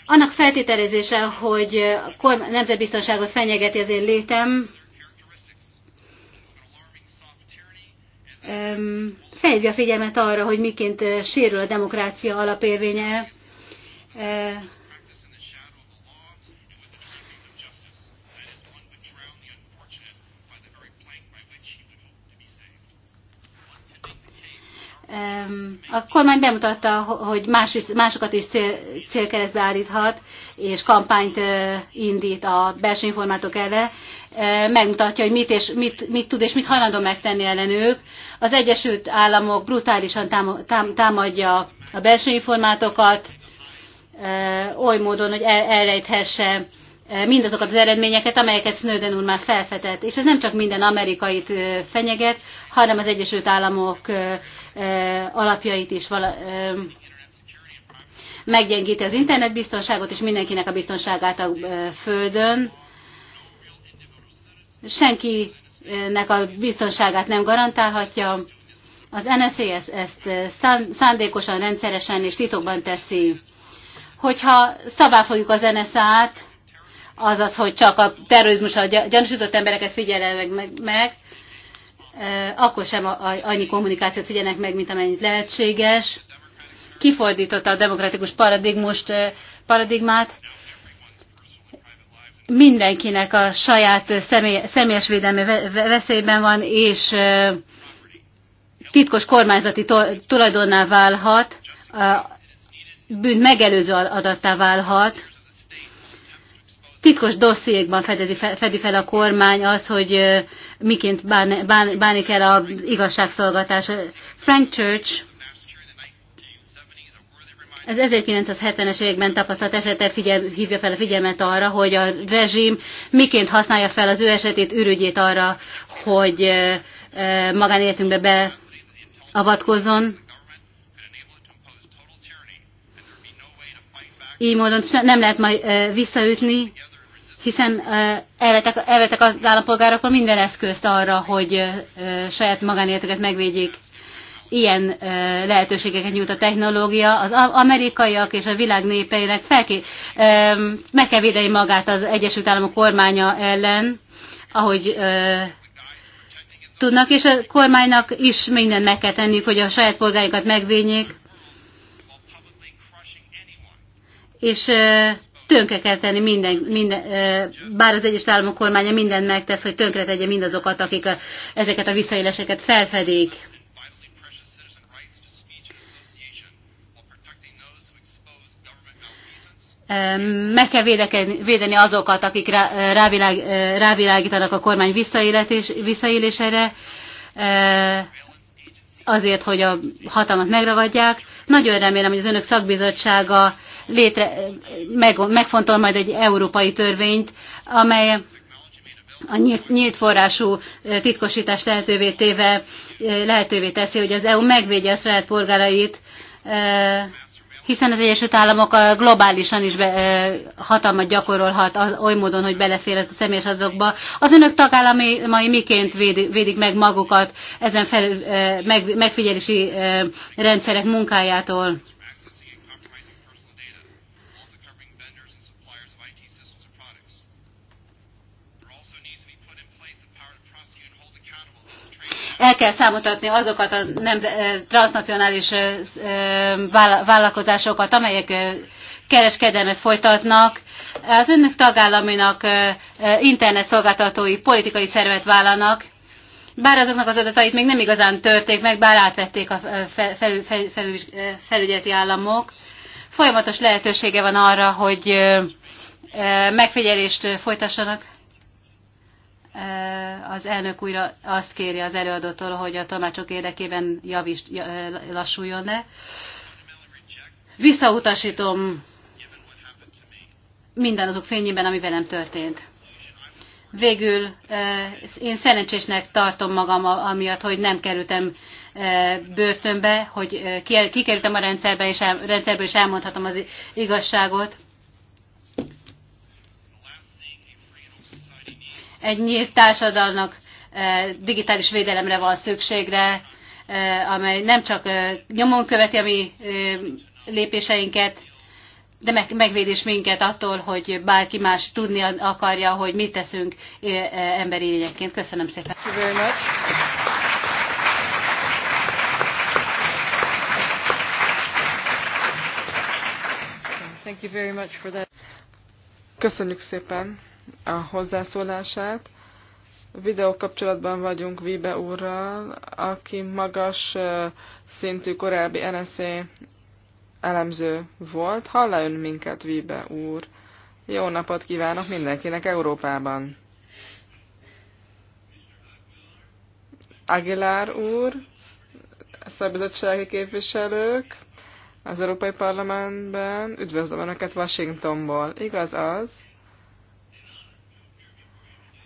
Annak feltételezése, hogy a nemzetbiztonságot fenyegeti az én létem, felhívja a figyelmet arra, hogy miként sérül a demokrácia alapérvénye, A kormány bemutatta, hogy más is, másokat is cél, célkeresztbe állíthat, és kampányt indít a belső informátok ellen. Megmutatja, hogy mit, és, mit, mit tud és mit hajlandó megtenni ellenük. Az Egyesült Államok brutálisan támadja a belső informátokat, oly módon, hogy el, elrejthesse mindazokat az eredményeket, amelyeket Snowden úr már felfedett. És ez nem csak minden amerikait fenyeget, hanem az Egyesült Államok alapjait is vala, meggyengíti az internetbiztonságot és mindenkinek a biztonságát a földön. Senkinek a biztonságát nem garantálhatja. Az NSA ezt szándékosan, rendszeresen és titokban teszi. Hogyha szabá fogjuk az NSA-t, azaz, hogy csak a terrorizmusra gyanúsított embereket figyelnek meg, meg, Eh, akkor sem annyi kommunikációt figyelnek meg, mint amennyit lehetséges. Kifordította a demokratikus paradigmust, eh, paradigmát. Mindenkinek a saját személy, személyes védelme veszélyben van, és eh, titkos kormányzati tulajdonná válhat, bűn megelőző adattá válhat titkos dossziékban fedezi, fedi fel a kormány az, hogy miként bán, bán, bánik el az igazságszolgatás. Frank Church ez 1970-es években tapasztalt esetet figyel, hívja fel a figyelmet arra, hogy a rezsim miként használja fel az ő esetét, ürügyét arra, hogy magánéletünkbe beavatkozzon. Így módon nem lehet majd visszaütni hiszen elvetek, elvetek az állampolgároktól minden eszközt arra, hogy saját magánéletüket megvédjék. Ilyen lehetőségeket nyújt a technológia. Az amerikaiak és a világ népeinek meg kell védeni magát az Egyesült Államok kormánya ellen, ahogy tudnak, és a kormánynak is mindent meg kell tenniük, hogy a saját polgáikat megvédjék. És tönkre kell tenni minden, minden bár az Egyes Államok kormánya mindent megtesz, hogy tönkre tegye mindazokat, akik a, ezeket a visszaéléseket felfedik. Meg kell védeni azokat, akik rávilág, rávilágítanak a kormány visszaélésére, azért, hogy a hatalmat megragadják. Nagyon remélem, hogy az önök szakbizottsága létre, meg, megfontol majd egy európai törvényt, amely a nyílt, nyílt forrású titkosítást lehetővé téve lehetővé teszi, hogy az EU megvédje a saját polgárait, hiszen az Egyesült Államok globálisan is be, hatalmat gyakorolhat az, oly módon, hogy beleférhet a személyes adatokba. Az önök tagállamai miként véd, védik meg magukat ezen fel, meg, megfigyelési rendszerek munkájától? el kell számoltatni azokat a nemze- transnacionális vállalkozásokat, amelyek kereskedelmet folytatnak, az önök tagállaminak internetszolgáltatói politikai szervet vállalnak, bár azoknak az adatait még nem igazán törték meg, bár átvették a felül, felül, felül, felügyeleti államok. Folyamatos lehetősége van arra, hogy megfigyelést folytassanak. Eh, az elnök újra azt kéri az előadótól, hogy a tanácsok érdekében javis, eh, lassuljon le. Visszautasítom minden azok fényében, ami velem történt. Végül eh, én szerencsésnek tartom magam amiatt, hogy nem kerültem börtönbe, hogy kikerültem a rendszerbe, és rendszerből is elmondhatom az igazságot Egy nyílt társadalnak eh, digitális védelemre van szükségre, eh, amely nem csak eh, nyomon követi a mi lépéseinket, de meg, megvéd is minket attól, hogy bárki más tudni akarja, hogy mit teszünk emberi lényekként. Köszönöm szépen. Köszönjük szépen a hozzászólását. Videó kapcsolatban vagyunk Vibe úrral, aki magas szintű korábbi NSZ elemző volt. hallja ön minket, Vibe úr. Jó napot kívánok mindenkinek Európában! Aguilar úr, szabizottsági képviselők az Európai Parlamentben, üdvözlöm Önöket Washingtonból. Igaz az,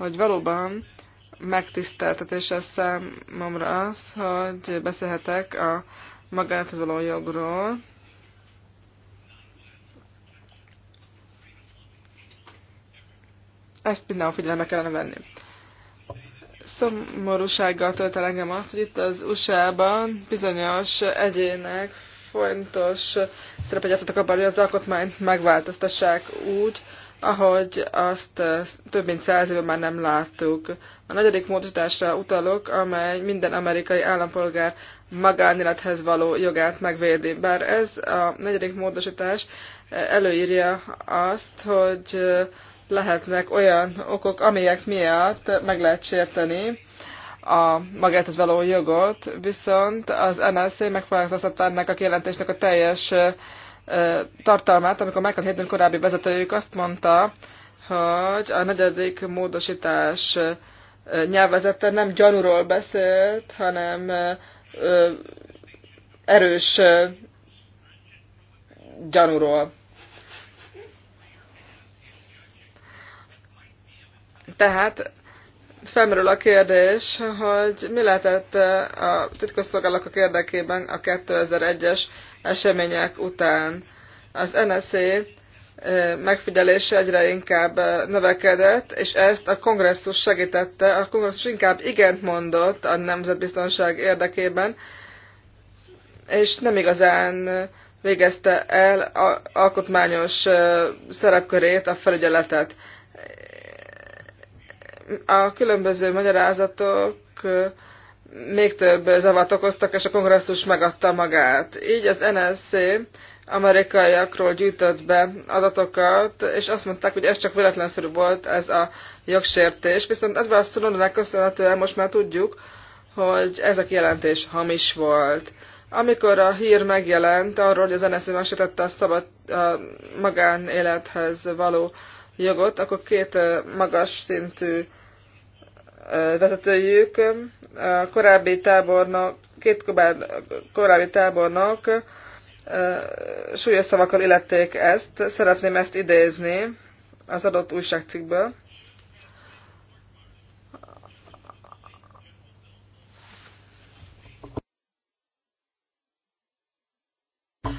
hogy valóban megtiszteltetés ez számomra az, hogy beszélhetek a magánathoz való jogról, Ezt mindenhol figyelembe kellene venni. Szomorúsággal tölt el engem azt, hogy itt az USA-ban bizonyos egyének fontos szerepet játszottak abban, hogy az alkotmányt megváltoztassák úgy, ahogy azt több mint száz éve már nem láttuk. A negyedik módosításra utalok, amely minden amerikai állampolgár magánélethez való jogát megvédi. Bár ez a negyedik módosítás előírja azt, hogy lehetnek olyan okok, amelyek miatt meg lehet sérteni a magához való jogot, viszont az NSZ megváltoztatta ennek a kijelentésnek a teljes tartalmát, amikor Michael Hayden korábbi vezetőjük azt mondta, hogy a negyedik módosítás nyelvezete nem gyanúról beszélt, hanem erős gyanúról. Tehát felmerül a kérdés, hogy mi lehetett a titkosszolgálatok érdekében a 2001-es események után. Az NSZ eh, megfigyelése egyre inkább eh, növekedett, és ezt a kongresszus segítette. A kongresszus inkább igent mondott a nemzetbiztonság érdekében, és nem igazán eh, végezte el a alkotmányos szerepkörét, a felügyeletet. A különböző magyarázatok még több zavart okoztak, és a kongresszus megadta magát. Így az NSC amerikaiakról gyűjtött be adatokat, és azt mondták, hogy ez csak véletlenszerű volt ez a jogsértés. Viszont Edward Snowdennek köszönhetően most már tudjuk, hogy ez a jelentés hamis volt. Amikor a hír megjelent arról, hogy az NSZ megsértette a szabad a magánélethez való jogot, akkor két magas szintű vezetőjük korábbi tábornok, két korábbi tábornok súlyos szavakkal illették ezt. Szeretném ezt idézni az adott újságcikkből.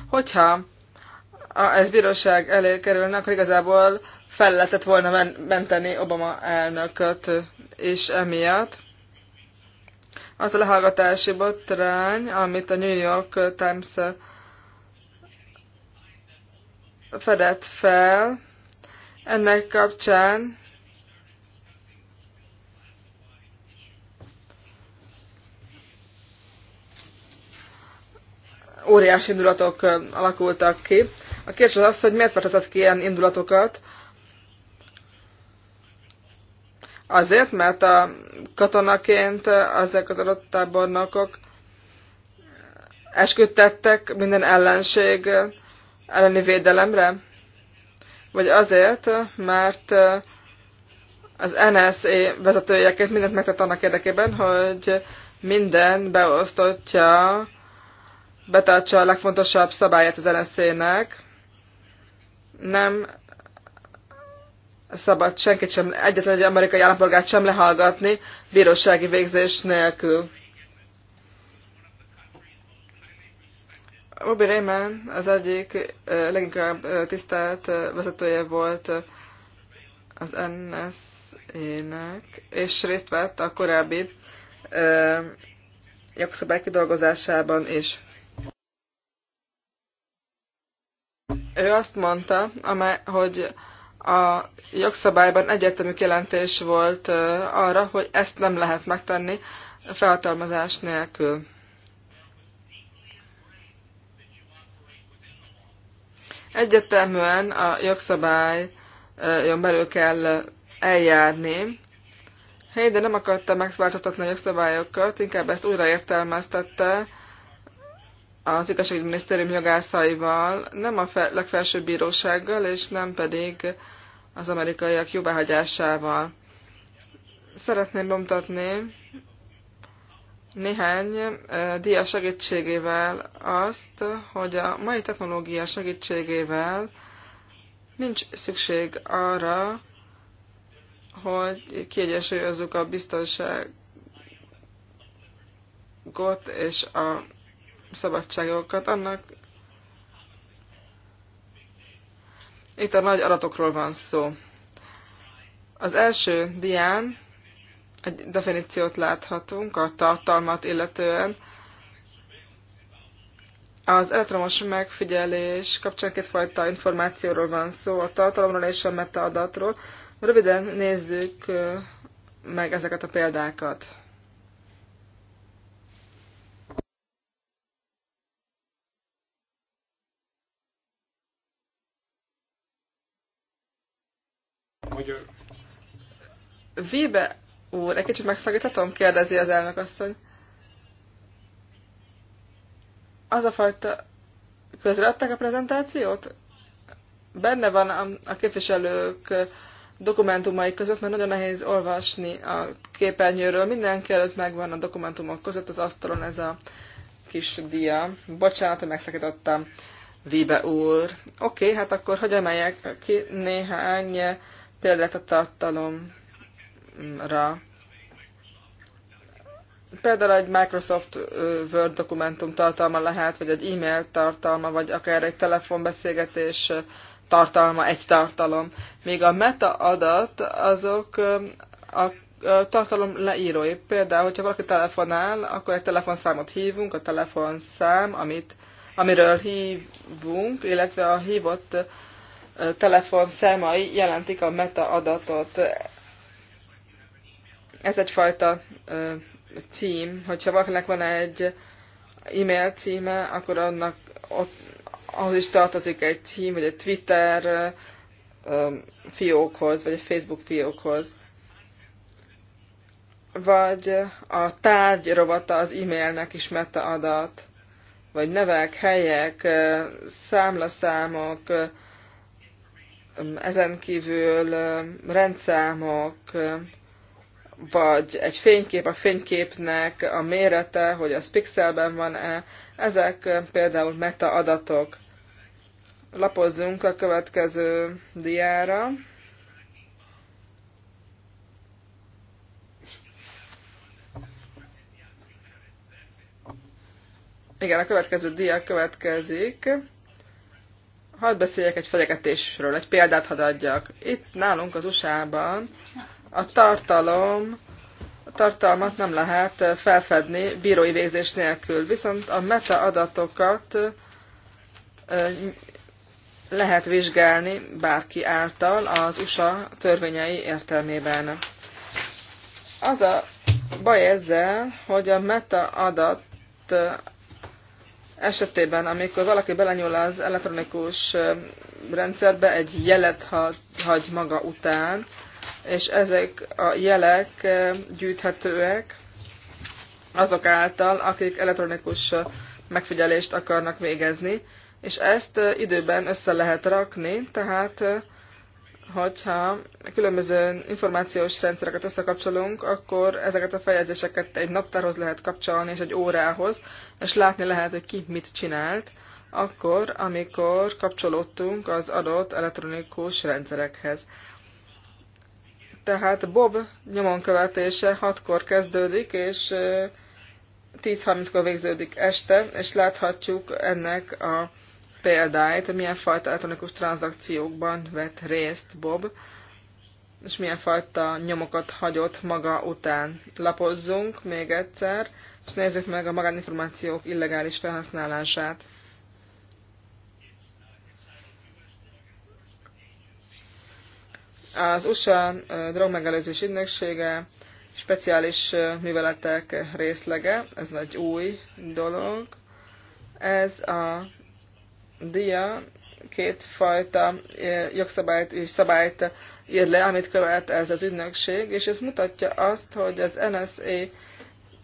Hogyha ez bíróság elé kerülne, akkor igazából fel lehetett volna menteni Obama elnököt és emiatt az a lehallgatási botrány, amit a New York Times fedett fel. Ennek kapcsán óriási indulatok alakultak ki. A kérdés az az, hogy miért vetetett ki ilyen indulatokat, Azért, mert a katonaként ezek az adott tábornokok esküdtettek minden ellenség elleni védelemre? Vagy azért, mert az NSA vezetőjeket mindent megtett annak érdekében, hogy minden beosztottja, betartsa a legfontosabb szabályát az nsa nek nem szabad senkit sem, egyetlen egy amerikai állampolgárt sem lehallgatni bírósági végzés nélkül. Ruby Raymond az egyik leginkább tisztelt vezetője volt az NSZ-ének, és részt vett a korábbi jogszabály kidolgozásában is. Ő azt mondta, amely, hogy a jogszabályban egyértelmű jelentés volt arra, hogy ezt nem lehet megtenni felhatalmazás nélkül. Egyértelműen a jogszabályon belül kell eljárni. Hely, de nem akarta megváltoztatni a jogszabályokat, inkább ezt újraértelmeztette, az igazságügyminisztérium jogászaival, nem a fe- legfelsőbb bírósággal, és nem pedig az amerikaiak jóbehagyásával. Szeretném bemutatni néhány díja segítségével azt, hogy a mai technológia segítségével nincs szükség arra, hogy kiegyensúlyozzuk a biztonságot és a szabadságokat. Annak itt a nagy adatokról van szó. Az első dián egy definíciót láthatunk a tartalmat illetően. Az elektromos megfigyelés kapcsán kétfajta információról van szó, a tartalomról és a metaadatról. Röviden nézzük meg ezeket a példákat. Vibe úr, egy kicsit megszakíthatom? kérdezi az elnök asszony. Az a fajta... Közreadták a prezentációt? Benne van a, a képviselők dokumentumai között, mert nagyon nehéz olvasni a képernyőről. Mindenki előtt megvan a dokumentumok között az asztalon ez a kis dia. Bocsánat, hogy megszakítottam. Vibe úr. Oké, okay, hát akkor hogy emeljek ki néhány példát a tartalom Ra Például egy Microsoft Word dokumentum tartalma lehet, vagy egy e-mail tartalma, vagy akár egy telefonbeszélgetés tartalma, egy tartalom. Még a meta adat azok a tartalom leírói. Például, hogyha valaki telefonál, akkor egy telefonszámot hívunk, a telefonszám, amit, amiről hívunk, illetve a hívott telefonszámai jelentik a meta adatot. Ez egyfajta ö, cím, hogyha valakinek van egy e-mail címe, akkor annak ott, ahhoz is tartozik egy cím, vagy egy Twitter ö, fiókhoz, vagy egy Facebook fiókhoz. Vagy a tárgy rovata az e-mailnek is metaadat, vagy nevek, helyek, számlaszámok, ezen kívül rendszámok, vagy egy fénykép, a fényképnek a mérete, hogy az pixelben van-e, ezek például metaadatok. Lapozzunk a következő diára. Igen, a következő dia következik. Hadd beszéljek egy fenyegetésről, egy példát hadd adjak. Itt nálunk az USA-ban a tartalom a tartalmat nem lehet felfedni bírói végzés nélkül, viszont a metaadatokat lehet vizsgálni bárki által az USA törvényei értelmében. Az a baj ezzel, hogy a metaadat esetében, amikor valaki belenyúl az elektronikus rendszerbe, egy jelet hagy maga után, és ezek a jelek gyűjthetőek azok által, akik elektronikus megfigyelést akarnak végezni, és ezt időben össze lehet rakni, tehát hogyha különböző információs rendszereket összekapcsolunk, akkor ezeket a fejezéseket egy naptárhoz lehet kapcsolni, és egy órához, és látni lehet, hogy ki mit csinált, akkor, amikor kapcsolódtunk az adott elektronikus rendszerekhez. Tehát Bob nyomon követése 6-kor kezdődik, és 10.30-kor végződik este, és láthatjuk ennek a példáit, hogy milyen fajta elektronikus tranzakciókban vett részt Bob, és milyen fajta nyomokat hagyott maga után. Lapozzunk még egyszer, és nézzük meg a magáninformációk illegális felhasználását. Az USA drogmegelőzés ügynöksége speciális műveletek részlege, ez nagy új dolog. Ez a dia kétfajta jogszabályt és szabályt ír le, amit követ ez az ügynökség, és ez mutatja azt, hogy az NSA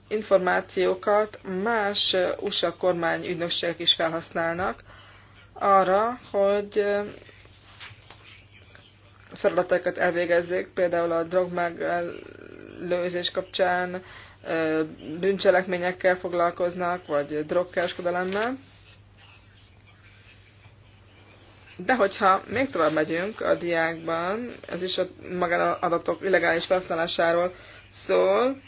információkat más USA kormány ügynökségek is felhasználnak arra, hogy feladatokat elvégezzék, például a drogmeglőzés kapcsán bűncselekményekkel foglalkoznak, vagy drogkereskedelemmel. De hogyha még tovább megyünk a diákban, ez is a magánadatok illegális felhasználásáról szól,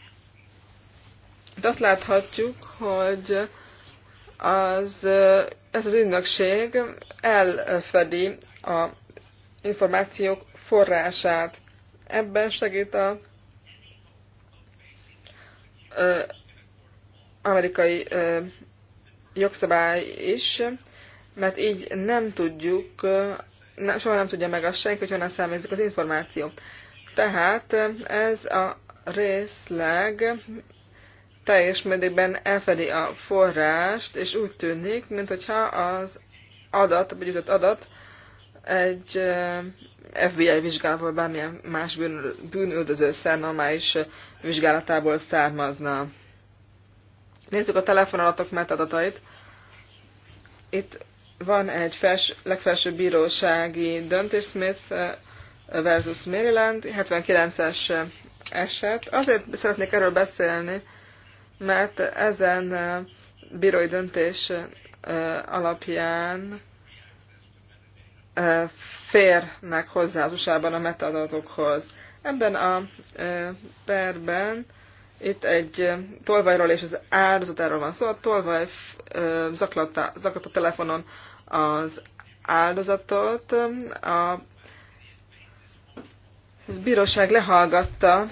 de azt láthatjuk, hogy az, ez az ügynökség elfedi a információk forrását. Ebben segít a ö, amerikai ö, jogszabály is, mert így nem tudjuk, ne, soha nem tudja meg azt senki, hogy honnan származik az információ. Tehát ez a részleg teljes mértékben elfedi a forrást, és úgy tűnik, mintha az adat, a adat egy eh, FBI vizsgálatból bármilyen más bűn, bűnöldöző szernomális vizsgálatából származna. Nézzük a telefonalatok metadatait. Itt van egy fels, legfelsőbb bírósági döntés Smith eh, versus Maryland, 79-es eset. Azért szeretnék erről beszélni, mert ezen eh, bírói döntés alapján férnek hozzá az usa a metadatokhoz. Ebben a perben itt egy tolvajról és az áldozatáról van szó. A tolvaj zaklatta, zaklatta telefonon az áldozatot. A bíróság lehallgatta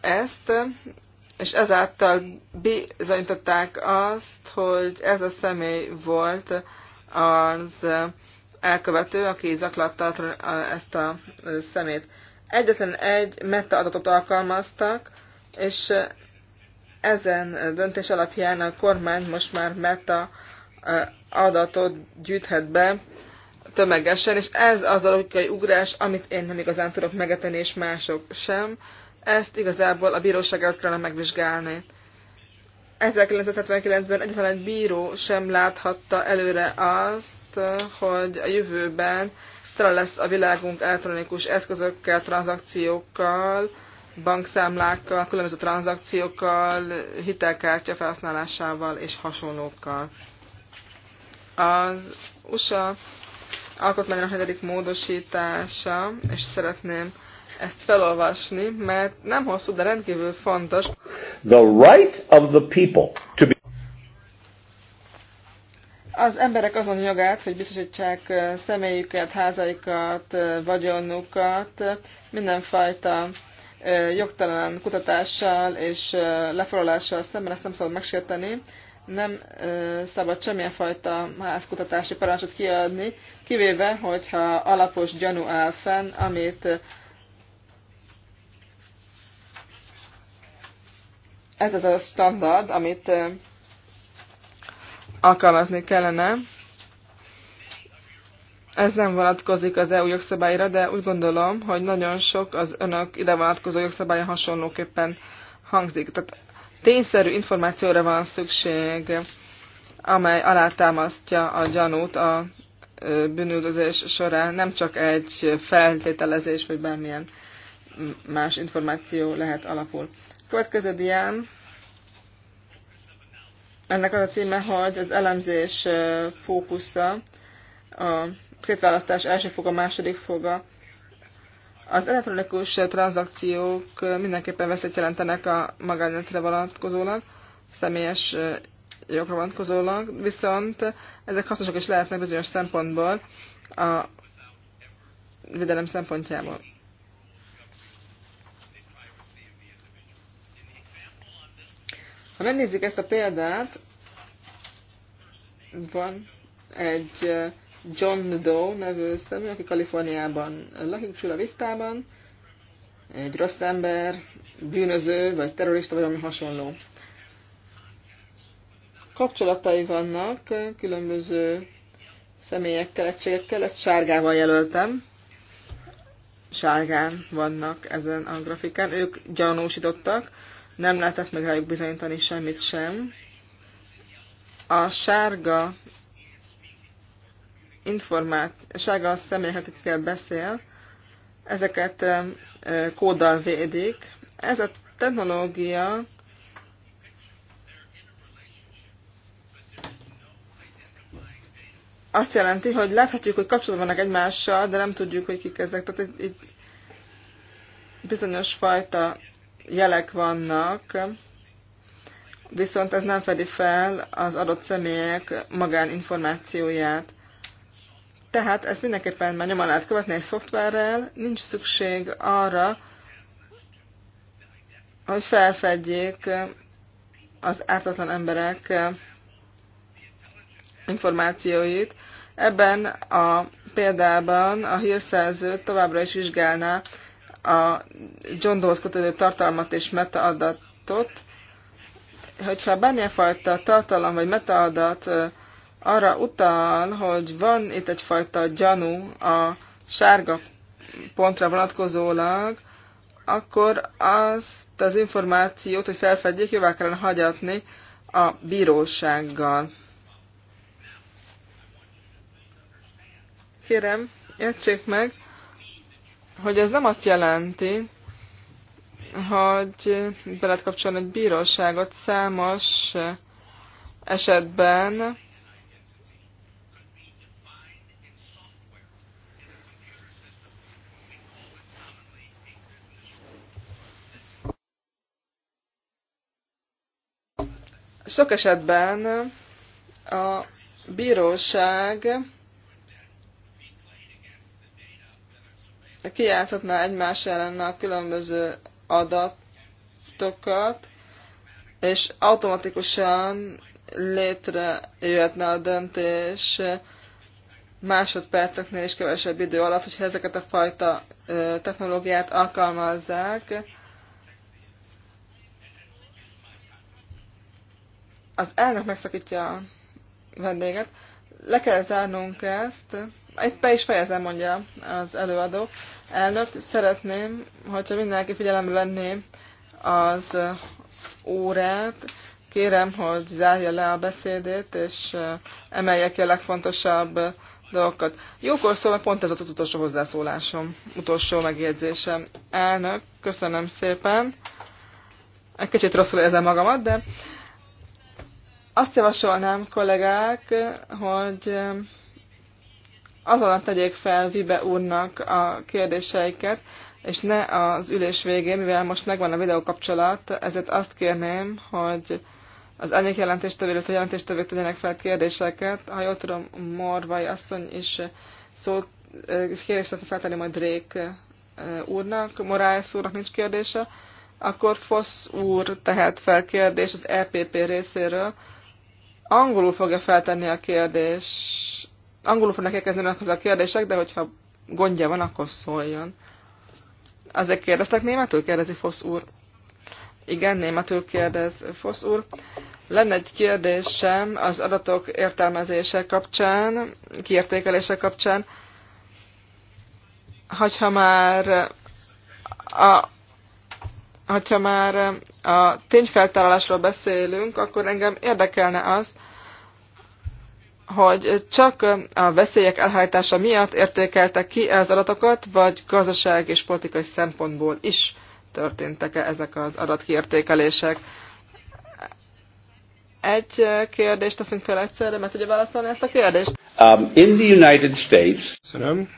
ezt, és ezáltal bizonyították azt, hogy ez a személy volt az elkövető, aki zaklatta ezt a szemét. Egyetlen egy meta adatot alkalmaztak, és ezen döntés alapján a kormány most már meta adatot gyűjthet be tömegesen, és ez az a logikai ugrás, amit én nem igazán tudok megeteni, és mások sem. Ezt igazából a bíróság előtt kellene megvizsgálni. 1979-ben egyetlen egy bíró sem láthatta előre azt, hogy a jövőben tele lesz a világunk elektronikus eszközökkel, tranzakciókkal, bankszámlákkal, különböző tranzakciókkal, hitelkártya felhasználásával és hasonlókkal. Az USA alkotmányok hetedik módosítása, és szeretném ezt felolvasni, mert nem hosszú, de rendkívül fontos. The right of the people to be az emberek azon jogát, hogy biztosítsák személyüket, házaikat, vagyonukat, mindenfajta jogtalan kutatással és leforolással szemben, ezt nem szabad megsérteni, nem szabad semmilyen fajta házkutatási parancsot kiadni, kivéve, hogyha alapos gyanú áll fenn, amit ez az a standard, amit alkalmazni kellene. Ez nem vonatkozik az EU jogszabályra, de úgy gondolom, hogy nagyon sok az önök ide vonatkozó jogszabálya hasonlóképpen hangzik. Tehát tényszerű információra van szükség, amely alátámasztja a gyanút a bűnüldözés során, nem csak egy feltételezés, vagy bármilyen más információ lehet alapul. Következő diám. Ennek az a címe, hogy az elemzés fókusza, a szétválasztás első foga, második foga. Az elektronikus tranzakciók mindenképpen veszélyt jelentenek a magánéletre vonatkozólag, személyes jogra vonatkozólag, viszont ezek hasznosak is lehetnek bizonyos szempontból a védelem szempontjából. Ha megnézzük ezt a példát, van egy John Doe nevű személy, aki Kaliforniában lakik, Chula Vistában, egy rossz ember, bűnöző, vagy terrorista, vagy valami hasonló. Kapcsolatai vannak különböző személyekkel, egységekkel, ezt sárgával jelöltem. Sárgán vannak ezen a grafikán, ők gyanúsítottak nem lehetett meg rájuk bizonyítani semmit sem. A sárga informát a sárga személyek, akikkel beszél, ezeket kóddal védik. Ez a technológia azt jelenti, hogy láthatjuk, hogy kapcsolatban vannak egymással, de nem tudjuk, hogy kik ezek. Tehát egy bizonyos fajta jelek vannak, viszont ez nem fedi fel az adott személyek magáninformációját. Tehát ezt mindenképpen már nyomon lehet követni egy szoftverrel, nincs szükség arra, hogy felfedjék az ártatlan emberek információit. Ebben a példában a hírszerző továbbra is vizsgálná a John Doe's kötődő tartalmat és metaadatot, hogyha bármilyen fajta tartalom vagy metaadat arra utal, hogy van itt egyfajta gyanú a sárga pontra vonatkozólag, akkor azt az információt, hogy felfedjék, jóvá kellene hagyatni a bírósággal. Kérem, értsék meg, hogy ez nem azt jelenti, hogy be lehet kapcsolni egy bíróságot számos esetben, Sok esetben a bíróság kijátszhatná egymás ellen a különböző adatokat, és automatikusan létrejöhetne a döntés másodperceknél is kevesebb idő alatt, hogyha ezeket a fajta technológiát alkalmazzák. Az elnök megszakítja a vendéget. Le kell zárnunk ezt itt be is fejezem, mondja az előadó. Elnök, szeretném, hogyha mindenki figyelembe venné az órát, kérem, hogy zárja le a beszédét, és emelje ki a legfontosabb dolgokat. Jókor szól, mert pont ez az utolsó hozzászólásom, utolsó megjegyzésem. Elnök, köszönöm szépen. Egy kicsit rosszul érzem magamat, de azt javasolnám, kollégák, hogy azonnal tegyék fel Vibe úrnak a kérdéseiket, és ne az ülés végén, mivel most megvan a videókapcsolat, ezért azt kérném, hogy az anyag jelentéstevő, illetve jelentéstevők tegyenek fel kérdéseket. Ha jól tudom, Morvai asszony is szólt, eh, kérdést szeretne feltenni majd Drék eh, úrnak, Morales úrnak nincs kérdése, akkor Fosz úr tehet fel kérdés az EPP részéről. Angolul fogja feltenni a kérdést angolul fognak érkezni az a kérdések, de hogyha gondja van, akkor szóljon. Azért kérdeztek németül? Kérdezi Fosz úr. Igen, németül kérdez Fosz úr. Lenne egy kérdésem az adatok értelmezése kapcsán, kiértékelése kapcsán. Hogyha már a, hogyha már a tényfeltárásról beszélünk, akkor engem érdekelne az, hogy csak a veszélyek elhárítása miatt értékeltek ki az adatokat, vagy gazdaság és politikai szempontból is történtek-e ezek az adatkiértékelések. Egy kérdést teszünk fel egyszerre, mert tudja válaszolni ezt a kérdést? Um, in the United States... Szerintem.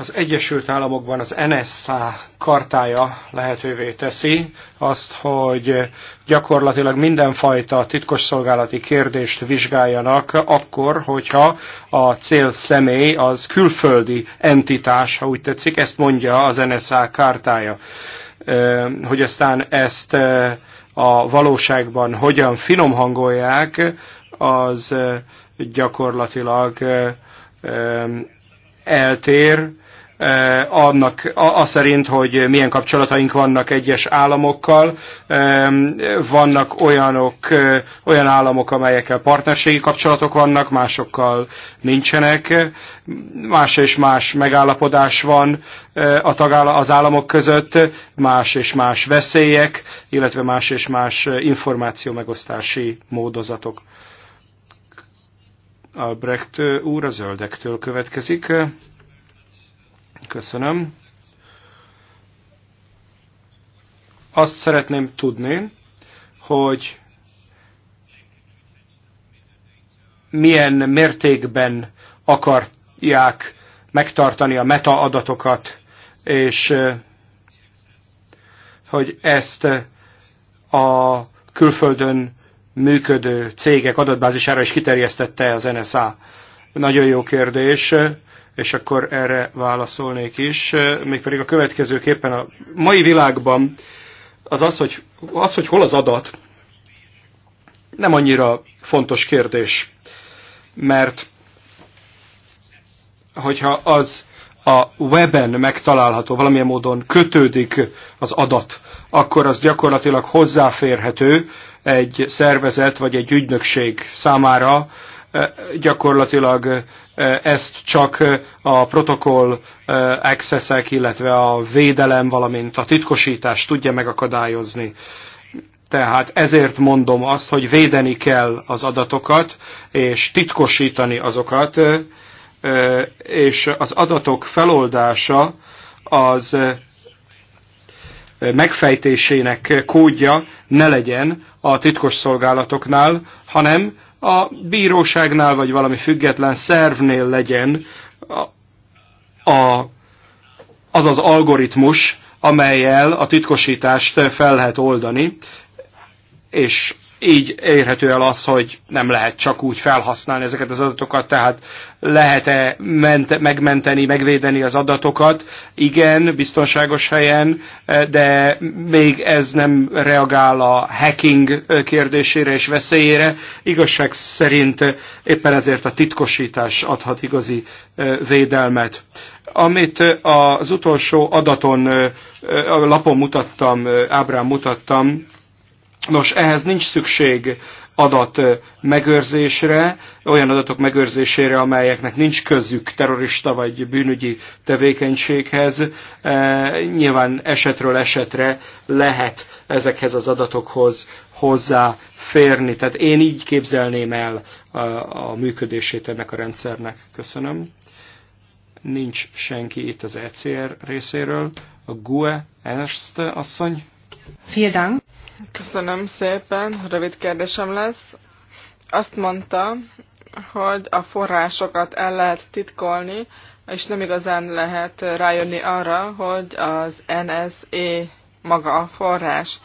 Az Egyesült Államokban az NSA kartája lehetővé teszi azt, hogy gyakorlatilag mindenfajta titkosszolgálati kérdést vizsgáljanak akkor, hogyha a cél személy az külföldi entitás, ha úgy tetszik, ezt mondja az NSA kartája, Hogy aztán ezt a valóságban hogyan finomhangolják, az gyakorlatilag eltér, Eh, annak, az szerint, hogy milyen kapcsolataink vannak egyes államokkal. Vannak olyanok, eh, olyan államok, amelyekkel partnerségi kapcsolatok vannak, másokkal nincsenek. Más és más megállapodás van eh, a tagáll- az államok között, más és más veszélyek, illetve más és más információ megosztási módozatok. Albrecht úr a zöldektől következik. Köszönöm. Azt szeretném tudni, hogy milyen mértékben akarják megtartani a metaadatokat, és hogy ezt a külföldön működő cégek adatbázisára is kiterjesztette az NSA. Nagyon jó kérdés és akkor erre válaszolnék is, mégpedig a következőképpen a mai világban az az, hogy, az, hogy hol az adat, nem annyira fontos kérdés, mert hogyha az a weben megtalálható, valamilyen módon kötődik az adat, akkor az gyakorlatilag hozzáférhető egy szervezet vagy egy ügynökség számára, gyakorlatilag ezt csak a protokoll accessek, illetve a védelem, valamint a titkosítás tudja megakadályozni. Tehát ezért mondom azt, hogy védeni kell az adatokat, és titkosítani azokat, és az adatok feloldása az megfejtésének kódja ne legyen a titkos szolgálatoknál, hanem a bíróságnál, vagy valami független szervnél legyen a, a, az az algoritmus, amelyel a titkosítást fel lehet oldani, és így érhető el az, hogy nem lehet csak úgy felhasználni ezeket az adatokat, tehát lehet-e megmenteni, megvédeni az adatokat? Igen, biztonságos helyen, de még ez nem reagál a hacking kérdésére és veszélyére. Igazság szerint éppen ezért a titkosítás adhat igazi védelmet. Amit az utolsó adaton, lapon mutattam, ábrán mutattam, Nos, ehhez nincs szükség adat megőrzésre, olyan adatok megőrzésére, amelyeknek nincs közük terrorista vagy bűnügyi tevékenységhez. E, nyilván esetről esetre lehet ezekhez az adatokhoz hozzáférni. Tehát én így képzelném el a, a működését ennek a rendszernek. Köszönöm. Nincs senki itt az ECR részéről. A GUE Ernst asszony. Vielen Dank. Köszönöm szépen, rövid kérdésem lesz. Azt mondta, hogy a forrásokat el lehet titkolni, és nem igazán lehet rájönni arra, hogy az NSE maga a forrás.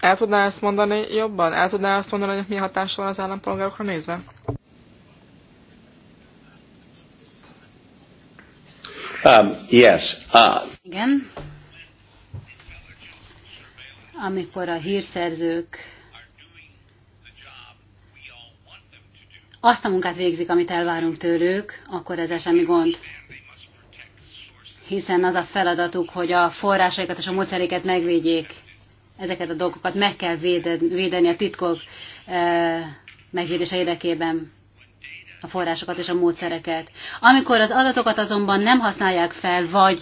El tudná ezt mondani jobban? El tudná ezt mondani, hogy mi hatása van az állampolgárokra nézve? Um, yes. Uh. Igen amikor a hírszerzők azt a munkát végzik, amit elvárunk tőlük, akkor ez semmi gond. Hiszen az a feladatuk, hogy a forrásaikat és a módszereket megvédjék. Ezeket a dolgokat meg kell védeni a titkok eh, megvédése érdekében a forrásokat és a módszereket. Amikor az adatokat azonban nem használják fel, vagy,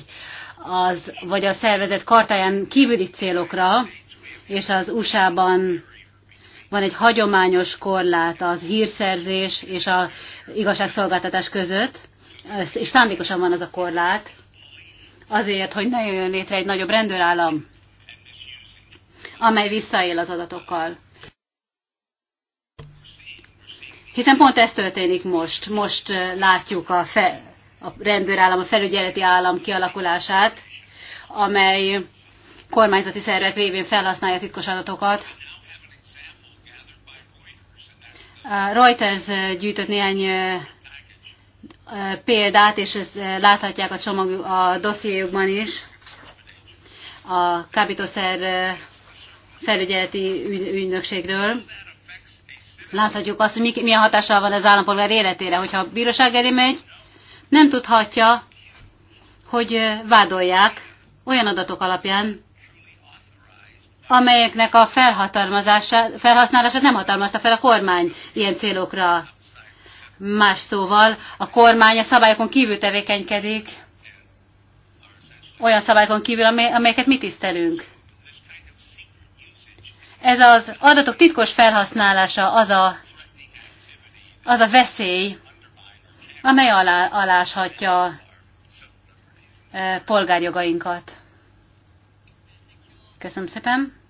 az, vagy a szervezet kartáján kívüli célokra, és az USA-ban van egy hagyományos korlát az hírszerzés és az igazságszolgáltatás között, és szándékosan van az a korlát, azért, hogy ne jöjjön létre egy nagyobb rendőrállam, amely visszaél az adatokkal. Hiszen pont ez történik most. Most látjuk a, fe, a rendőrállam, a felügyeleti állam kialakulását, amely kormányzati szervek révén felhasználja titkos adatokat. Reuters gyűjtött néhány példát, és ezt láthatják a csomag a dossziéjukban is. A kábítószer felügyeleti ügynökségről. Láthatjuk azt, hogy milyen hatással van az állampolgár életére, hogyha a bíróság elé megy, nem tudhatja, hogy vádolják olyan adatok alapján, amelyeknek a felhasználását nem hatalmazta fel a kormány ilyen célokra. Más szóval a kormány a szabályokon kívül tevékenykedik, olyan szabályokon kívül, amelyeket mi tisztelünk. Ez az adatok titkos felhasználása az a, az a veszély, amely alá, aláshatja eh, polgárjogainkat. Köszönöm szépen.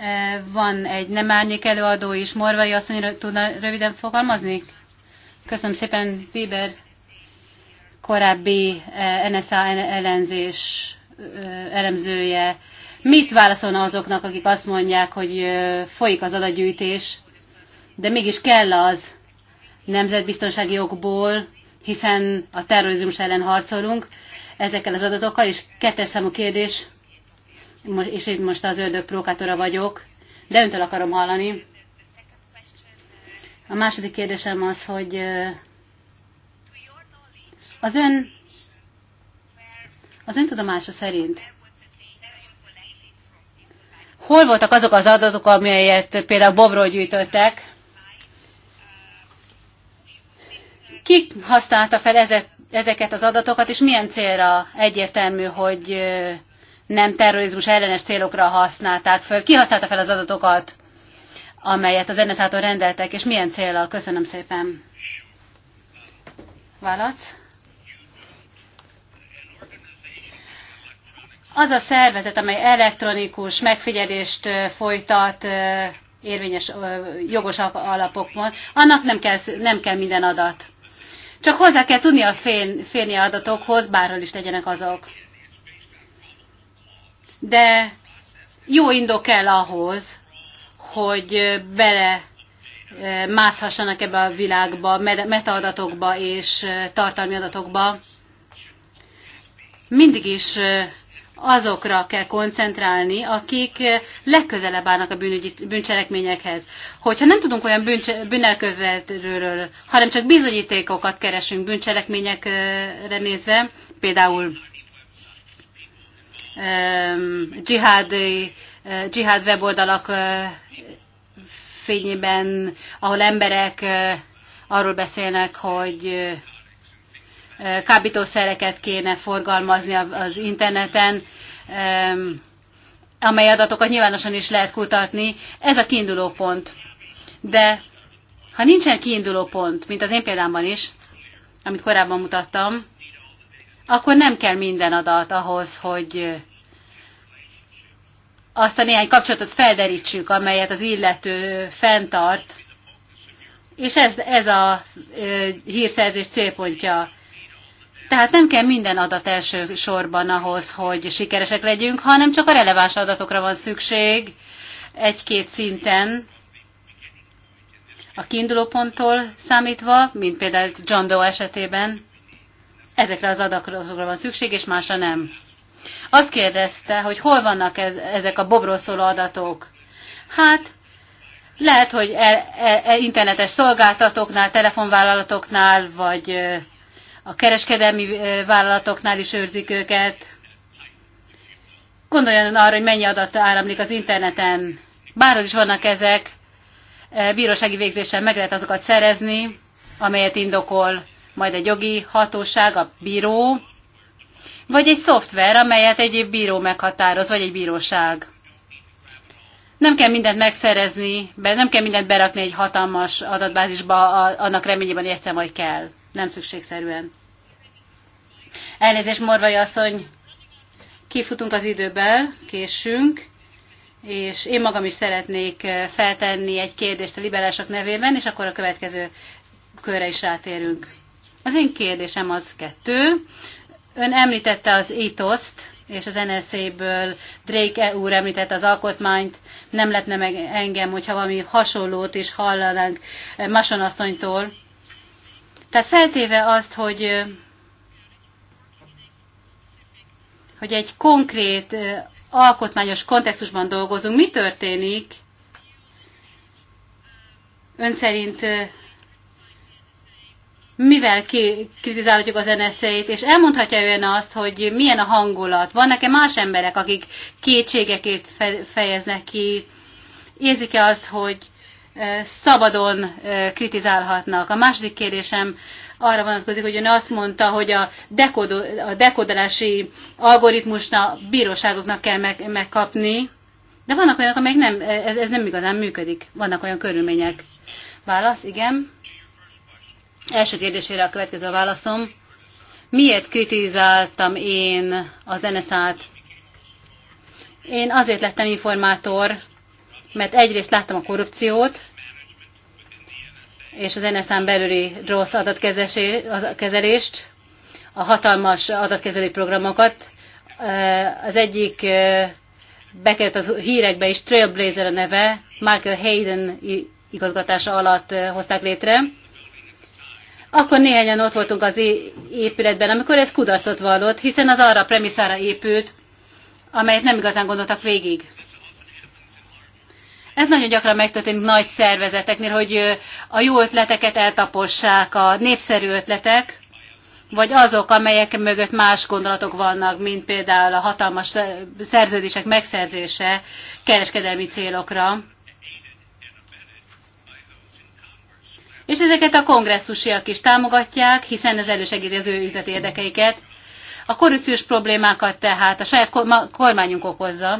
E, van egy nem árnyék előadó is. Morvai asszony tudna röviden fogalmazni? Köszönöm szépen, Weber korábbi e, NSA ellenzés elemzője. Mit válaszolna azoknak, akik azt mondják, hogy folyik az adatgyűjtés, de mégis kell az nemzetbiztonsági okból, hiszen a terrorizmus ellen harcolunk ezekkel az adatokkal, és kettes számú kérdés, és itt most az ördög prókátora vagyok, de öntől akarom hallani. A második kérdésem az, hogy az ön az Ön tudomása szerint hol voltak azok az adatok, amelyet például Bobról gyűjtöttek? Ki használta fel ezek, ezeket az adatokat, és milyen célra egyértelmű, hogy nem terrorizmus ellenes célokra használták föl. Ki használta fel az adatokat, amelyet az nsa tól rendeltek, és milyen célral? Köszönöm szépen. Válasz? Az a szervezet, amely elektronikus megfigyelést folytat érvényes jogos alapokon, annak nem kell, nem kell minden adat. Csak hozzá kell tudni a férni adatokhoz, bárhol is legyenek azok de jó indok kell ahhoz, hogy bele eh, mászhassanak ebbe a világba, metaadatokba és eh, tartalmi adatokba. Mindig is eh, azokra kell koncentrálni, akik legközelebb állnak a bűnügyi, bűncselekményekhez. Hogyha nem tudunk olyan bűnelkövetőről, hanem csak bizonyítékokat keresünk bűncselekményekre nézve, például dzsihád, e, dzsihád weboldalak e, fényében, ahol emberek e, arról beszélnek, hogy kábítószereket kéne forgalmazni az interneten, amely adatokat nyilvánosan is lehet kutatni. Ez a kiinduló pont. De ha nincsen kiinduló pont, mint az én példámban is, amit korábban mutattam, akkor nem kell minden adat ahhoz, hogy azt a néhány kapcsolatot felderítsük, amelyet az illető fenntart, és ez, ez a hírszerzés célpontja. Tehát nem kell minden adat első sorban ahhoz, hogy sikeresek legyünk, hanem csak a releváns adatokra van szükség egy-két szinten, a kiindulóponttól számítva, mint például John Doe esetében, ezekre az adatokra van szükség, és másra nem. Azt kérdezte, hogy hol vannak ez, ezek a bobról szóló adatok. Hát, lehet, hogy e, e, e, internetes szolgáltatóknál, telefonvállalatoknál, vagy a kereskedelmi vállalatoknál is őrzik őket. Gondoljon arra, hogy mennyi adat áramlik az interneten. Bárhol is vannak ezek, bírósági végzéssel meg lehet azokat szerezni, amelyet indokol majd egy jogi hatóság, a bíró, vagy egy szoftver, amelyet egy bíró meghatároz, vagy egy bíróság. Nem kell mindent megszerezni, nem kell mindent berakni egy hatalmas adatbázisba, annak reményében, egyszer majd kell. Nem szükségszerűen. Elnézést, Morvai asszony, kifutunk az időből, késünk, és én magam is szeretnék eh, feltenni egy kérdést a liberálisok nevében, és akkor a következő körre is rátérünk. Az én kérdésem az kettő. Ön említette az ITOSZ-t, és az NSZ-ből Drake e úr említette az alkotmányt, nem lehetne meg engem, hogyha valami hasonlót is hallanánk Masonasszonytól. Tehát feltéve azt, hogy, hogy egy konkrét alkotmányos kontextusban dolgozunk, mi történik ön szerint mivel ki, kritizálhatjuk az NSZ-t, és elmondhatja ön azt, hogy milyen a hangulat. Vannak-e más emberek, akik kétségekét fejeznek ki, érzik-e azt, hogy szabadon kritizálhatnak. A második kérésem arra vonatkozik, hogy ön azt mondta, hogy a, dekod, a dekodolási algoritmusnak bíróságoknak kell meg, megkapni, de vannak olyanok, amelyek nem, ez, ez nem igazán működik. Vannak olyan körülmények. Válasz, igen. Első kérdésére a következő a válaszom. Miért kritizáltam én az NSZ-t? Én azért lettem informátor, mert egyrészt láttam a korrupciót, és az NSZ-n belüli rossz adatkezelést, a hatalmas adatkezelő programokat. Az egyik bekerült az hírekbe is, Trailblazer a neve, Michael Hayden igazgatása alatt hozták létre, akkor néhányan ott voltunk az épületben, amikor ez kudarcot vallott, hiszen az arra premiszára épült, amelyet nem igazán gondoltak végig. Ez nagyon gyakran megtörténik nagy szervezeteknél, hogy a jó ötleteket eltapossák, a népszerű ötletek, vagy azok, amelyek mögött más gondolatok vannak, mint például a hatalmas szerződések megszerzése kereskedelmi célokra és ezeket a kongresszusiak is támogatják, hiszen ez elősegíti az ő üzleti érdekeiket. A korrupciós problémákat tehát a saját kormányunk okozza.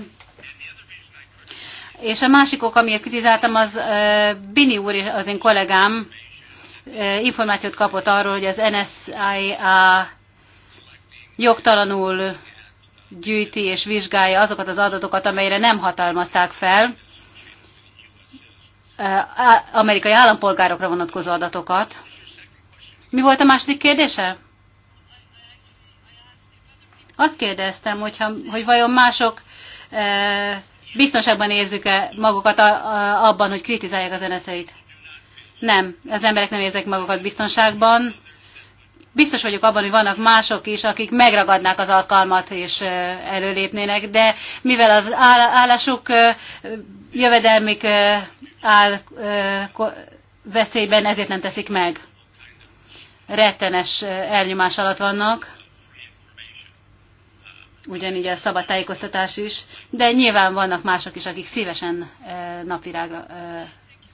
És a másik ok, amiért kritizáltam, az Bini úr, az én kollégám, információt kapott arról, hogy az NSIA jogtalanul gyűjti és vizsgálja azokat az adatokat, amelyre nem hatalmazták fel Eh, amerikai állampolgárokra vonatkozó adatokat. Mi volt a második kérdése? Azt kérdeztem, hogyha, hogy vajon mások eh, biztonságban érzük e magukat abban, hogy kritizálják az nsa -t. Nem, az emberek nem érzik magukat biztonságban. Biztos vagyok abban, hogy vannak mások is, akik megragadnák az alkalmat és előlépnének, de mivel az állásuk, jövedelmük áll veszélyben, ezért nem teszik meg. Rettenes elnyomás alatt vannak, ugyanígy a szabad tájékoztatás is, de nyilván vannak mások is, akik szívesen napvirágra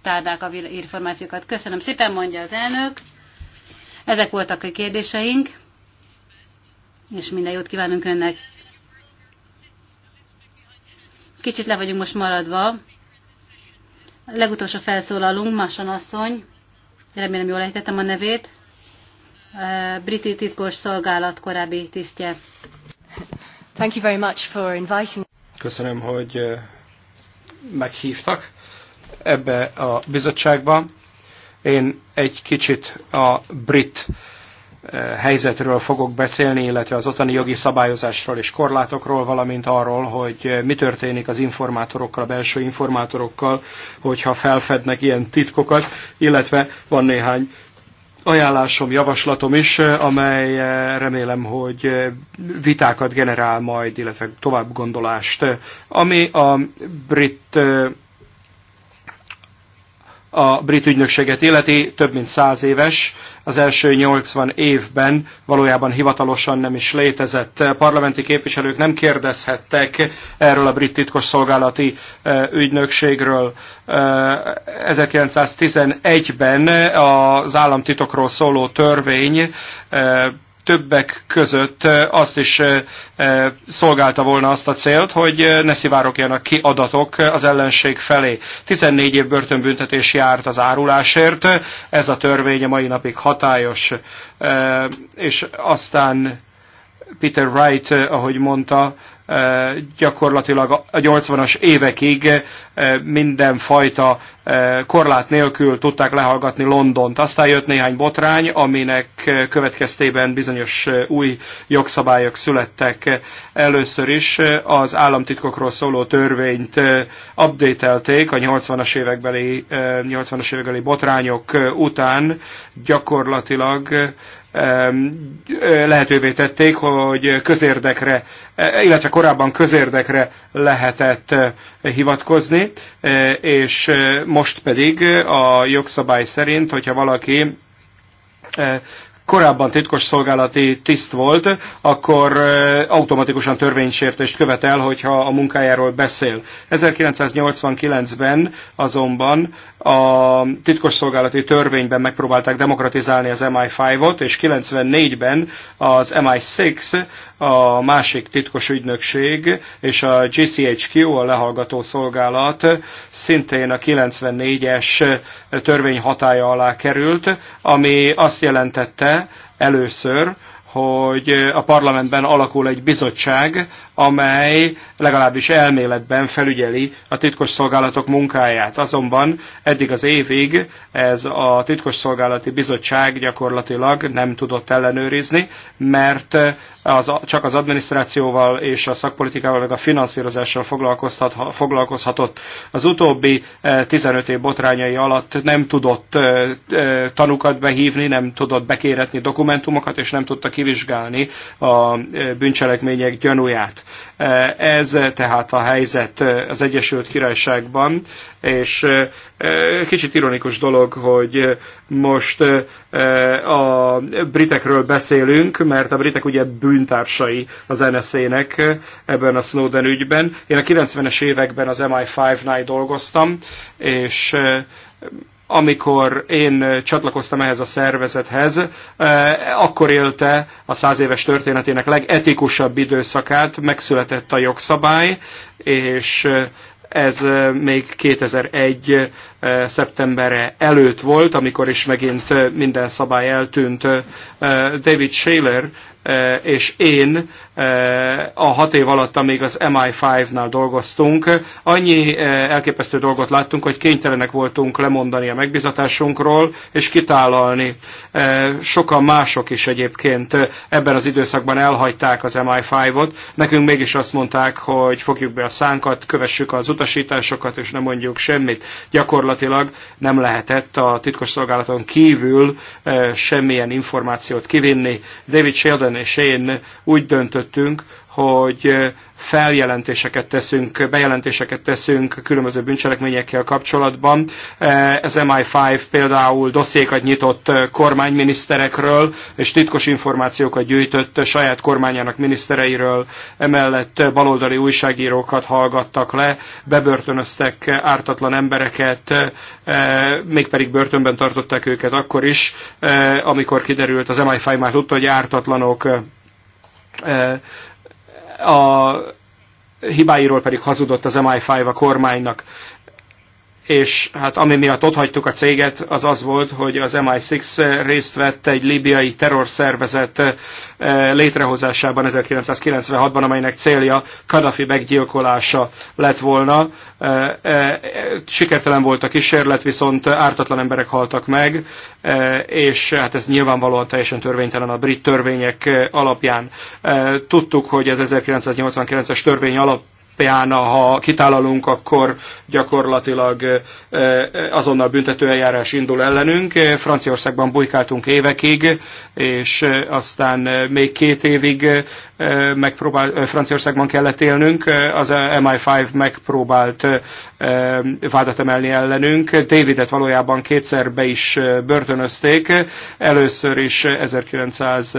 tárdák a információkat. Köszönöm szépen, mondja az elnök. Ezek voltak a kérdéseink, és minden jót kívánunk önnek. Kicsit le vagyunk most maradva. A legutolsó felszólalunk, Mason asszony, remélem jól ejtettem a nevét, a brit titkos szolgálat korábbi tisztje. Thank you very much for inviting Köszönöm, hogy eh, meghívtak ebbe a bizottságba. Én egy kicsit a brit eh, helyzetről fogok beszélni, illetve az otthoni jogi szabályozásról és korlátokról, valamint arról, hogy eh, mi történik az informátorokkal, a belső informátorokkal, hogyha felfednek ilyen titkokat, illetve van néhány ajánlásom, javaslatom is, eh, amely remélem, hogy vitákat generál majd, illetve tovább gondolást. Ami a brit a brit ügynökséget illeti, több mint száz éves, az első 80 évben valójában hivatalosan nem is létezett. Parlamenti képviselők nem kérdezhettek erről a brit titkosszolgálati e, ügynökségről. 1911-ben e, az államtitokról szóló törvény e, többek között eh, azt is eh, eh, szolgálta volna azt a célt, hogy ne szivárogjanak ki adatok az ellenség felé. 14 év börtönbüntetés járt az árulásért, ez a törvény a mai napig hatályos, és aztán Peter Wright, ahogy mondta, gyakorlatilag a 80-as évekig mindenfajta korlát nélkül tudták lehallgatni Londont. Aztán jött néhány botrány, aminek következtében bizonyos új jogszabályok születtek. Először is az államtitkokról szóló törvényt updatelték a 80-as évekbeli, 80 évekbeli botrányok után gyakorlatilag lehetővé tették, hogy közérdekre, e, illetve korábban közérdekre lehetett hivatkozni, e, és most pedig a jogszabály szerint, hogyha valaki e, korábban titkos szolgálati tiszt volt, akkor automatikusan törvénysértést követel, hogyha a munkájáról beszél. 1989-ben azonban a titkosszolgálati törvényben megpróbálták demokratizálni az MI5-ot, és 94-ben az MI6, a másik titkos ügynökség, és a GCHQ, a lehallgató szolgálat szintén a 94-es törvény hatája alá került, ami azt jelentette először, hogy a parlamentben alakul egy bizottság, amely legalábbis elméletben felügyeli a titkosszolgálatok munkáját. Azonban eddig az évig ez a titkosszolgálati bizottság gyakorlatilag nem tudott ellenőrizni, mert az, csak az adminisztrációval és a szakpolitikával, meg a finanszírozással foglalkozhatott. Az utóbbi 15 eh, év botrányai alatt nem tudott eh, eh, tanukat behívni, nem tudott bekéretni dokumentumokat, és nem tudta kivizsgálni a bűncselekmények gyanúját. Eh, ez tehát a helyzet eh, az Egyesült Királyságban, és eh, kicsit ironikus dolog, hogy most a britekről beszélünk, mert a britek ugye bűntársai az NSZ-nek ebben a Snowden ügyben. Én a 90-es években az MI5-nál dolgoztam, és amikor én csatlakoztam ehhez a szervezethez, eh, akkor élte a száz éves történetének legetikusabb időszakát, megszületett a jogszabály, és eh, ez eh, még 2001. szeptembere előtt volt, amikor is megint minden szabály eltűnt. David Shaler és én Eh, a hat év alatt, amíg az MI5-nál dolgoztunk, annyi eh, elképesztő dolgot láttunk, hogy kénytelenek voltunk lemondani a megbizatásunkról, és kitálalni. Eh, sokan mások is egyébként ebben az időszakban elhagyták az MI5-ot. Nekünk mégis azt mondták, hogy fogjuk be a szánkat, kövessük az utasításokat, és nem mondjuk semmit. Gyakorlatilag nem lehetett a titkosszolgálaton kívül semmilyen információt kivinni. David Sheldon és én úgy döntött, döntöttünk, hogy eh, feljelentéseket teszünk, bejelentéseket teszünk különböző bűncselekményekkel kapcsolatban. Eh, az MI5 például dossziékat nyitott eh, kormányminiszterekről, és titkos információkat gyűjtött saját kormányának minisztereiről, emellett baloldali újságírókat hallgattak le, bebörtönöztek ártatlan embereket, mégpedig börtönben tartották őket akkor is, amikor kiderült, az MI5 már tudta, hogy ártatlanok, Eh, a hibáiról pedig hazudott az MI5 a kormánynak és hát ami miatt hagytuk a céget, az az volt, hogy az MI6 részt vett egy libiai terrorszervezet eh, létrehozásában 1996-ban, amelynek célja Kadhafi meggyilkolása lett volna. Eh, eh, sikertelen volt a kísérlet, viszont ártatlan emberek haltak meg, és hát ez nyilvánvalóan teljesen törvénytelen a brit törvények alapján. Tudtuk, hogy az 1989-es törvény alap alapján, ha kitálalunk, akkor gyakorlatilag eh, eh, azonnal büntetőeljárás indul ellenünk. Eh, Franciaországban bujkáltunk évekig, és aztán még két évig megpróbál, Franciaországban kellett élnünk. Az MI5 megpróbált vádat emelni ellenünk. Davidet valójában kétszer be is börtönözték. Először is 1900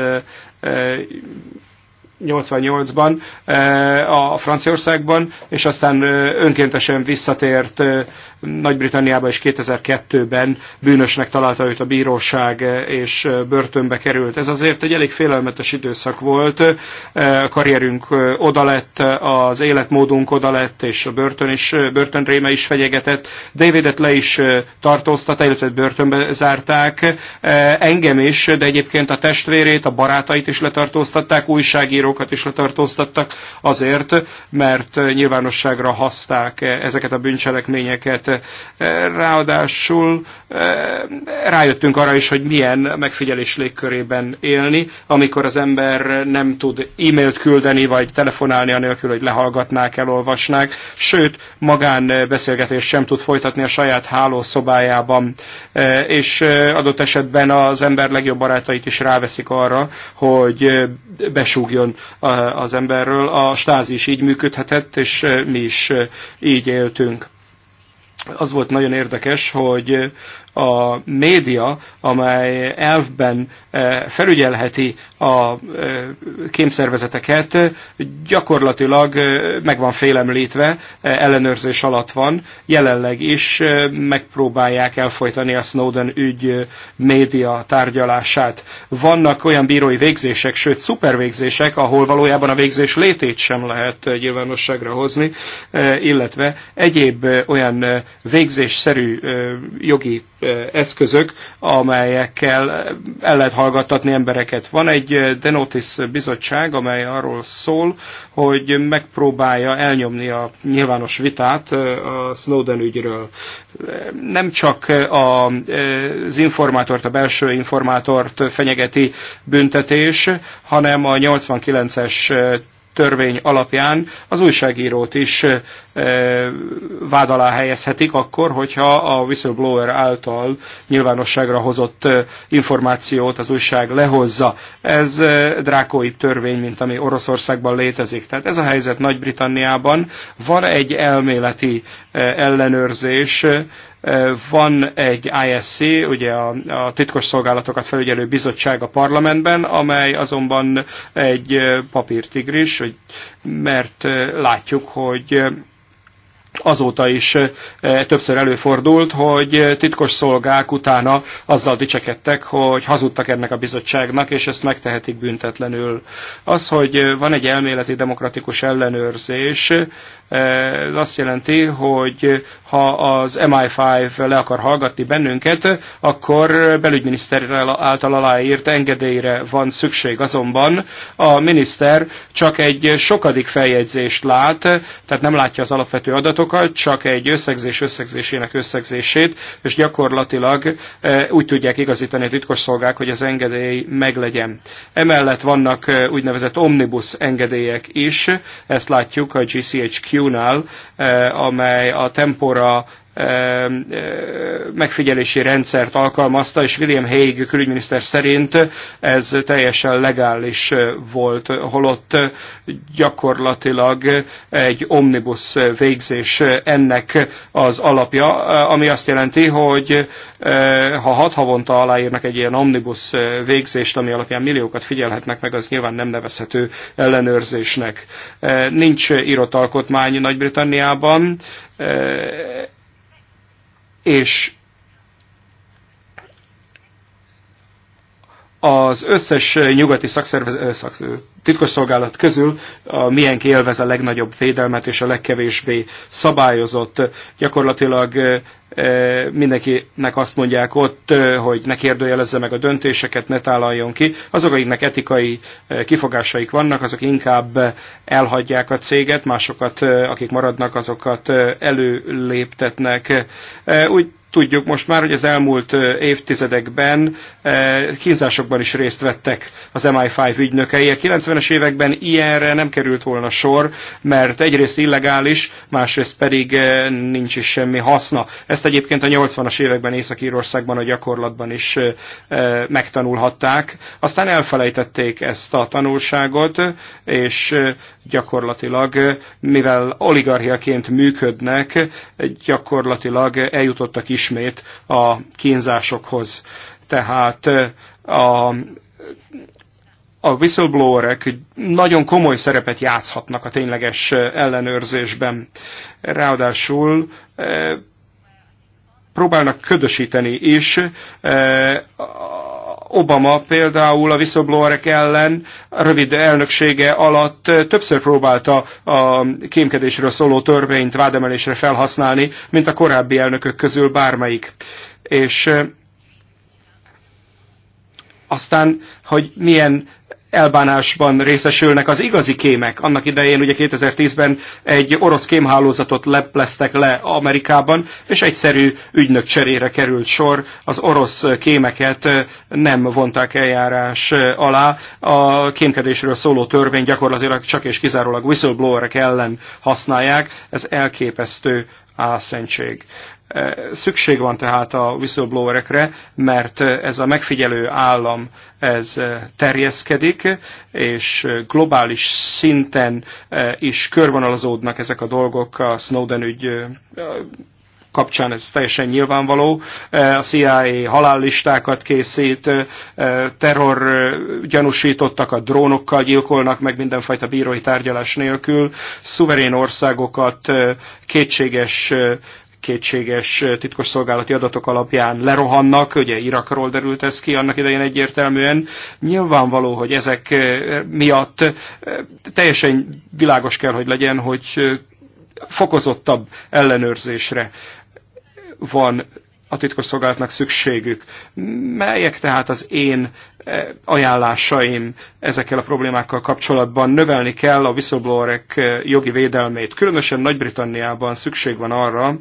88-ban eh, a Franciaországban, és aztán eh, önkéntesen visszatért eh, Nagy-Britanniába és 2002-ben bűnösnek találta őt a bíróság, és börtönbe került. Ez azért egy elég félelmetes időszak volt. A karrierünk oda lett, az életmódunk oda lett, és a börtön is, börtönréme is fegyegetett. Davidet le is tartóztat, illetve börtönbe zárták. Engem is, de egyébként a testvérét, a barátait is letartóztatták, újságíró újságírókat is letartóztattak azért, mert nyilvánosságra haszták ezeket a bűncselekményeket. Ráadásul eh, rájöttünk arra is, hogy milyen megfigyelés légkörében élni, amikor az ember nem tud e-mailt küldeni, vagy telefonálni anélkül, hogy lehallgatnák, elolvasnák, sőt, magánbeszélgetést sem tud folytatni a saját hálószobájában, eh, és eh, adott esetben az ember legjobb barátait is ráveszik arra, hogy besúgjon az emberről. A stázi is így működhetett, és e, mi is e, így éltünk. Az volt nagyon érdekes, hogy a média, amely elfben eh, felügyelheti a eh, kémszervezeteket, gyakorlatilag eh, meg van félemlítve, ellenőrzés alatt van. Jelenleg is megpróbálják elfolytani a Snowden ügy média tárgyalását. Vannak olyan bírói végzések, sőt szupervégzések, ahol valójában a végzés létét sem lehet nyilvánosságra hozni, illetve egyéb olyan végzésszerű jogi eszközök, amelyekkel el lehet hallgattatni embereket. Van egy Denotis bizottság, amely arról szól, hogy megpróbálja elnyomni a nyilvános vitát a Snowden ügyről. Nem csak az informátort, a belső informátort fenyegeti büntetés, hanem a 89-es törvény alapján az újságírót is vád alá helyezhetik akkor, hogyha a whistleblower által nyilvánosságra hozott információt az újság lehozza. Ez drákói törvény, mint ami Oroszországban létezik. Tehát ez a helyzet Nagy-Britanniában. Van egy elméleti ellenőrzés, van egy ISC, ugye a, a titkos szolgálatokat felügyelő bizottság a parlamentben, amely azonban egy papírtigris, hogy, mert látjuk, hogy azóta is többször előfordult, hogy titkos szolgák utána azzal dicsekedtek, hogy hazudtak ennek a bizottságnak, és ezt megtehetik büntetlenül. Az, hogy van egy elméleti demokratikus ellenőrzés, Eh, ez azt jelenti, hogy ha az MI5 le akar hallgatni bennünket, akkor belügyminiszter által aláírt engedélyre van szükség. Azonban a miniszter csak egy sokadik feljegyzést lát, tehát nem látja az alapvető adatokat, csak egy összegzés összegzésének összegzését, és gyakorlatilag eh, úgy tudják igazítani a titkosszolgák, hogy az engedély meglegyen. Emellett vannak eh, úgynevezett omnibus engedélyek is, ezt látjuk a GCHQ q nál eh, amely a tempora megfigyelési rendszert alkalmazta, és William Hague külügyminiszter szerint ez teljesen legális volt, holott gyakorlatilag egy omnibus végzés ennek az alapja, ami azt jelenti, hogy eh, ha hat havonta aláírnak egy ilyen omnibus végzést, ami alapján milliókat figyelhetnek meg, az nyilván nem nevezhető ellenőrzésnek. Eh, nincs írott alkotmány Nagy-Britanniában, eh, és az összes nyugati titkosszolgálat közül a milyen élvez a legnagyobb védelmet és a legkevésbé szabályozott. Gyakorlatilag mindenkinek azt mondják ott, hogy ne kérdőjelezze meg a döntéseket, ne tálaljon ki. Azok, akiknek etikai kifogásaik vannak, azok inkább elhagyják a céget, másokat, akik maradnak, azokat előléptetnek. Úgy Tudjuk most már, hogy az elmúlt évtizedekben kínzásokban is részt vettek az MI5 ügynökei. A 90-es években ilyenre nem került volna sor, mert egyrészt illegális, másrészt pedig nincs is semmi haszna. Ezt egyébként a 80-as években Észak-Írországban a gyakorlatban is megtanulhatták. Aztán elfelejtették ezt a tanulságot, és gyakorlatilag, mivel oligarchiaként működnek, gyakorlatilag eljutottak is ismét a kínzásokhoz. Tehát a, a whistleblowerek nagyon komoly szerepet játszhatnak a tényleges ellenőrzésben. Ráadásul próbálnak ködösíteni is Obama például a whistleblowerek ellen rövid elnöksége alatt többször próbálta a kémkedésről szóló törvényt vádemelésre felhasználni, mint a korábbi elnökök közül bármelyik. És aztán, hogy milyen elbánásban részesülnek az igazi kémek. Annak idején ugye 2010-ben egy orosz kémhálózatot lepleztek le Amerikában, és egyszerű ügynök cserére került sor. Az orosz kémeket nem vonták eljárás alá. A kémkedésről szóló törvény gyakorlatilag csak és kizárólag whistleblowerek ellen használják. Ez elképesztő álszentség. Eh, szükség van tehát a whistleblowerekre, mert eh, ez a megfigyelő állam ez eh, terjeszkedik, és globális szinten is körvonalazódnak ezek a dolgok a Snowden ügy kapcsán ez teljesen nyilvánvaló. A CIA halállistákat készít, terror gyanúsítottak a drónokkal gyilkolnak, meg mindenfajta bírói tárgyalás nélkül. Szuverén országokat kétséges kétséges titkosszolgálati adatok alapján lerohannak, ugye Irakról derült ez ki annak idején egyértelműen. Nyilvánvaló, hogy ezek miatt teljesen világos kell, hogy legyen, hogy fokozottabb ellenőrzésre van a titkosszolgálatnak szükségük. Melyek tehát az én eh, ajánlásaim ezekkel a problémákkal kapcsolatban? Növelni kell a whistleblowerek eh, jogi védelmét. Különösen Nagy-Britanniában szükség van arra,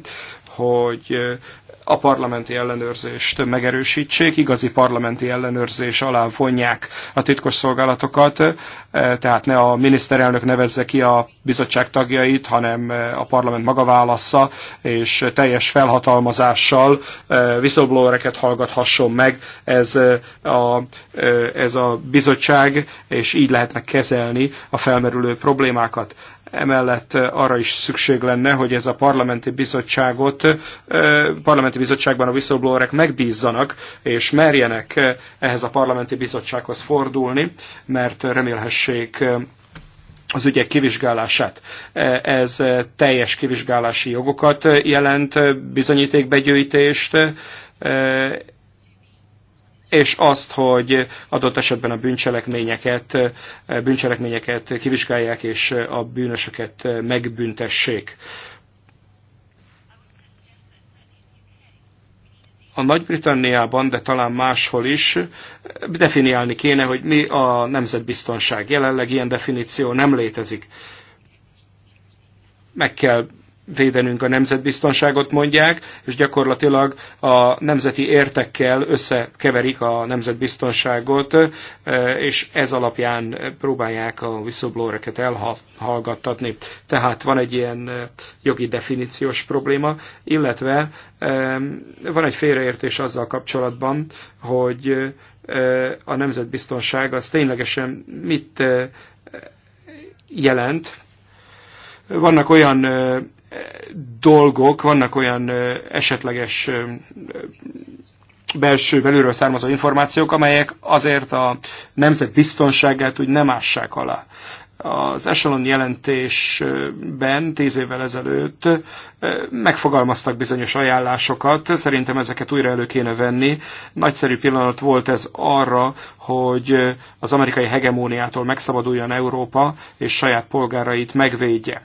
hogy eh, a parlamenti ellenőrzést megerősítsék, igazi parlamenti ellenőrzés alá vonják a titkosszolgálatokat, e, tehát ne a miniszterelnök nevezze ki a bizottság tagjait, hanem e, a parlament maga válassza, és teljes felhatalmazással e, whistleblowereket hallgathasson meg ez a, ez a bizottság, és így lehetnek kezelni a felmerülő problémákat. Emellett arra is szükség lenne, hogy ez a parlamenti bizottságot, parlamenti bizottságban a whistleblowerek megbízzanak, és merjenek ehhez a parlamenti bizottsághoz fordulni, mert remélhessék az ügyek kivizsgálását. Ez teljes kivizsgálási jogokat jelent, bizonyítékbegyűjtést, és azt, hogy adott esetben a bűncselekményeket, eh, bűncselekményeket kivizsgálják, és eh, a bűnösöket eh, megbüntessék. a Nagy-Britanniában, de talán máshol is definiálni kéne, hogy mi a nemzetbiztonság. Jelenleg ilyen definíció nem létezik. Meg kell védenünk a nemzetbiztonságot mondják, és gyakorlatilag a nemzeti értekkel összekeverik a nemzetbiztonságot, és ez alapján próbálják a whistleblowereket elhallgattatni. Tehát van egy ilyen jogi definíciós probléma, illetve van egy félreértés azzal kapcsolatban, hogy a nemzetbiztonság az ténylegesen mit jelent, vannak olyan dolgok, vannak olyan esetleges belső belülről származó információk, amelyek azért a nemzet biztonságát úgy nem ássák alá. Az Echelon jelentésben tíz évvel ezelőtt megfogalmaztak bizonyos ajánlásokat, szerintem ezeket újra elő kéne venni. Nagyszerű pillanat volt ez arra, hogy az amerikai hegemóniától megszabaduljon Európa, és saját polgárait megvédje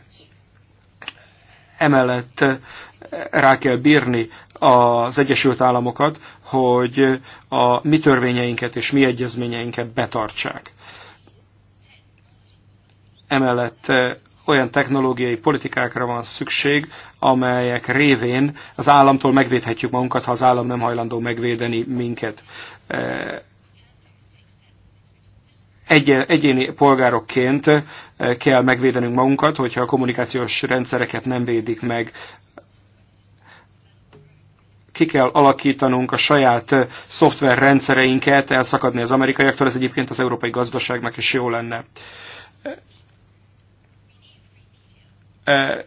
emellett eh, rá kell bírni az Egyesült Államokat, hogy a mi törvényeinket és mi egyezményeinket betartsák. Emellett eh, olyan technológiai politikákra van szükség, amelyek révén az államtól megvédhetjük magunkat, ha az állam nem hajlandó megvédeni minket. Eh, egy, egyéni polgárokként eh, kell megvédenünk magunkat, hogyha a kommunikációs rendszereket nem védik meg. Ki kell alakítanunk a saját eh, szoftverrendszereinket, elszakadni az amerikaiaktól, ez egyébként az európai gazdaságnak is jó lenne eh,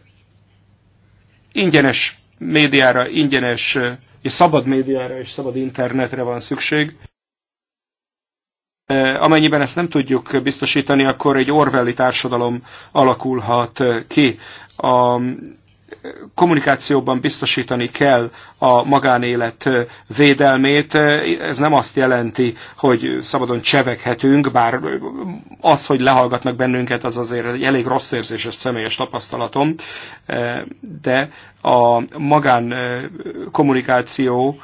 ingyenes médiára, ingyenes és szabad médiára és szabad internetre van szükség. Amennyiben ezt nem tudjuk biztosítani, akkor egy orwelli társadalom alakulhat ki. A kommunikációban biztosítani kell a magánélet védelmét. Ez nem azt jelenti, hogy szabadon cseveghetünk, bár az, hogy lehallgatnak bennünket, az azért egy elég rossz érzés, ez személyes tapasztalatom, de a magán kommunikáció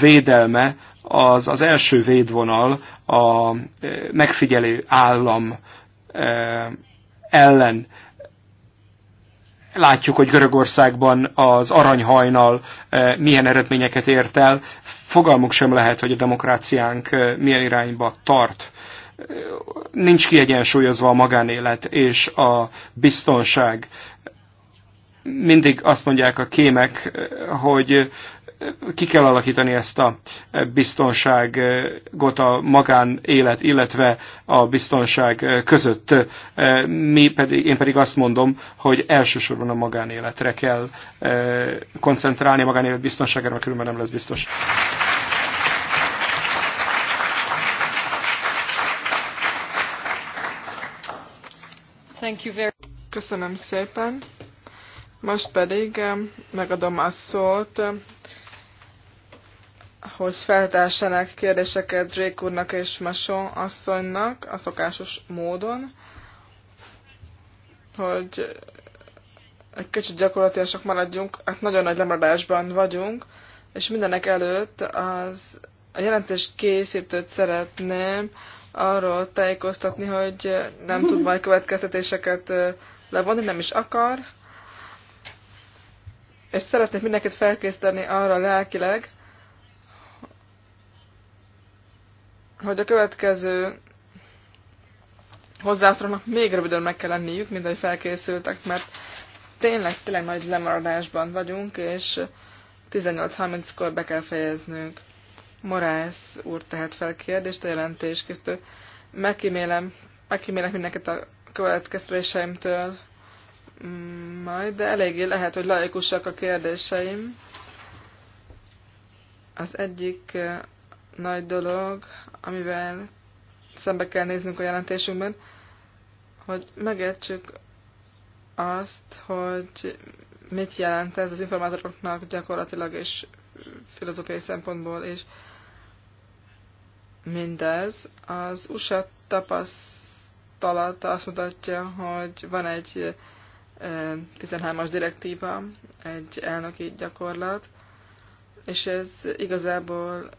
védelme az, az első védvonal a e, megfigyelő állam e, ellen. Látjuk, hogy Görögországban az aranyhajnal e, milyen eredményeket ért el. Fogalmuk sem lehet, hogy a demokráciánk milyen irányba tart. Nincs kiegyensúlyozva a magánélet és a biztonság mindig azt mondják a kémek, hogy ki kell alakítani ezt a biztonságot a magánélet, illetve a biztonság között. Mi pedig, én pedig azt mondom, hogy elsősorban a magánéletre kell eh, koncentrálni, a magánélet biztonságára, mert különben nem lesz biztos. Thank you very Köszönöm szépen. Most pedig eh, megadom a szót hogy feltessenek kérdéseket Drake úrnak és Mason asszonynak a szokásos módon, hogy egy kicsit gyakorlatilag maradjunk, hát nagyon nagy lemaradásban vagyunk, és mindenek előtt az a jelentés készítőt szeretném arról tájékoztatni, hogy nem tud majd következtetéseket levonni, nem is akar. És szeretnék mindenkit felkészíteni arra lelkileg, hogy a következő hozzászólóknak még röviden meg kell lenniük, mint ahogy felkészültek, mert tényleg, tényleg nagy lemaradásban vagyunk, és 18.30-kor be kell fejeznünk. Morász úr tehet fel kérdést, a készítő. Megkímélem, megkímélek mindenket a következtetéseimtől mm, majd, de eléggé lehet, hogy laikusak a kérdéseim. Az egyik nagy dolog, amivel szembe kell néznünk a jelentésünkben, hogy megértsük azt, hogy mit jelent ez az informátoroknak gyakorlatilag és filozófiai szempontból, és mindez. Az USA tapasztalata azt mutatja, hogy van egy 13-as direktíva, egy elnöki gyakorlat, és ez igazából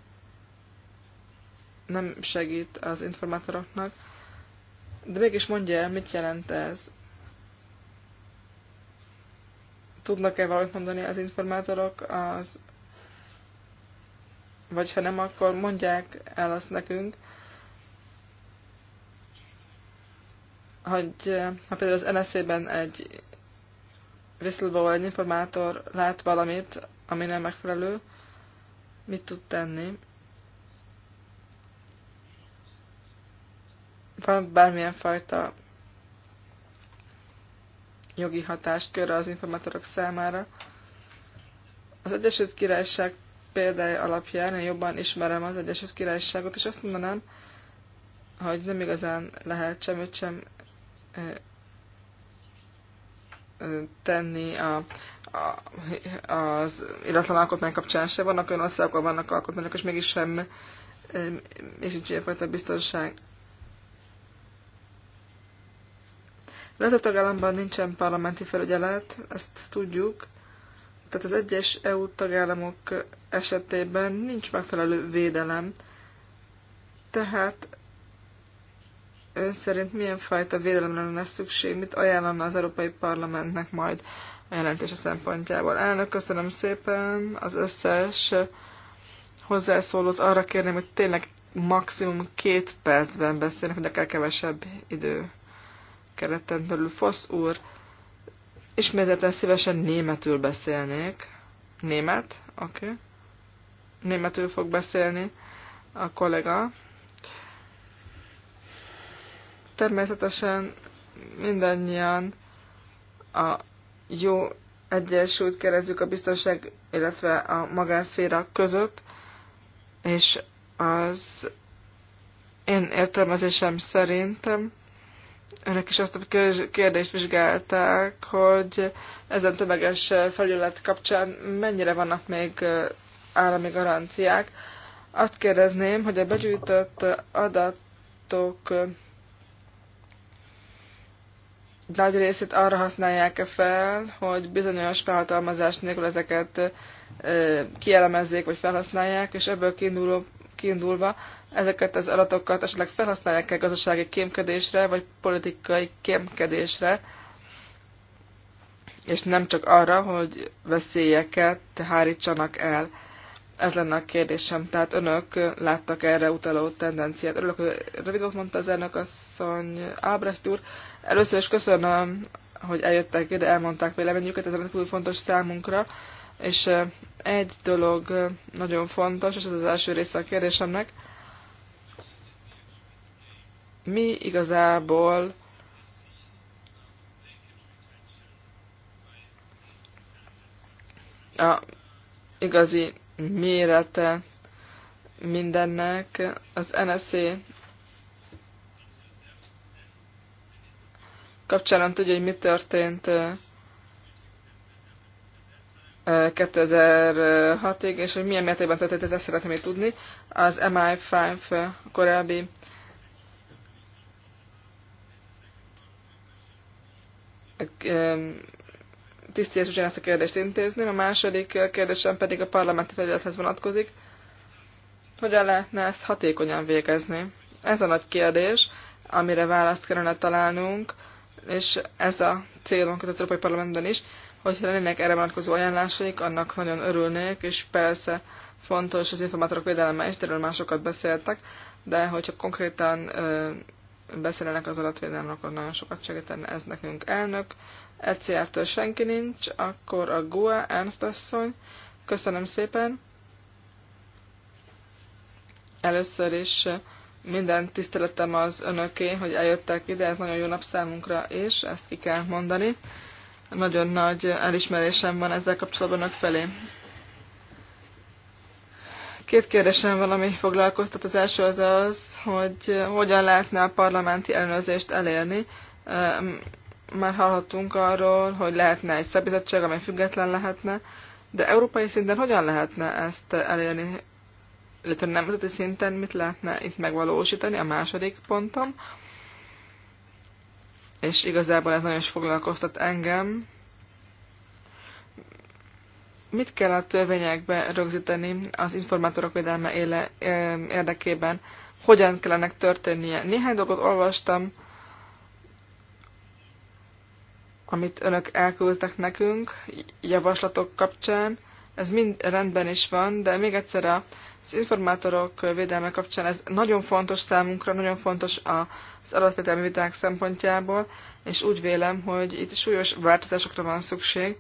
nem segít az informátoroknak, de mégis mondja el, mit jelent ez. Tudnak-e valamit mondani az informátorok, az... vagy ha nem, akkor mondják el azt nekünk, hogy eh, ha például az NSZ-ben egy whistleblower, egy informátor lát valamit, ami nem megfelelő, mit tud tenni, van bármilyen fajta jogi hatáskör az informátorok számára. Az Egyesült Királyság példája alapján én jobban ismerem az Egyesült Királyságot, és azt mondanám, hogy nem igazán lehet semmit sem tenni a, a, az iratlan alkotmány kapcsán se. Vannak olyan országok, vannak alkotmányok, és mégis sem, és nincs ilyenfajta biztonság Lehet, a tagállamban nincsen parlamenti felügyelet, ezt tudjuk, tehát az egyes EU tagállamok esetében nincs megfelelő védelem. Tehát ön szerint milyen fajta védelemre lenne szükség, mit ajánlana az Európai Parlamentnek majd a jelentése szempontjából. Elnök, köszönöm szépen az összes hozzászólót. Arra kérném, hogy tényleg maximum két percben beszélnek, de kell kevesebb idő kereten belül. fasz úr, ismételten szívesen németül beszélnék. Német? Oké. Okay. Németül fog beszélni a kollega. Természetesen mindannyian a jó egyensúlyt kerezzük a biztonság, illetve a magánszféra között, és az én értelmezésem szerintem önök is azt a kérdést vizsgálták, hogy ezen tömeges felület kapcsán mennyire vannak még állami garanciák. Azt kérdezném, hogy a begyűjtött adatok nagy részét arra használják-e fel, hogy bizonyos felhatalmazás nélkül ezeket kielemezzék vagy felhasználják, és ebből kiinduló kiindulva ezeket az adatokat esetleg felhasználják-e gazdasági kémkedésre, vagy politikai kémkedésre, és nem csak arra, hogy veszélyeket hárítsanak el. Ez lenne a kérdésem. Tehát önök láttak erre utaló tendenciát. Örülök, hogy rövidot mondta az elnök asszony Ábrecht úr. Először is köszönöm, hogy eljöttek ide, elmondták véleményüket, ez rendkívül fontos számunkra. És egy dolog nagyon fontos, és ez az első része a kérdésemnek. Mi igazából a igazi mérete mindennek az NSZ kapcsán tudja, hogy mi történt 2006-ig, és hogy milyen mértékben történt, ezt szeretném tudni. Az MI5 korábbi tisztjés ezt a kérdést intézném. A második kérdésem pedig a parlamenti felülethez vonatkozik. Hogyan lehetne ezt hatékonyan végezni? Ez a nagy kérdés, amire választ kellene találnunk, és ez a célunk az Európai Parlamentben is. Hogyha lennének erre vonatkozó ajánlásaik, annak nagyon örülnék, és persze fontos az informátorok védelme és erről másokat beszéltek, de hogyha konkrétan ö, beszélnek az adatvédelemről, akkor nagyon sokat segítene ez nekünk elnök. ECR-től senki nincs, akkor a GUA, e, Ernst asszony. Köszönöm szépen. Először is minden tiszteletem az önöké, hogy eljöttek ide, ez nagyon jó nap számunkra, és ezt ki kell mondani. Nagyon nagy elismerésem van ezzel kapcsolatban önök felé. Két kérdésem van, ami foglalkoztat. Az első az az, hogy hogyan lehetne a parlamenti ellenőrzést elérni. Már hallhattunk arról, hogy lehetne egy szabizottság, amely független lehetne, de európai szinten hogyan lehetne ezt elérni? illetve nemzeti szinten mit lehetne itt megvalósítani, a második pontom és igazából ez nagyon is foglalkoztat engem. Mit kell a törvényekbe rögzíteni az informátorok védelme éle, érdekében? Hogyan kellene történnie? Néhány dolgot olvastam, amit önök elküldtek nekünk javaslatok kapcsán, ez mind rendben is van, de még egyszer az informátorok védelme kapcsán ez nagyon fontos számunkra, nagyon fontos az adatvédelmi viták szempontjából, és úgy vélem, hogy itt súlyos változásokra van szükség,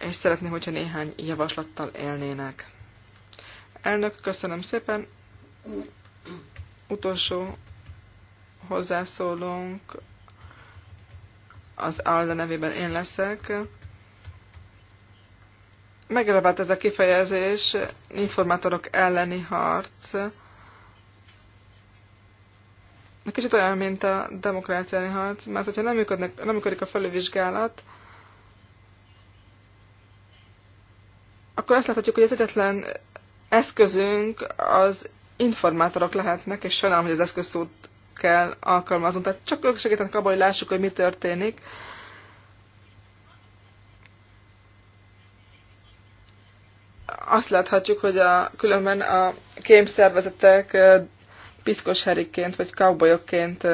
és szeretném, hogyha néhány javaslattal élnének. Elnök, köszönöm szépen. Utolsó hozzászólónk az Alda nevében én leszek megragadt ez a kifejezés, informátorok elleni harc. Kicsit olyan, mint a demokráciáni harc, mert hogyha nem, működnek, nem működik a felülvizsgálat, akkor azt láthatjuk, hogy az egyetlen eszközünk az informátorok lehetnek, és sajnálom, hogy az eszközszót kell alkalmaznunk. Tehát csak ők segítenek abban, hogy lássuk, hogy mi történik, azt láthatjuk, hogy a, különben a kémszervezetek piszkos heriként vagy cowboyokként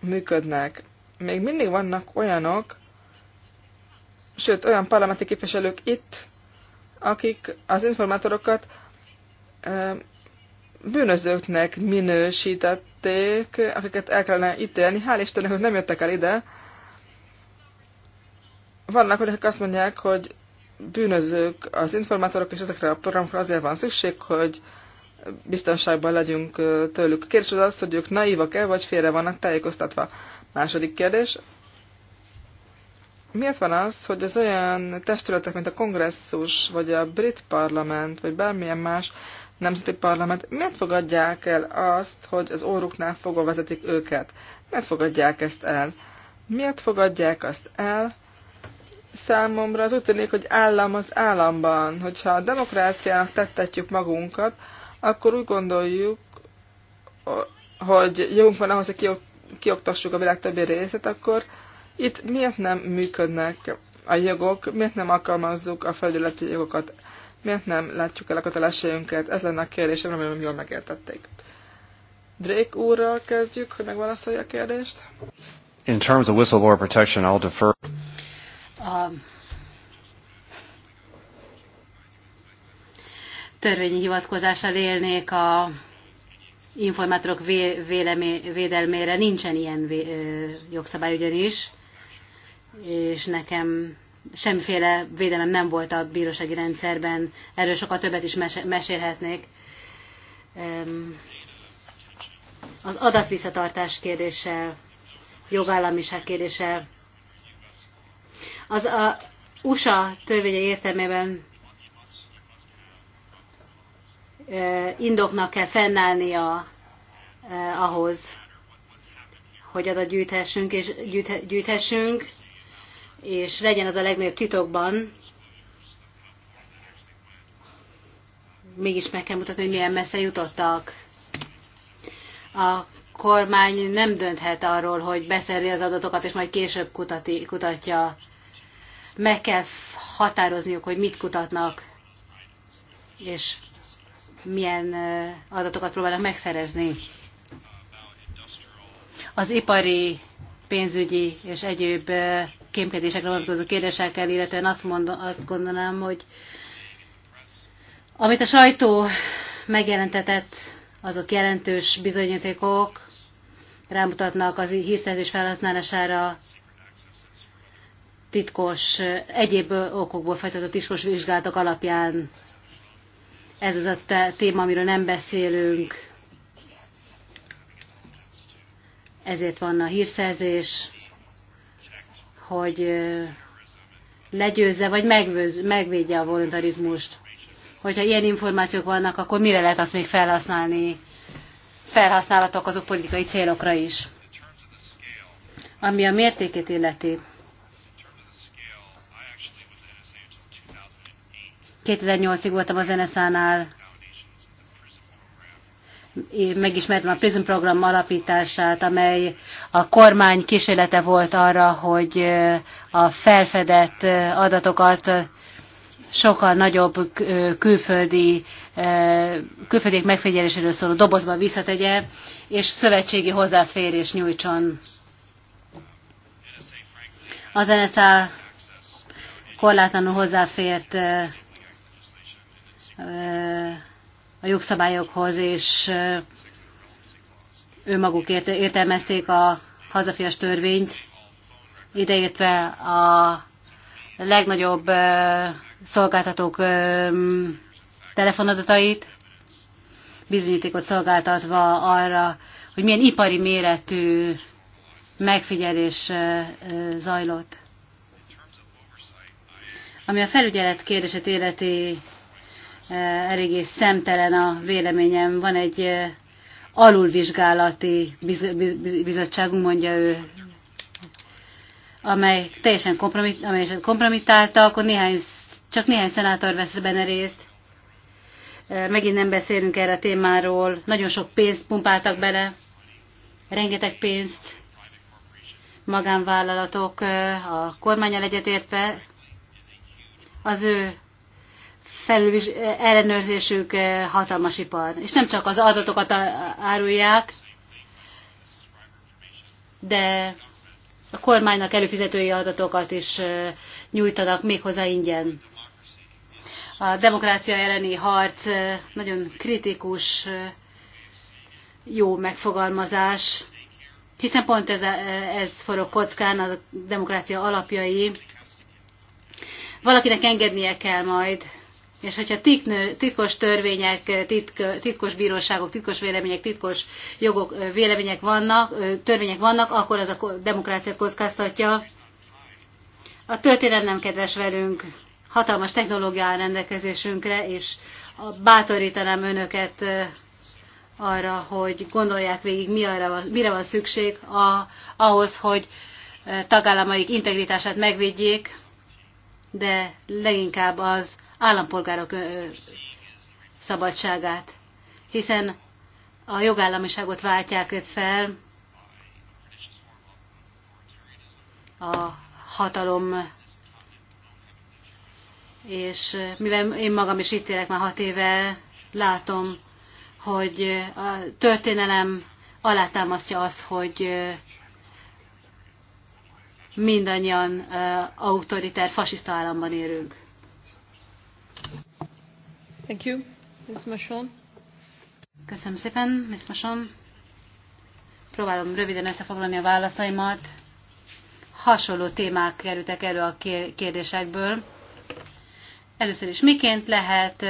működnek. Még mindig vannak olyanok, sőt olyan parlamenti képviselők itt, akik az informátorokat bűnözőknek minősítették, akiket el kellene ítélni. Hál' Istennek, hogy nem jöttek el ide. Vannak, akik azt mondják, hogy bűnözők, az informátorok és ezekre a programokra azért van szükség, hogy biztonságban legyünk tőlük. A kérdés az az, hogy ők naívak-e, vagy félre vannak tájékoztatva. Második kérdés. Miért van az, hogy az olyan testületek, mint a kongresszus, vagy a brit parlament, vagy bármilyen más nemzeti parlament, miért fogadják el azt, hogy az óruknál fogva vezetik őket? Miért fogadják ezt el? Miért fogadják azt el, számomra az úgy tűnik, hogy állam az államban. Hogyha a demokráciának tettetjük magunkat, akkor úgy gondoljuk, hogy jogunk van ahhoz, hogy kioktassuk a világ többi részét, akkor itt miért nem működnek a jogok, miért nem alkalmazzuk a felületi jogokat, miért nem látjuk el a kötelességünket, ez lenne a kérdésem, remélem jól megértették. Drake úrral kezdjük, hogy megválaszolja a kérdést. In terms of whistleblower protection, I'll defer a törvényi hivatkozással élnék a informátorok vélemé, védelmére. Nincsen ilyen vé, ö, jogszabály ugyanis, és nekem semmiféle védelem nem volt a bírósági rendszerben. Erről sokkal többet is mesélhetnék. Az adatvisszatartás kérdése jogállamiság kérdése az a USA törvénye értelmében indoknak kell fennállnia ahhoz, hogy adat gyűjthessünk és gyűjthessünk, és legyen az a legnagyobb titokban, mégis meg kell mutatni, hogy milyen messze jutottak. A kormány nem dönthet arról, hogy beszerzi az adatokat, és majd később kutati, kutatja meg kell határozniuk, hogy mit kutatnak, és milyen adatokat próbálnak megszerezni. Az ipari, pénzügyi és egyéb kémkedésekre vonatkozó kérdésekkel, illetően azt, mondom, azt gondolnám, hogy amit a sajtó megjelentetett, azok jelentős bizonyítékok, rámutatnak az hírszerzés felhasználására titkos, egyéb okokból folytatott titkos vizsgálatok alapján. Ez az a téma, amiről nem beszélünk. Ezért van a hírszerzés, hogy eh, legyőzze vagy megvőz, megvédje a voluntarizmust. Hogyha ilyen információk vannak, akkor mire lehet azt még felhasználni? Felhasználhatók azok politikai célokra is. Ami a mértékét illeti 2008-ig voltam az zeneszánál, megismertem a PRISM program alapítását, amely a kormány kísérlete volt arra, hogy a felfedett adatokat sokkal nagyobb külföldi, külföldiek megfigyeléséről szóló dobozba visszategye, és szövetségi hozzáférés nyújtson. Az NSA korlátlanul hozzáfért a jogszabályokhoz, és ő maguk értelmezték a hazafias törvényt, ideértve a legnagyobb szolgáltatók telefonadatait, bizonyítékot szolgáltatva arra, hogy milyen ipari méretű megfigyelés zajlott. Ami a felügyelet kérdését életi Eh, eléggé szemtelen a véleményem. Van egy eh, alulvizsgálati bizottságunk, mondja ő, amely teljesen kompromit, amely kompromitálta, akkor néhány, csak néhány szenátor vesz benne részt. Eh, megint nem beszélünk erre a témáról. Nagyon sok pénzt pumpáltak bele, rengeteg pénzt magánvállalatok a kormányal egyetértve. Az ő felülvis, ellenőrzésük eh, hatalmas ipar. És nem csak az adatokat árulják, de a kormánynak előfizetői adatokat is eh, nyújtanak méghozzá ingyen. A demokrácia elleni harc eh, nagyon kritikus, jó megfogalmazás, hiszen pont ez, ez forog kockán a demokrácia alapjai. Valakinek engednie kell majd és hogyha titkos törvények, titk, titkos bíróságok, titkos vélemények, titkos jogok, vélemények vannak, törvények vannak, akkor az a demokrácia kockáztatja. A történelem nem kedves velünk, hatalmas technológia áll rendelkezésünkre, és bátorítanám önöket arra, hogy gondolják végig, mi arra, mire van szükség a, ahhoz, hogy tagállamaik integritását megvédjék, de leginkább az, állampolgárok szabadságát, hiszen a jogállamiságot váltják őt fel a hatalom és mivel én magam is itt élek már hat éve, látom, hogy a történelem alátámasztja azt, hogy mindannyian autoritár, fasiszta államban élünk. Thank you. Ms. Machon. Köszönöm szépen, Ms. Machon. Próbálom röviden összefoglalni a válaszaimat. Hasonló témák kerültek elő a kérdésekből. Először is miként lehet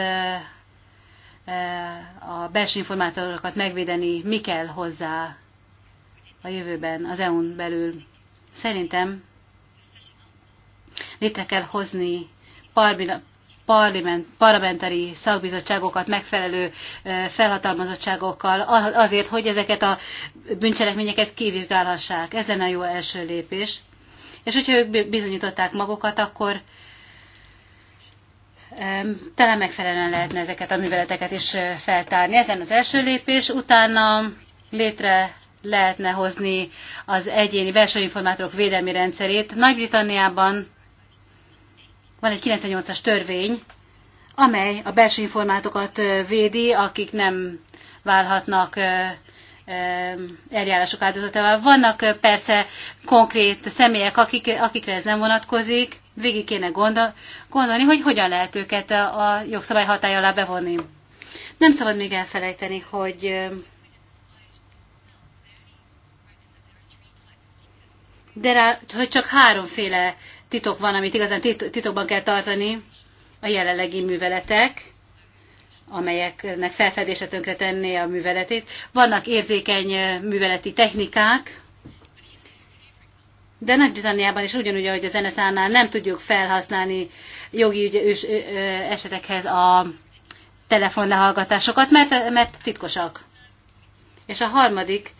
a belső informátorokat megvédeni, mi kell hozzá a jövőben az EU-n belül. Szerintem létre kell hozni parlament, parlamentari szakbizottságokat megfelelő felhatalmazottságokkal azért, hogy ezeket a bűncselekményeket kivizsgálhassák. Ez lenne a jó első lépés. És hogyha ők bizonyították magukat, akkor talán megfelelően lehetne ezeket a műveleteket is feltárni. Ez lenne az első lépés, utána létre lehetne hozni az egyéni belső informátorok védelmi rendszerét. Nagy-Britanniában van egy 98-as törvény, amely a belső informátokat védi, akik nem válhatnak eljárások áldozatával. Vannak persze konkrét személyek, akik, akikre ez nem vonatkozik. Végig kéne gondol, gondolni, hogy hogyan lehet őket a, a jogszabály hatája alá bevonni. Nem szabad még elfelejteni, hogy de rá, hogy csak háromféle titok van, amit igazán tit titokban kell tartani, a jelenlegi műveletek, amelyeknek felfedése tönkre tenné a műveletét. Vannak érzékeny műveleti technikák, de Nagy-Britanniában is ugyanúgy, ahogy az nsz nem tudjuk felhasználni jogi ügy, esetekhez a telefonlehallgatásokat, mert, mert titkosak. És a harmadik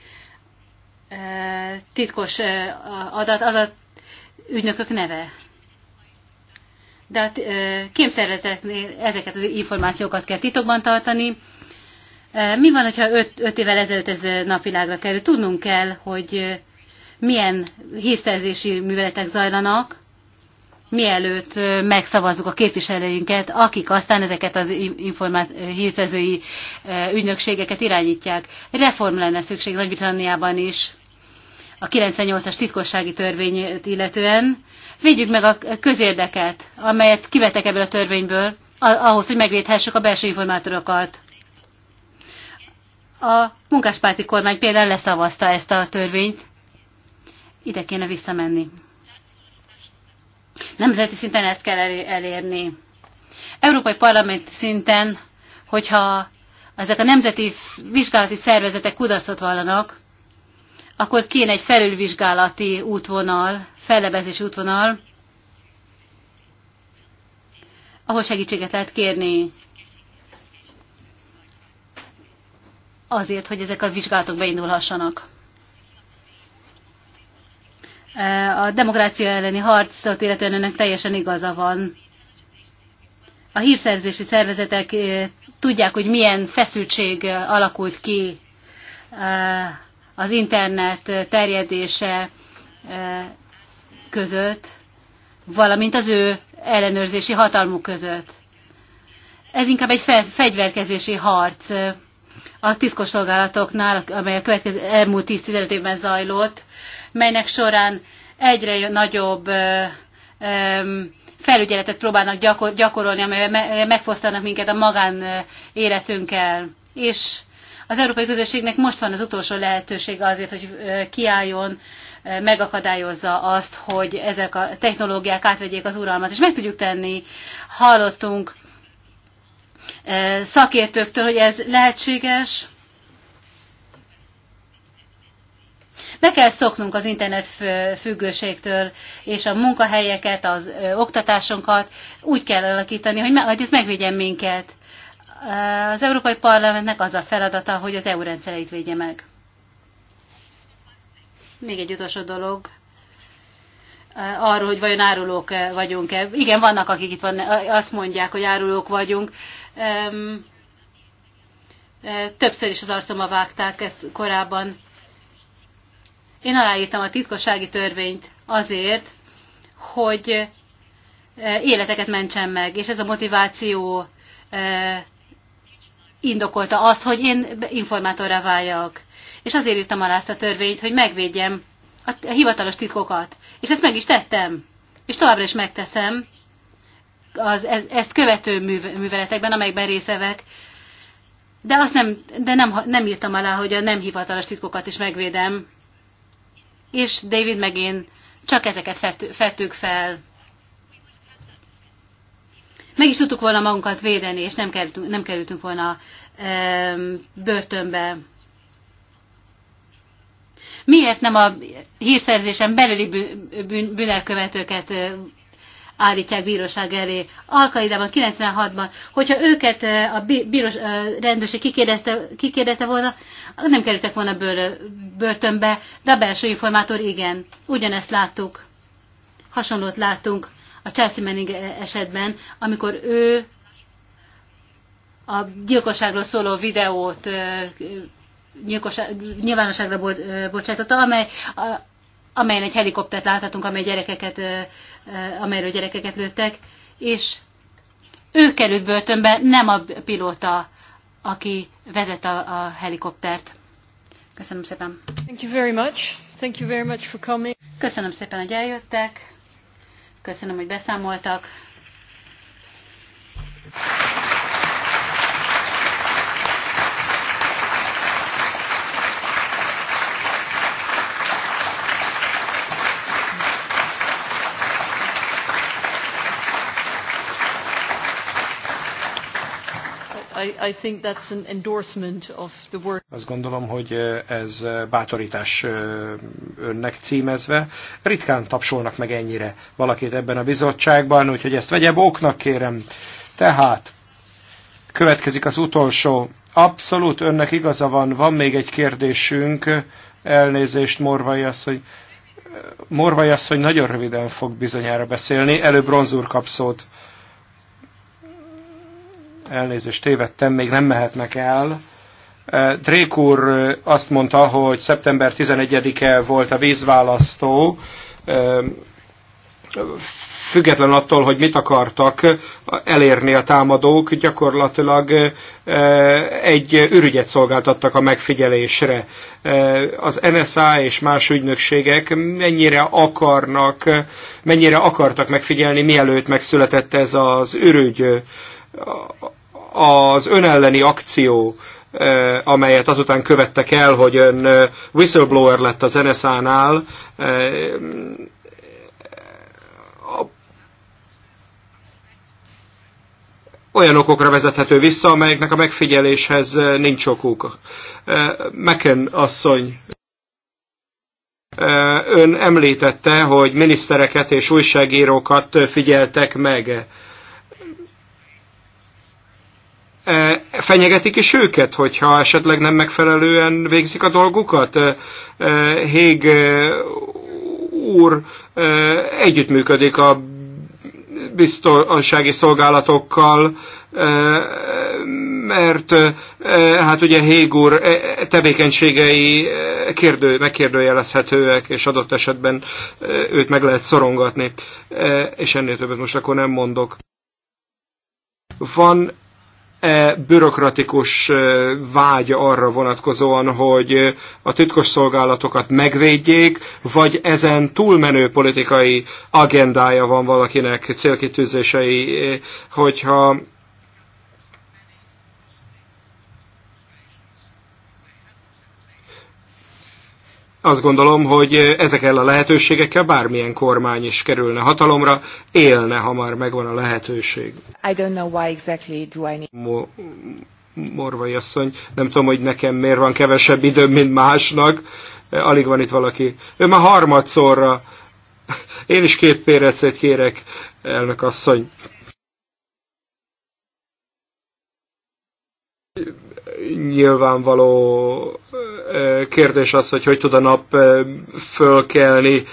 titkos adat az a ügynökök neve. De a kémszervezeteknél ezeket az információkat kell titokban tartani. Mi van, hogyha 5 évvel ezelőtt ez napvilágra kerül? Tudnunk kell, hogy milyen hírszerzési műveletek zajlanak, mielőtt megszavazzuk a képviselőinket, akik aztán ezeket az hírszerzői ügynökségeket irányítják. Reform lenne szükség Nagy-Britanniában is a 98-as titkossági törvényt illetően. Védjük meg a közérdeket, amelyet kivetek ebből a törvényből, ahhoz, hogy megvédhessük a belső informátorokat. A munkáspárti kormány például leszavazta ezt a törvényt. Ide kéne visszamenni. Nemzeti szinten ezt kell elérni. Európai Parlament szinten, hogyha ezek a nemzeti vizsgálati szervezetek kudarcot vallanak, akkor kéne egy felülvizsgálati útvonal, fellebezési útvonal, ahol segítséget lehet kérni azért, hogy ezek a vizsgálatok beindulhassanak. E, a demokrácia elleni harcot illetően ennek teljesen igaza van. A hírszerzési szervezetek e, tudják, hogy milyen feszültség alakult ki e, az internet terjedése eh, között, valamint az ő ellenőrzési hatalmuk között. Ez inkább egy fegyverkezési harc eh, a tiszkosszolgálatoknál, amely a következő elmúlt 10-15 évben zajlott, melynek során egyre nagyobb eh, felügyeletet próbálnak gyakor, gyakorolni, amelyel megfosztanak minket a magánéletünkkel. És az európai közösségnek most van az utolsó lehetősége azért, hogy kiálljon, megakadályozza azt, hogy ezek a technológiák átvegyék az uralmat, és meg tudjuk tenni. Hallottunk szakértőktől, hogy ez lehetséges. Be kell szoknunk az internet függőségtől, és a munkahelyeket, az oktatásunkat úgy kell alakítani, hogy ez megvédjen minket az Európai Parlamentnek az a feladata, hogy az EU rendszereit védje meg. Még egy utolsó dolog eh, arról, hogy vajon árulók eh, vagyunk-e. Igen, vannak, akik itt van, eh, azt mondják, hogy árulók vagyunk. Többször is az arcomba vágták ezt korábban. Én aláírtam a titkossági törvényt azért, hogy életeket mentsen meg, és ez a motiváció indokolta azt, hogy én informátorra váljak. És azért írtam alá ezt a törvényt, hogy megvédjem a hivatalos titkokat. És ezt meg is tettem. És továbbra is megteszem az, ez, ezt követő műveletekben, amelyekben részevek. De azt nem, de nem, nem írtam alá, hogy a nem hivatalos titkokat is megvédem. És David meg én csak ezeket fettük fel meg is tudtuk volna magunkat védeni, és nem kerültünk, nem kerültünk volna börtönbe. Miért nem a hírszerzésen belüli bűnelkövetőket állítják bíróság elé? Alkaidában, 96-ban, hogyha őket a bíros, a rendőrség kikérdezte, kikérdezte volna, nem kerültek volna börtönbe, de a belső informátor igen. Ugyanezt láttuk. Hasonlót láttunk a Chelsea Manning esetben, amikor ő a gyilkosságról szóló videót nyilvánosságra bocsátotta, amely, amelyen egy helikoptert láthatunk, amely gyerekeket, amelyről gyerekeket lőttek, és ő került börtönbe, nem a pilóta, aki vezet a, a helikoptert. Köszönöm szépen. Thank you very much. Thank you very much for coming. Köszönöm szépen, hogy eljöttek. Köszönöm, hogy beszámoltak. I, think that's an endorsement of the work. Azt gondolom, hogy ez bátorítás önnek címezve. Ritkán tapsolnak meg ennyire valakit ebben a bizottságban, úgyhogy ezt vegye bóknak kérem. Tehát következik az utolsó. Abszolút önnek igaza van, van még egy kérdésünk. Elnézést, Morvai asszony. Morvai asszony nagyon röviden fog bizonyára beszélni. Előbb Bronzúr kap szót elnézést tévedtem, még nem mehetnek el. Eh, Drake úr eh, azt mondta, hogy szeptember 11-e volt a vízválasztó, eh, független attól, hogy mit akartak elérni a támadók, gyakorlatilag egy ürügyet szolgáltattak a megfigyelésre. Az NSA és más ügynökségek mennyire akarnak, mennyire akartak megfigyelni, mielőtt megszületett ez az ürügy az önelleni akció, eh, amelyet azután követtek el, hogy ön eh, whistleblower lett az NSA-nál, eh, olyan okokra vezethető vissza, amelyeknek a megfigyeléshez nincs okuk. Meken asszony ön említette, hogy minisztereket és újságírókat figyeltek meg fenyegetik is őket, hogyha esetleg nem megfelelően végzik a dolgukat. Hég úr együttműködik a biztonsági szolgálatokkal, mert hát ugye Hég úr tevékenységei kérdő, megkérdőjelezhetőek, és adott esetben őt meg lehet szorongatni, és ennél többet most akkor nem mondok. Van E, bürokratikus e, vágya arra vonatkozóan, hogy e, a titkos szolgálatokat megvédjék, vagy ezen túlmenő politikai agendája van valakinek, célkitűzései, hogyha azt gondolom, hogy ezekkel a lehetőségekkel bármilyen kormány is kerülne hatalomra, élne, ha már megvan a lehetőség. I don't know why exactly do I need... Mo Morvai asszony, nem tudom, hogy nekem miért van kevesebb időm, mint másnak. Alig van itt valaki. Ő már harmadszorra. Én is két pérecét kérek, elnök asszony. nyilvánvaló kérdés az, hogy hogy tud a nap fölkelni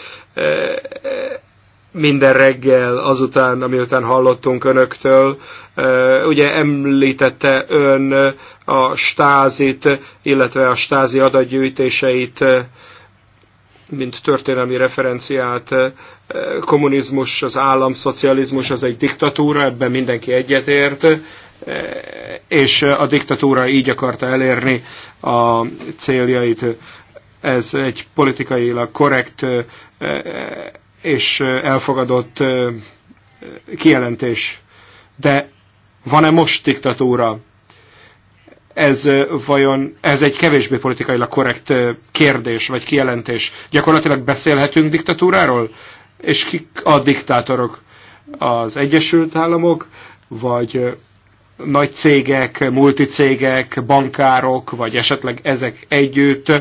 minden reggel azután, amiután hallottunk önöktől. Ugye említette ön a stázit, illetve a stázi adatgyűjtéseit, mint történelmi referenciát, kommunizmus, az állam, szocializmus, az egy diktatúra, ebben mindenki egyetért és a diktatúra így akarta elérni a céljait. Ez egy politikailag korrekt és elfogadott kijelentés. De van-e most diktatúra? Ez vajon, ez egy kevésbé politikailag korrekt kérdés vagy kijelentés. Gyakorlatilag beszélhetünk diktatúráról? És kik a diktátorok? Az Egyesült Államok, vagy nagy cégek, multicégek, bankárok, vagy esetleg ezek együtt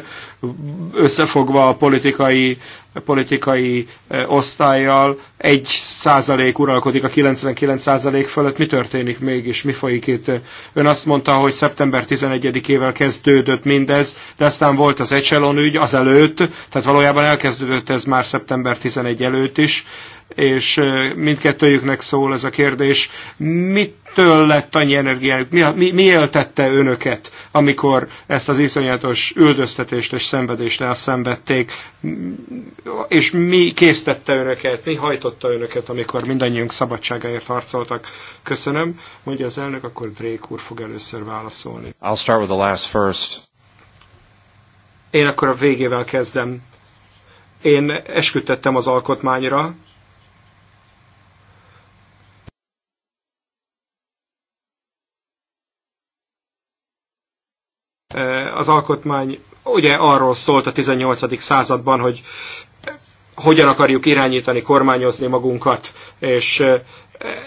összefogva a politikai, politikai eh, osztályjal egy százalék uralkodik a 99 százalék fölött. Mi történik mégis? Mi folyik itt? Ön azt mondta, hogy szeptember 11-ével kezdődött mindez, de aztán volt az Echelon ügy azelőtt, tehát valójában elkezdődött ez már szeptember 11 előtt is és mindkettőjüknek szól ez a kérdés. Mitől lett annyi energiájuk? Mi, mi, mi éltette önöket, amikor ezt az iszonyatos üldöztetést és szenvedést elszenvedték? És mi késztette önöket, mi hajtotta önöket, amikor mindannyiunk szabadságáért harcoltak? Köszönöm. Mondja az elnök, akkor Drake úr fog először válaszolni. I'll start with the last first. Én akkor a végével kezdem. Én esküdtettem az alkotmányra, az alkotmány ugye arról szólt a 18. században, hogy hogyan akarjuk irányítani, kormányozni magunkat, és eh,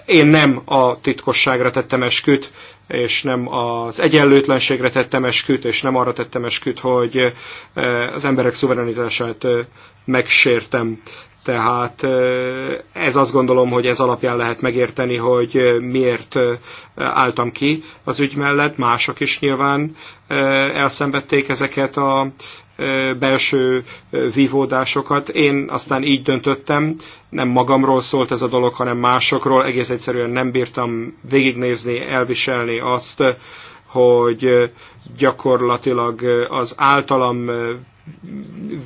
én nem a titkosságra tettem esküt, és nem az egyenlőtlenségre tettem esküt, és nem arra tettem esküt, hogy eh, az emberek szuverenitását eh, megsértem. Tehát ez azt gondolom, hogy ez alapján lehet megérteni, hogy miért álltam ki az ügy mellett. Mások is nyilván elszenvedték ezeket a belső vívódásokat. Én aztán így döntöttem, nem magamról szólt ez a dolog, hanem másokról. Egész egyszerűen nem bírtam végignézni, elviselni azt, hogy gyakorlatilag az általam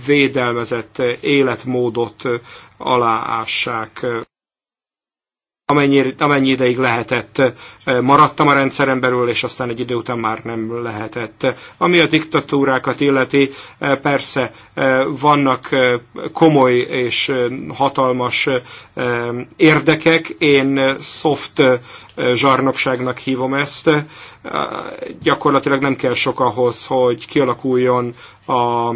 védelmezett életmódot aláássák amennyi, amennyi ideig lehetett. Eh, maradtam a rendszeren belül, és aztán egy idő után már nem lehetett. Ami a diktatúrákat illeti, eh, persze eh, vannak komoly és hatalmas érdekek. Én soft zsarnokságnak hívom ezt. Gyakorlatilag nem kell sok ahhoz, hogy kialakuljon a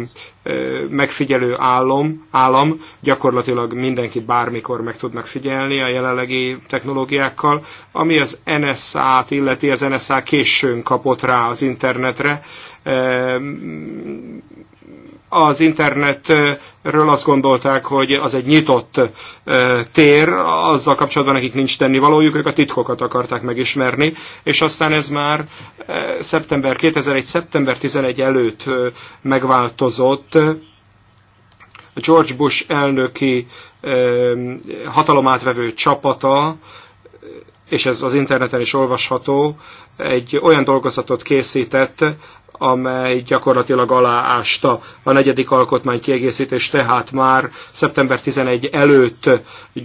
megfigyelő állom állam, gyakorlatilag mindenkit bármikor meg tudnak figyelni a jelenlegi technológiákkal. Ami az NSA-t illeti, az NSA későn kapott rá az internetre, az internetről azt gondolták, hogy az egy nyitott tér, azzal kapcsolatban nekik nincs tennivalójuk, ők a titkokat akarták megismerni, és aztán ez már szeptember 2001. szeptember 11 előtt megváltozott, George Bush elnöki hatalomátvevő csapata és ez az interneten is olvasható, egy olyan dolgozatot készített, amely gyakorlatilag aláásta a negyedik alkotmány kiegészítés, tehát már szeptember 11 előtt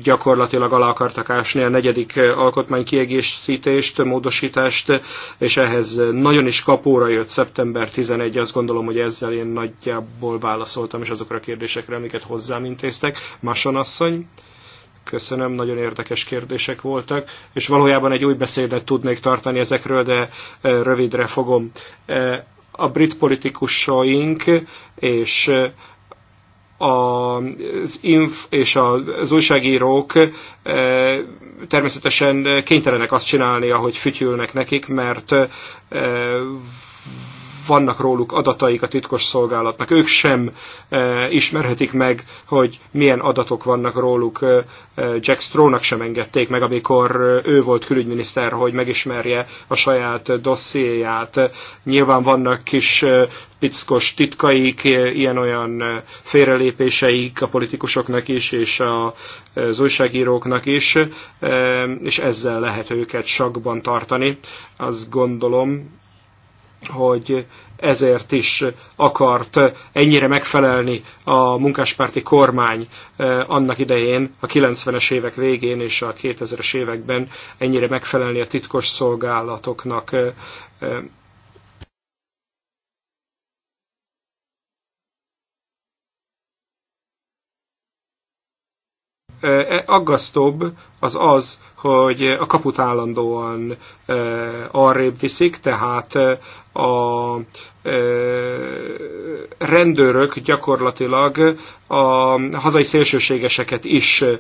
gyakorlatilag alá akartak ásni a negyedik alkotmány kiegészítést, módosítást, és ehhez nagyon is kapóra jött szeptember 11, azt gondolom, hogy ezzel én nagyjából válaszoltam is azokra a kérdésekre, amiket hozzám intéztek. Mason asszony? Köszönöm, nagyon érdekes kérdések voltak, és valójában egy új beszédet tudnék tartani ezekről, de e, rövidre fogom. E, a brit politikusaink és e, az inf és az újságírók természetesen kénytelenek azt csinálni, ahogy fütyülnek nekik, mert vannak róluk adataik a titkos szolgálatnak. Ők sem eh, ismerhetik meg, hogy milyen adatok vannak róluk. Eh, eh, Jack Strawnak sem engedték meg, amikor ő volt külügyminiszter, hogy megismerje a saját dossziéját. Nyilván vannak kis pickos titkaik, ilyen-olyan félrelépéseik a politikusoknak is, és az újságíróknak is, és ezzel lehet őket sakban tartani. Azt gondolom, hogy ezért is akart ennyire megfelelni a munkáspárti kormány eh, annak idején, a 90-es évek végén és a 2000-es években ennyire megfelelni a titkos szolgálatoknak. Eh, eh. Aggasztóbb az az, hogy a kaput állandóan e, arrébb viszik, tehát a e, rendőrök gyakorlatilag a hazai szélsőségeseket is e,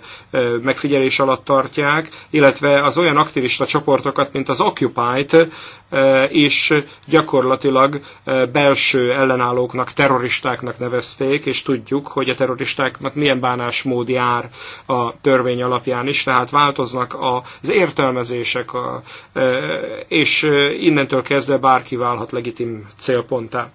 megfigyelés alatt tartják, illetve az olyan aktivista csoportokat, mint az Occupy-t e, is gyakorlatilag e, belső ellenállóknak, terroristáknak nevezték, és tudjuk, hogy a terroristáknak milyen bánásmód jár a törvény alapján is, tehát változnak a az értelmezések, a, e, és e, innentől kezdve bárki válhat legitim célponttá.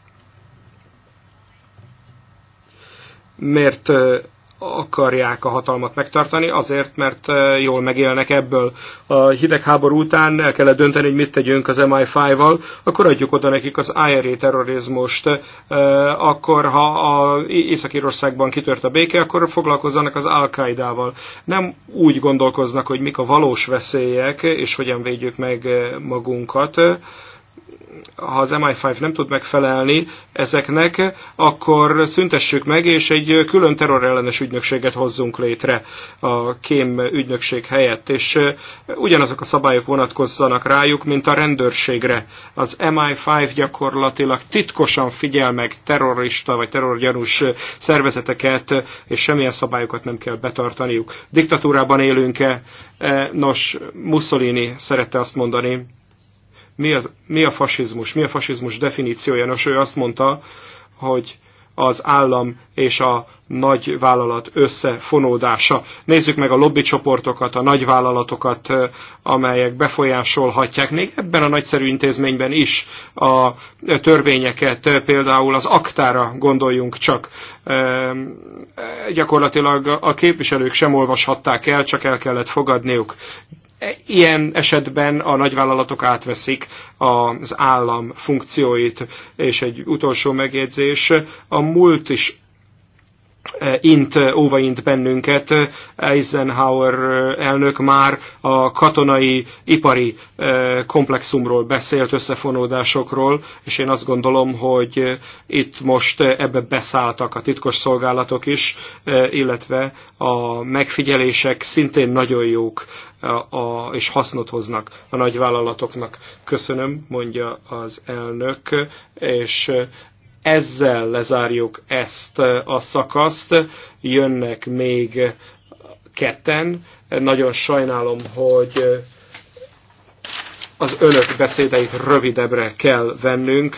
Mert e, akarják a hatalmat megtartani, azért, mert jól megélnek ebből. A hidegháború után el kellett dönteni, hogy mit tegyünk az MI5-val, akkor adjuk oda nekik az IRA e terrorizmust, akkor ha a Észak-Írországban kitört a béke, akkor foglalkozzanak az al qaidával Nem úgy gondolkoznak, hogy mik a valós veszélyek, és hogyan védjük meg magunkat, ha az MI5 nem tud megfelelni ezeknek, akkor szüntessük meg, és egy külön terrorellenes ügynökséget hozzunk létre a kém ügynökség helyett, és ugyanazok a szabályok vonatkozzanak rájuk, mint a rendőrségre. Az MI5 gyakorlatilag titkosan figyel meg terrorista vagy terrorgyanús szervezeteket, és semmilyen szabályokat nem kell betartaniuk. Diktatúrában élünk-e? E, nos, Mussolini szerette azt mondani, mi, az, mi a fasizmus, mi a fasizmus definíciója. Nos, ő azt mondta, hogy az állam és a nagyvállalat összefonódása. Nézzük meg a lobby csoportokat, a nagyvállalatokat, amelyek befolyásolhatják még ebben a nagyszerű intézményben is a törvényeket, például az aktára gondoljunk csak. Gyakorlatilag a képviselők sem olvashatták el, csak el kellett fogadniuk. Ilyen esetben a nagyvállalatok átveszik az állam funkcióit. És egy utolsó megjegyzés, a múlt is Eh, int, eh, óvaint bennünket. Eh, Eisenhower elnök már a katonai, ipari komplexumról beszélt, összefonódásokról, és én azt gondolom, hogy itt most ebbe beszálltak a titkos szolgálatok is, illetve a megfigyelések szintén nagyon jók a, és hasznot hoznak a nagyvállalatoknak. Köszönöm, mondja az elnök, és ezzel lezárjuk ezt eh, a szakaszt. Jönnek még ketten. Nagyon sajnálom, hogy eh, az önök beszédeit rövidebbre kell vennünk.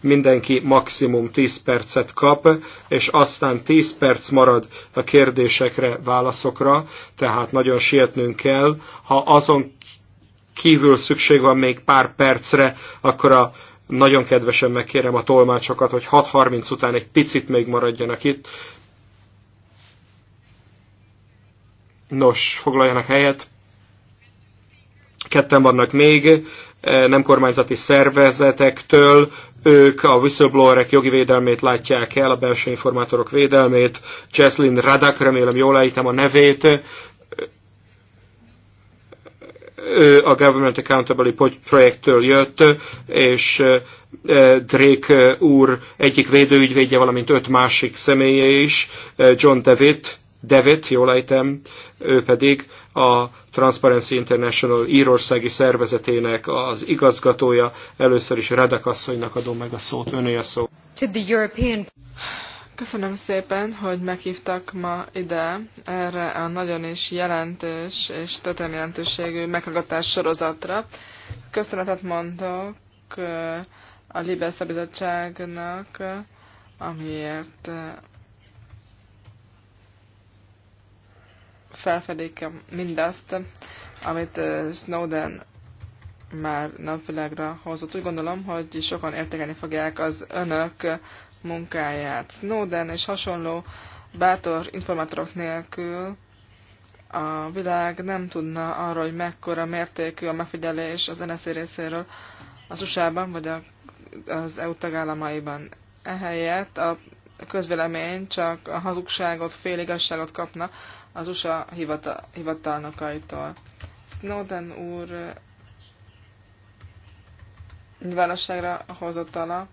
Mindenki maximum 10 percet kap, és aztán 10 perc marad a kérdésekre, válaszokra, tehát nagyon sietnünk kell. Ha azon kívül szükség van még pár percre, akkor a nagyon kedvesen megkérem a tolmácsokat, hogy 6.30 után egy picit még maradjanak itt. Nos, foglaljanak helyet. Ketten vannak még, eh, nem kormányzati szervezetektől, ők a whistleblowerek jogi védelmét látják el, a belső informátorok védelmét, Jesslyn Radak, remélem jól ejtem a nevét, ő a Government Accountability projektől jött, és Drake úr egyik védőügyvédje, valamint öt másik személye is, John David, David, jól ejtem, ő pedig a Transparency International írországi szervezetének az igazgatója. Először is Redek asszonynak adom meg a szót, öné a szó. To the European... Köszönöm szépen, hogy meghívtak ma ide erre a nagyon is jelentős és történelmi jelentőségű meghallgatás sorozatra. Köszönetet mondok eh, a Libel Szabizottságnak, amiért eh, felfedik mindazt, amit eh, Snowden már napvilágra hozott. Úgy gondolom, hogy sokan értékelni fogják az önök munkáját. Snowden és hasonló bátor informátorok nélkül a világ nem tudna arra, hogy mekkora mértékű a megfigyelés az NSZ részéről az USA-ban vagy az EU tagállamaiban. Ehelyett a közvélemény csak a hazugságot, féligasságot kapna az USA hivatal, hivatalnokaitól. Snowden úr nyilvánosságra hozatala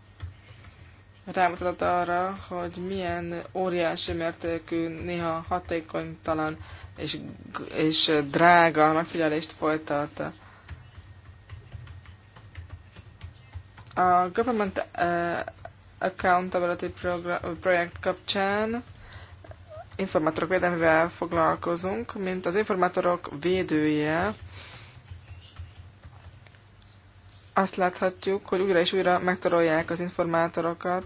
rámutatott arra, hogy milyen óriási mértékű, néha hatékonytalan és, és drága megfigyelést folytat. A Government eh, Accountability projekt kapcsán informátorok védelmével foglalkozunk, mint az informátorok védője, azt láthatjuk, hogy újra és újra megtorolják az informátorokat.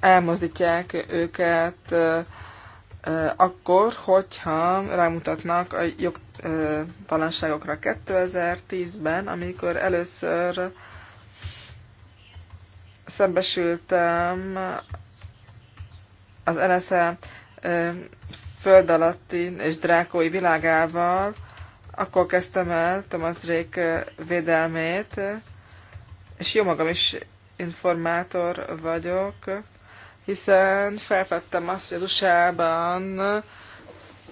Elmozdítják őket akkor, hogyha rámutatnak a jogtalanságokra 2010-ben, amikor először szembesültem az NSZ föld alatti és drákói világával, akkor kezdtem el Thomas Drake védelmét, és jó magam is informátor vagyok, hiszen felfedtem azt, hogy az USA-ban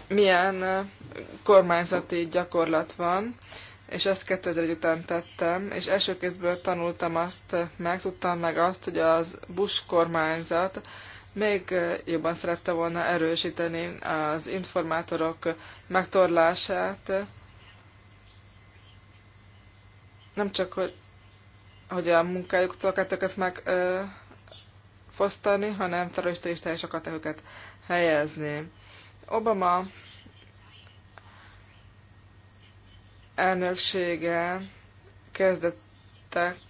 milyen kormányzati gyakorlat van, és ezt 2000 után tettem, és első kézből tanultam azt, meg meg azt, hogy az Bush kormányzat még jobban szerette volna erősíteni az informátorok megtorlását. Nem csak, hogy, hogy a munkájuktól kellett őket megfosztani, hanem terörista is teljes őket helyezni. Obama elnöksége kezdettekor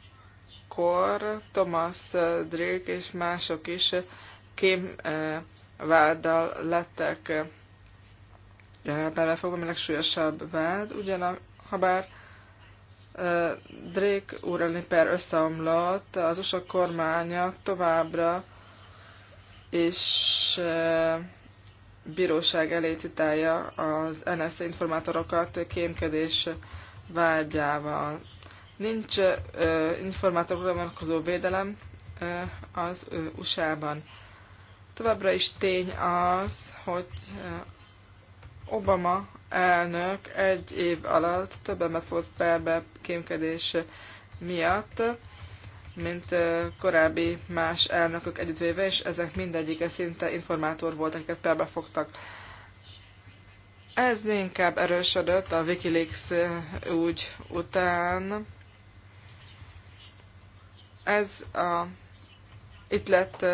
Thomas Drake és mások is kém váddal lettek belefogva, ami legsúlyosabb vád, ugyan, ha bár Drake úr per összeomlott, az USA kormánya továbbra és bíróság elé citálja az NSZ informátorokat kémkedés vágyával. Nincs informátorokra vonatkozó védelem az USA-ban. Továbbra is tény az, hogy eh, Obama elnök egy év alatt többen megfogott perbe kémkedés miatt, mint eh, korábbi más elnökök együttvéve, és ezek mindegyike szinte informátor volt, akiket perbe fogtak. Ez inkább erősödött a Wikileaks eh, úgy után. Ez a itt, lett,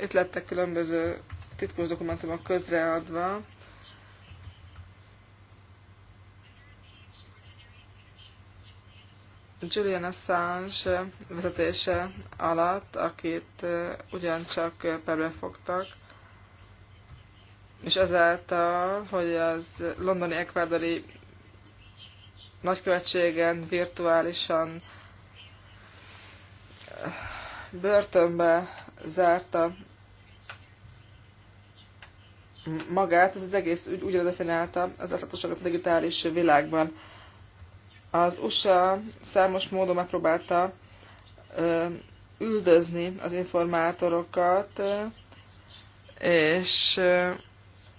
itt lettek különböző titkos dokumentumok közreadva. Julian Assange vezetése alatt, akit ugyancsak perbe fogtak, és ezáltal, hogy az londoni ekvádori nagykövetségen virtuálisan börtönbe zárta magát, ez az egész úgy úgyra definálta az átláthatóságot a digitális világban. Az USA számos módon megpróbálta ö, üldözni az informátorokat, ö, és ö,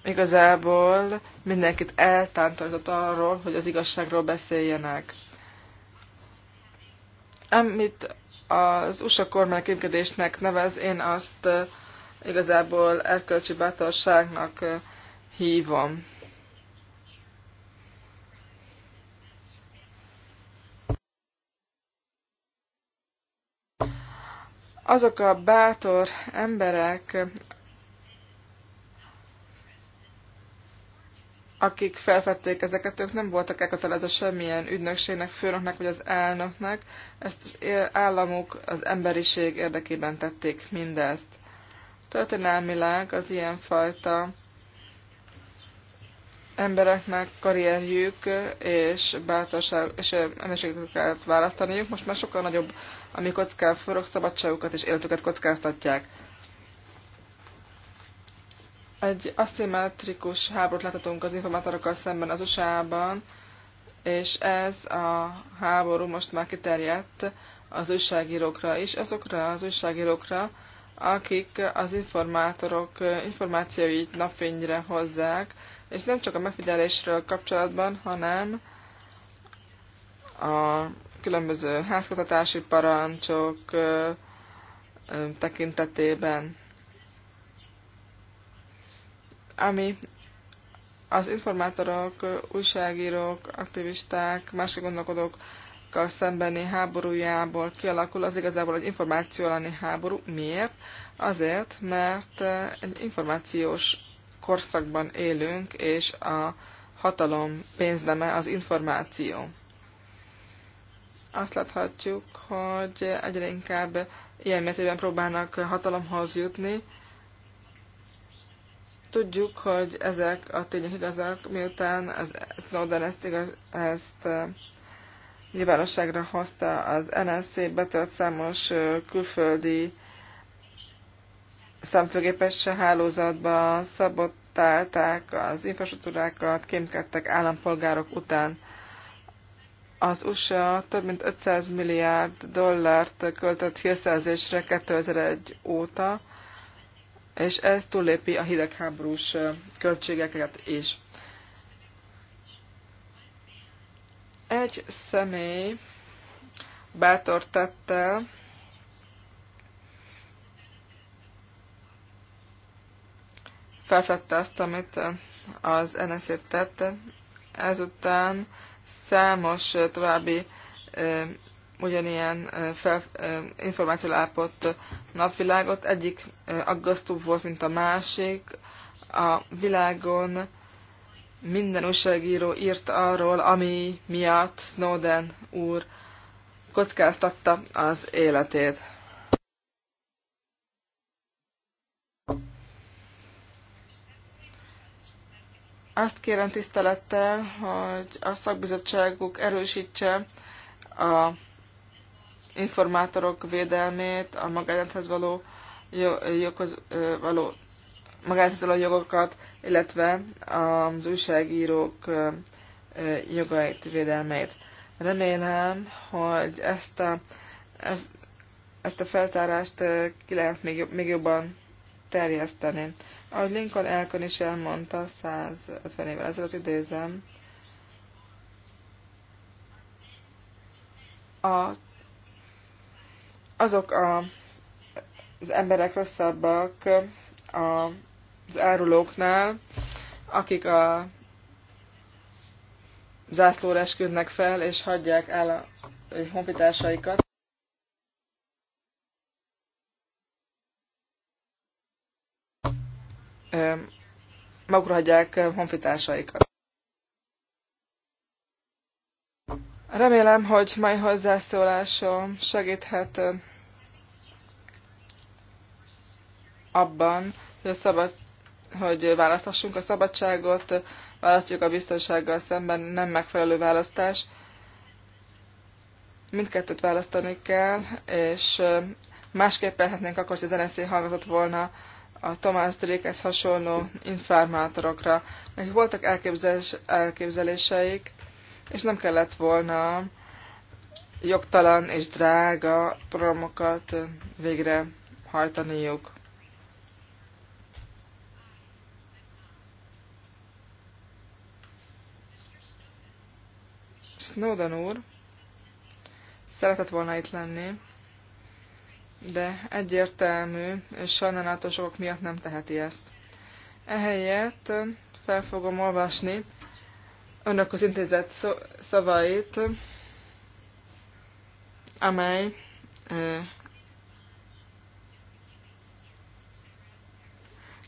igazából mindenkit eltántorított arról, hogy az igazságról beszéljenek. Amit az USA kormány kémkedésnek nevez, én azt igazából erkölcsi bátorságnak hívom. Azok a bátor emberek, akik felfedték ezeket, ők nem voltak elkötelezve semmilyen ügynökségnek, főnöknek vagy az elnöknek, ezt az államuk az emberiség érdekében tették mindezt. Történelmileg az ilyenfajta embereknek karrierjük és bátorság és emberségeket kellett választaniuk, most már sokkal nagyobb, ami kockán forog, szabadságukat és életüket kockáztatják. Egy aszimmetrikus háborút láthatunk az informátorokkal szemben az USA-ban, és ez a háború most már kiterjedt az újságírókra is, azokra az újságírókra, akik az informátorok információit napfényre hozzák, és nem csak a megfigyelésről kapcsolatban, hanem a különböző házkutatási parancsok tekintetében ami az informátorok, újságírók, aktivisták, másik gondolkodókkal szembeni háborújából kialakul, az igazából egy információ háború. Miért? Azért, mert eh, egy információs korszakban élünk, és a hatalom pénzdeme az információ. Azt láthatjuk, hogy egyre inkább ilyen mértében próbálnak hatalomhoz jutni, Tudjuk, hogy ezek a tények igazak, miután az Snowden ezt, igaz, ezt nyilvánosságra hozta az NSC betölt számos külföldi számítógépes hálózatba szabottálták az infrastruktúrákat, kémkedtek állampolgárok után. Az USA több mint 500 milliárd dollárt költött hírszerzésre 2001 óta, és ez túllépi a hidegháborús költségeket is. Egy személy bátor tette, felfedte azt, amit az NSZ tette, ezután számos további ugyanilyen fel, információ lápott napvilágot. Egyik aggasztóbb volt, mint a másik. A világon minden újságíró írt arról, ami miatt Snowden úr kockáztatta az életét. Azt kérem tisztelettel, hogy a szakbizottságuk erősítse a informátorok védelmét, a magánélethez való joghoz való jogokat, illetve az újságírók jogait, védelmét. Remélem, hogy ezt a, ezt, ezt a feltárást ki lehet még, még jobban terjeszteni. Ahogy Lincoln Elkon is elmondta 150 évvel ezelőtt, idézem, a azok a, az emberek rosszabbak a, az árulóknál, akik a zászlóra esküdnek fel, és hagyják el a honfitársaikat. magukra hagyják honfitársaikat. Remélem, hogy mai hozzászólásom segíthet abban, hogy, a szabad, hogy választassunk a szabadságot, választjuk a biztonsággal szemben, nem megfelelő választás. Mindkettőt választani kell, és másképp elhetnénk akkor, hogy az NSZ hallgatott volna a Thomas Drakehez hasonló informátorokra. Nekik voltak elképzelés, elképzeléseik, és nem kellett volna jogtalan és drága programokat végrehajtaniuk. Snowden úr szeretett volna itt lenni, de egyértelmű és sajnálatos okok miatt nem teheti ezt. Ehelyett fel fogom olvasni önök az intézet szavait, amely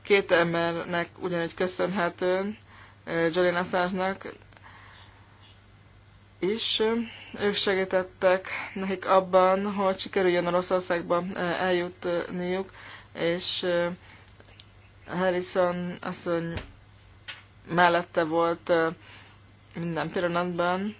két embernek ugyanúgy köszönhető, Jolene Assange-nak, is. Ők segítettek nekik abban, hogy sikerüljön Oroszországba eljutniuk, és Harrison asszony mellette volt minden pillanatban.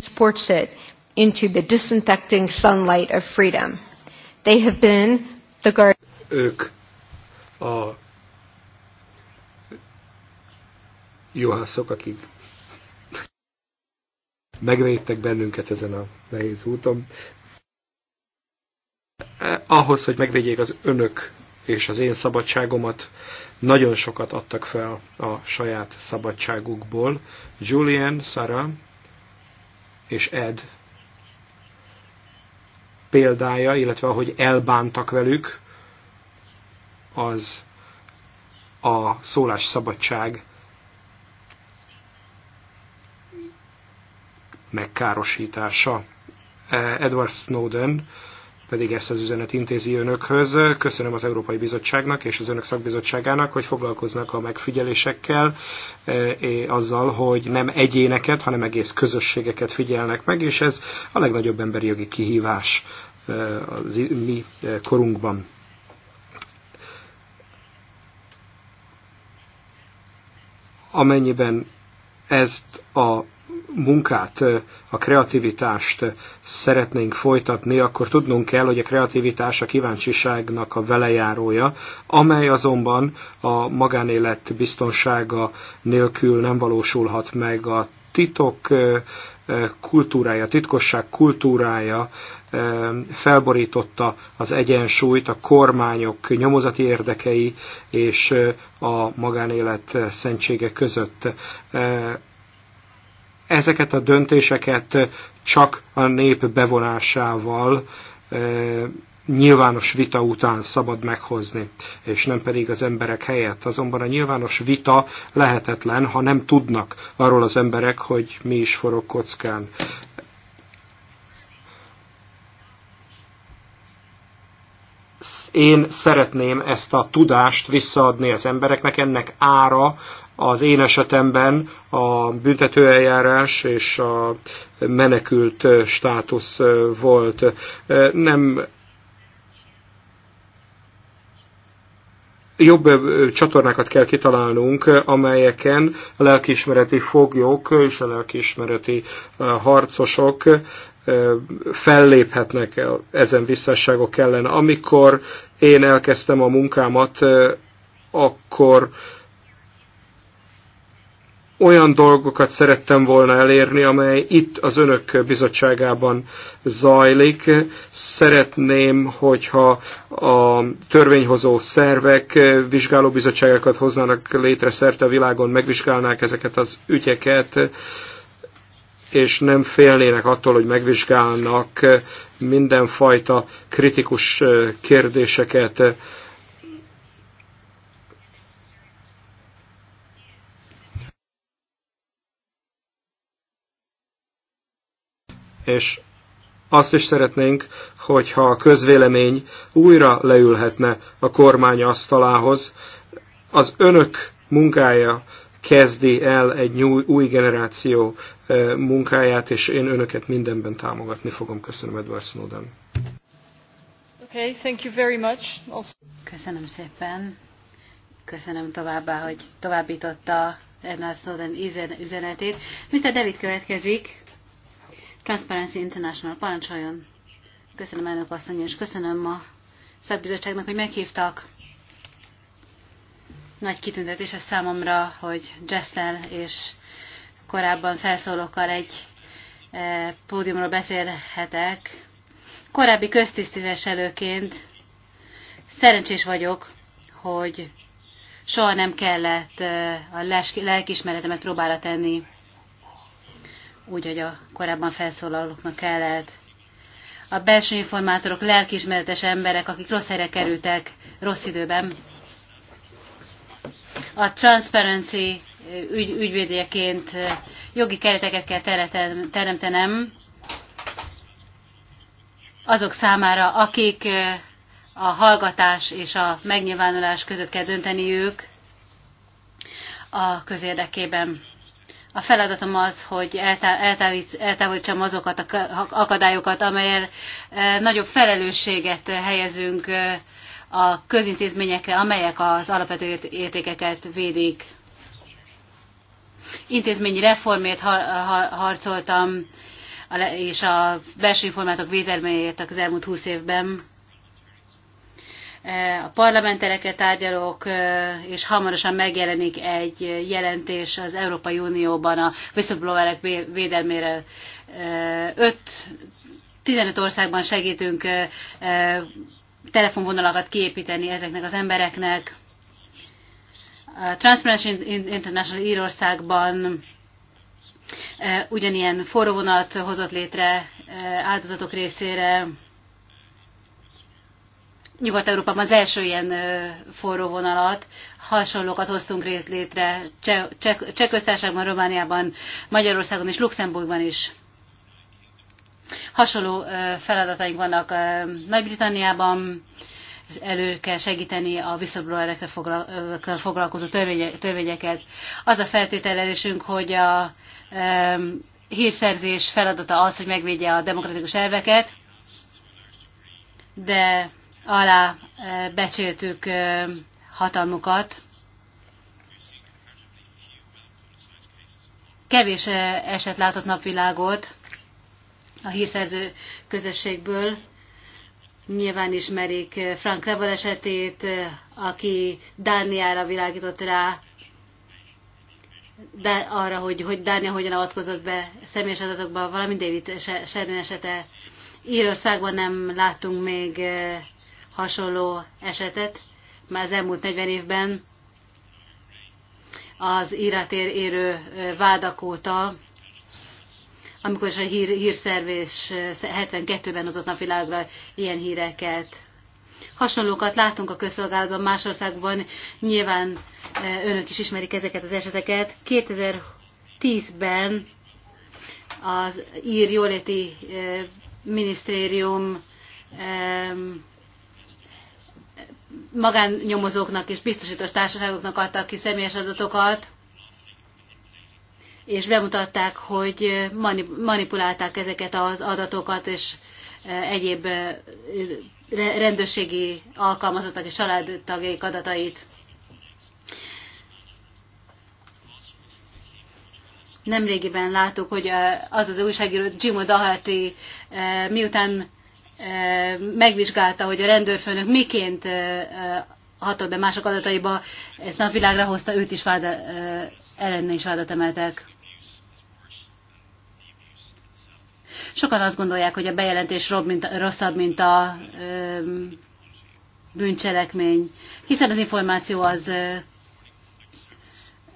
Sports it into the disinfecting sunlight of freedom. They have been the guard. Ők a juhászok, akik megvédtek bennünket ezen a nehéz úton, ahhoz, hogy megvédjék az önök és az én szabadságomat, nagyon sokat adtak fel a saját szabadságukból. Julian, Sarah és Ed példája, illetve ahogy elbántak velük, az a szólásszabadság megkárosítása. E, Edward Snowden pedig ezt az üzenet intézi önökhöz. Köszönöm az Európai Bizottságnak és az önök szakbizottságának, hogy foglalkoznak a megfigyelésekkel, e, azzal, hogy nem egyéneket, hanem egész közösségeket figyelnek meg, és ez a legnagyobb emberi jogi kihívás e, az mi korunkban. amennyiben ezt a munkát, a kreativitást szeretnénk folytatni, akkor tudnunk kell, hogy a kreativitás a kíváncsiságnak a velejárója, amely azonban a magánélet biztonsága nélkül nem valósulhat meg a titok kultúrája, titkosság kultúrája felborította az egyensúlyt a kormányok nyomozati érdekei és a magánélet szentsége között. Ezeket a döntéseket csak a nép bevonásával nyilvános vita után szabad meghozni, és nem pedig az emberek helyett. Azonban a nyilvános vita lehetetlen, ha nem tudnak arról az emberek, hogy mi is forog kockán. Én szeretném ezt a tudást visszaadni az embereknek, ennek ára az én esetemben a büntetőeljárás és a menekült státusz volt. Nem jobb csatornákat kell kitalálnunk, amelyeken a lelkiismereti foglyok és a lelkiismereti harcosok felléphetnek ezen visszásságok ellen. Amikor én elkezdtem a munkámat, akkor olyan dolgokat szerettem volna elérni, amely itt az önök bizottságában zajlik. Szeretném, hogyha a törvényhozó szervek vizsgáló bizottságokat hoznának létre szerte a világon, megvizsgálnák ezeket az ügyeket, és nem félnének attól, hogy megvizsgálnak mindenfajta kritikus kérdéseket. és azt is szeretnénk, hogyha a közvélemény újra leülhetne a kormány asztalához. Az önök munkája kezdi el egy új, új generáció munkáját, és én önöket mindenben támogatni fogom. Köszönöm, Edward Snowden. Okay, thank you very much. Also... Köszönöm szépen. Köszönöm továbbá, hogy továbbította Edward Snowden üzenetét. Mr. David következik. Transparency International, parancsoljon! Köszönöm elnök asszony, és köszönöm a szakbizottságnak, hogy meghívtak. Nagy kitüntetés ez számomra, hogy Jessel és korábban felszólókkal egy e, pódiumról beszélhetek. Korábbi köztisztviselőként szerencsés vagyok, hogy soha nem kellett e, a lelkismeretemet próbára tenni úgy, hogy a korábban felszólalóknak kellett. A belső informátorok lelkismeretes emberek, akik rossz helyre kerültek rossz időben. A Transparency ügy, ügyvédjeként jogi kereteket kell teremtenem azok számára, akik a hallgatás és a megnyilvánulás között kell dönteniük a közérdekében. A feladatom az, hogy eltávolítsam azokat a akadályokat, amelyel e, nagyobb felelősséget helyezünk e, a közintézményekre, amelyek az alapvető értékeket védik. Intézményi reformért harcoltam, és a belső informátok védelméért az elmúlt húsz évben a parlamentereke tárgyalok, és hamarosan megjelenik egy jelentés az Európai Unióban a whistleblowerek védelmére. Öt, 15 országban segítünk telefonvonalakat kiépíteni ezeknek az embereknek. A Transparency International Írországban ugyanilyen forróvonat hozott létre áldozatok részére, Nyugat-Európában az első ilyen forró vonalat, hasonlókat hoztunk létre Cseh, köztársaságban Romániában, Magyarországon és Luxemburgban is. Hasonló feladataink vannak Nagy-Britanniában, elő kell segíteni a whistleblowerekkel foglalkozó törvényeket. Az a feltételezésünk, hogy a hírszerzés feladata az, hogy megvédje a demokratikus elveket, de alá becsültük hatalmukat. Kevés eset látott napvilágot a hírszerző közösségből. Nyilván ismerik Frank Revel esetét, aki Dániára világított rá, de arra, hogy, hogy Dánia hogyan avatkozott be személyes adatokba, valamint David Sherin esete. Írországban nem láttunk még hasonló esetet már az elmúlt 40 évben az íratér érő vádak óta, amikor is a hír, hírszervés 72-ben hozott napvilágra ilyen híreket. Hasonlókat látunk a közszolgálatban más országban, nyilván önök is ismerik ezeket az eseteket. 2010-ben az ír jóléti minisztérium magánnyomozóknak és biztosítós társaságoknak adtak ki személyes adatokat, és bemutatták, hogy manipulálták ezeket az adatokat, és eh, egyéb eh, rendőrségi alkalmazottak és családtagjaik adatait. Nemrégiben láttuk, hogy eh, az az újságíró Jim O'Doherty miután megvizsgálta, hogy a rendőrfőnök miként hatott be mások adataiba, ezt napvilágra hozta, őt is vád, ellenne is vádat emeltek. Sokan azt gondolják, hogy a bejelentés robb, mint, rosszabb, mint a ö, bűncselekmény, hiszen az információ az ö,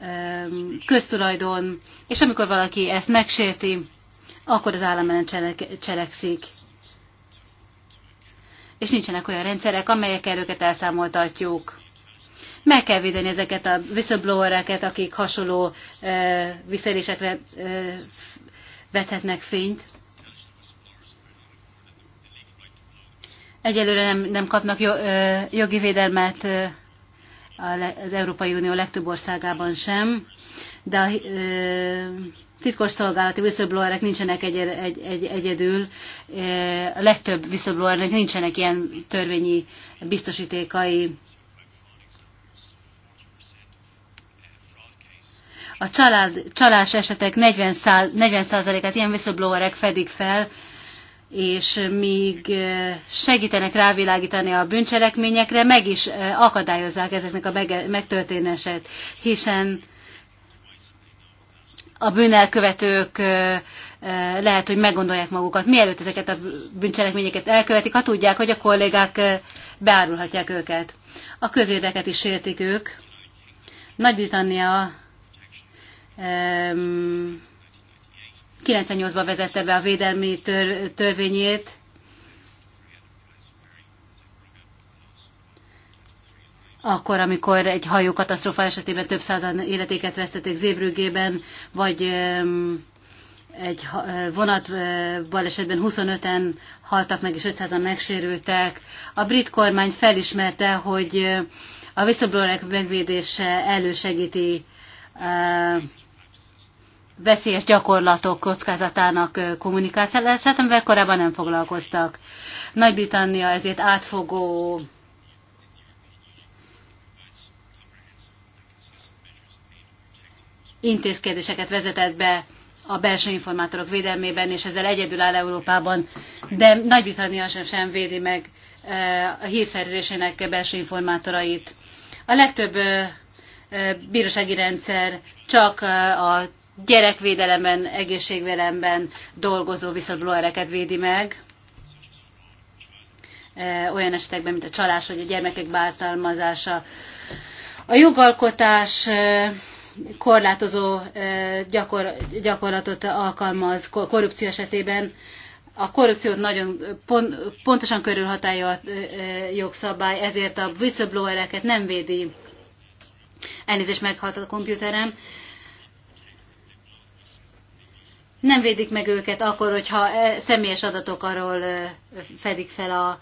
ö, köztulajdon, és amikor valaki ezt megsérti, akkor az állam ellen cselekszik és nincsenek olyan rendszerek, amelyekkel őket elszámoltatjuk. Meg kell védeni ezeket a whistleblowereket, akik hasonló e, visszaélésekre e, vethetnek fényt. Egyelőre nem, nem kapnak jogi védelmet az Európai Unió legtöbb országában sem, de titkos szolgálati whistleblowerek nincsenek egy, egy, egy, egyedül, e, a legtöbb whistleblowernek nincsenek ilyen törvényi biztosítékai. A család, csalás esetek 40%-át 40 ilyen whistleblowerek fedik fel, és míg e, segítenek rávilágítani a bűncselekményekre, meg is e, akadályozzák ezeknek a megtörténését, hiszen a bűnelkövetők lehet, hogy meggondolják magukat, mielőtt ezeket a bűncselekményeket elkövetik, ha tudják, hogy a kollégák beárulhatják őket. A közérdeket is sértik ők. Nagy-Britannia 98-ban vezette be a védelmi törvényét, akkor, amikor egy hajókatasztrófa esetében több százan életéket vesztették zébrügében, vagy egy eh, vonat eh, balesetben 25-en haltak meg, és 500-an megsérültek. A brit kormány felismerte, hogy eh, a whistleblowerek megvédése elősegíti veszélyes gyakorlatok kockázatának kommunikációját, hát amivel korábban nem foglalkoztak. Nagy-Britannia ezért átfogó intézkedéseket vezetett be a belső informátorok védelmében, és ezzel egyedül áll Európában, de Nagy-Britannia sem, sem védi meg eh, a hírszerzésének belső informátorait. A legtöbb eh, eh, bírósági rendszer csak a gyerekvédelemben, egészségvédelemben dolgozó whistleblowereket védi meg, olyan esetekben, mint a csalás vagy a gyermekek bántalmazása. A jogalkotás korlátozó gyakor, gyakorlatot alkalmaz korrupció esetében. A korrupciót nagyon pont, pontosan körülhatálja a jogszabály, ezért a whistleblowereket nem védi. Elnézést meghalt a komputerem nem védik meg őket akkor, hogyha személyes adatok arról fedik fel a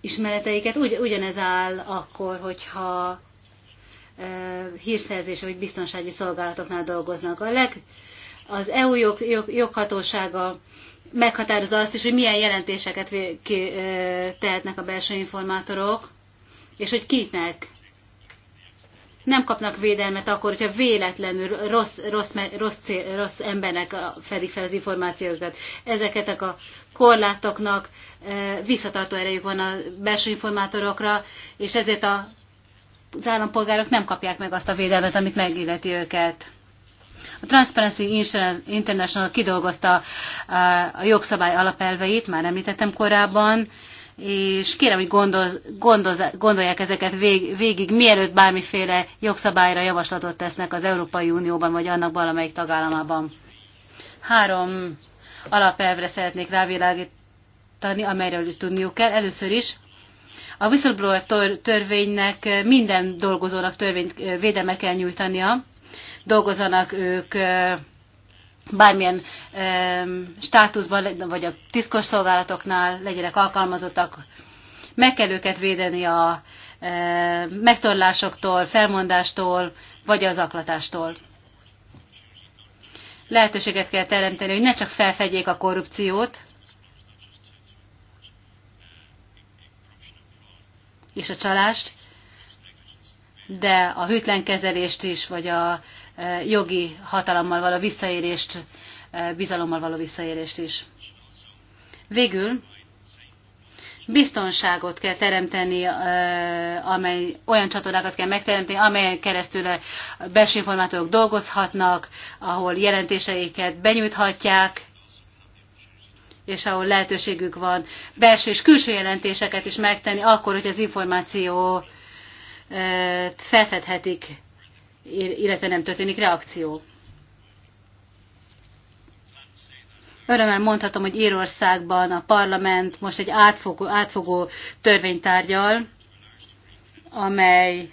ismereteiket. ugyanez áll akkor, hogyha hírszerzése vagy biztonsági szolgálatoknál dolgoznak. A leg, az EU jog, jog, joghatósága meghatározza azt is, hogy milyen jelentéseket ki, tehetnek a belső informátorok, és hogy kinek Nem kapnak védelmet akkor, hogyha véletlenül rossz, rossz, rossz, cél, rossz embernek fedik fel az információkat. Ezeket a korlátoknak visszatartó erejük van a belső informátorokra, és ezért a az állampolgárok nem kapják meg azt a védelmet, amit megilleti őket. A Transparency International kidolgozta a jogszabály alapelveit, már említettem korábban, és kérem, hogy gondoz, gondoz, gondolják ezeket vég, végig, mielőtt bármiféle jogszabályra javaslatot tesznek az Európai Unióban, vagy annak valamelyik tagállamában. Három alapelvre szeretnék rávilágítani, amelyről tudniuk kell. Először is a whistleblower törvénynek minden dolgozónak törvényt védelme kell nyújtania, dolgozanak ők bármilyen státuszban, vagy a tiszkos szolgálatoknál legyenek alkalmazottak, meg kell őket védeni a megtorlásoktól, felmondástól, vagy az aklatástól. Lehetőséget kell teremteni, hogy ne csak felfedjék a korrupciót, és a csalást, de a hűtlen kezelést is, vagy a e, jogi hatalommal való visszaérést, e, bizalommal való visszaérést is. Végül biztonságot kell teremteni, e, amely, olyan csatornákat kell megteremteni, amelyen keresztül a belső informátorok dolgozhatnak, ahol jelentéseiket benyújthatják, és ahol lehetőségük van belső és külső jelentéseket is megtenni, akkor, hogy az információ felfedhetik, illetve nem történik reakció. Örömmel mondhatom, hogy Írországban a parlament most egy átfogó, átfogó törvénytárgyal, amely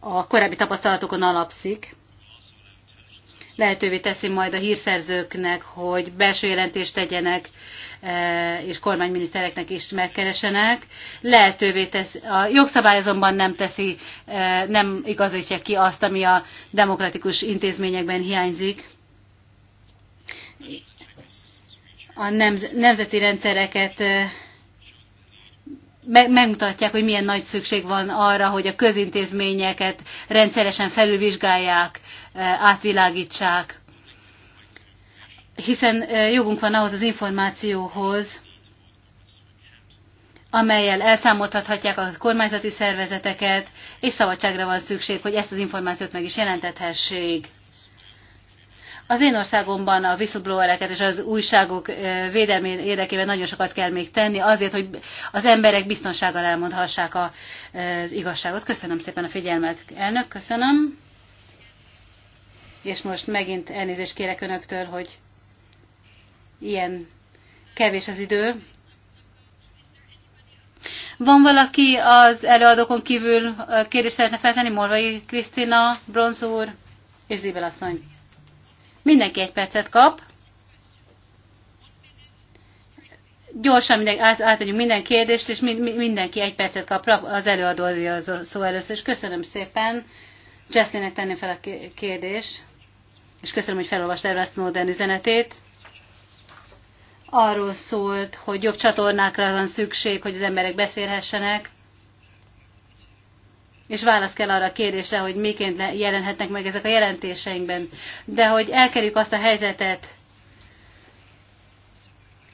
a korábbi tapasztalatokon alapszik lehetővé teszi majd a hírszerzőknek, hogy belső jelentést tegyenek, e, és kormányminisztereknek is megkeresenek. Lehetővé tesz, a jogszabály azonban nem teszi, e, nem igazítja ki azt, ami a demokratikus intézményekben hiányzik. A nemzeti rendszereket e, megmutatják, hogy milyen nagy szükség van arra, hogy a közintézményeket rendszeresen felülvizsgálják, Eh, átvilágítsák, hiszen eh, jogunk van ahhoz az információhoz, amelyel elszámoltathatják a kormányzati szervezeteket, és szabadságra van szükség, hogy ezt az információt meg is jelentethessék. Az én országomban a whistleblowereket és az újságok eh, védelmén érdekében nagyon sokat kell még tenni, azért, hogy az emberek biztonsággal elmondhassák az igazságot. Köszönöm szépen a figyelmet, elnök, köszönöm és most megint elnézést kérek önöktől, hogy ilyen kevés az idő. Van valaki az előadókon kívül kérdést szeretne feltenni? Morvai Krisztina, Bronz úr és Zibel asszony. Mindenki egy percet kap. Gyorsan minden, át, átadjuk minden kérdést, és mi, mi, mindenki egy percet kap az előadója szó először, és köszönöm szépen Cseszlének tenni fel a kérdés, és köszönöm, hogy felolvasta erre a Snowden üzenetét. Arról szólt, hogy jobb csatornákra van szükség, hogy az emberek beszélhessenek, és válasz kell arra a kérdésre, hogy miként jelenhetnek meg ezek a jelentéseinkben. De hogy elkerüljük azt a helyzetet,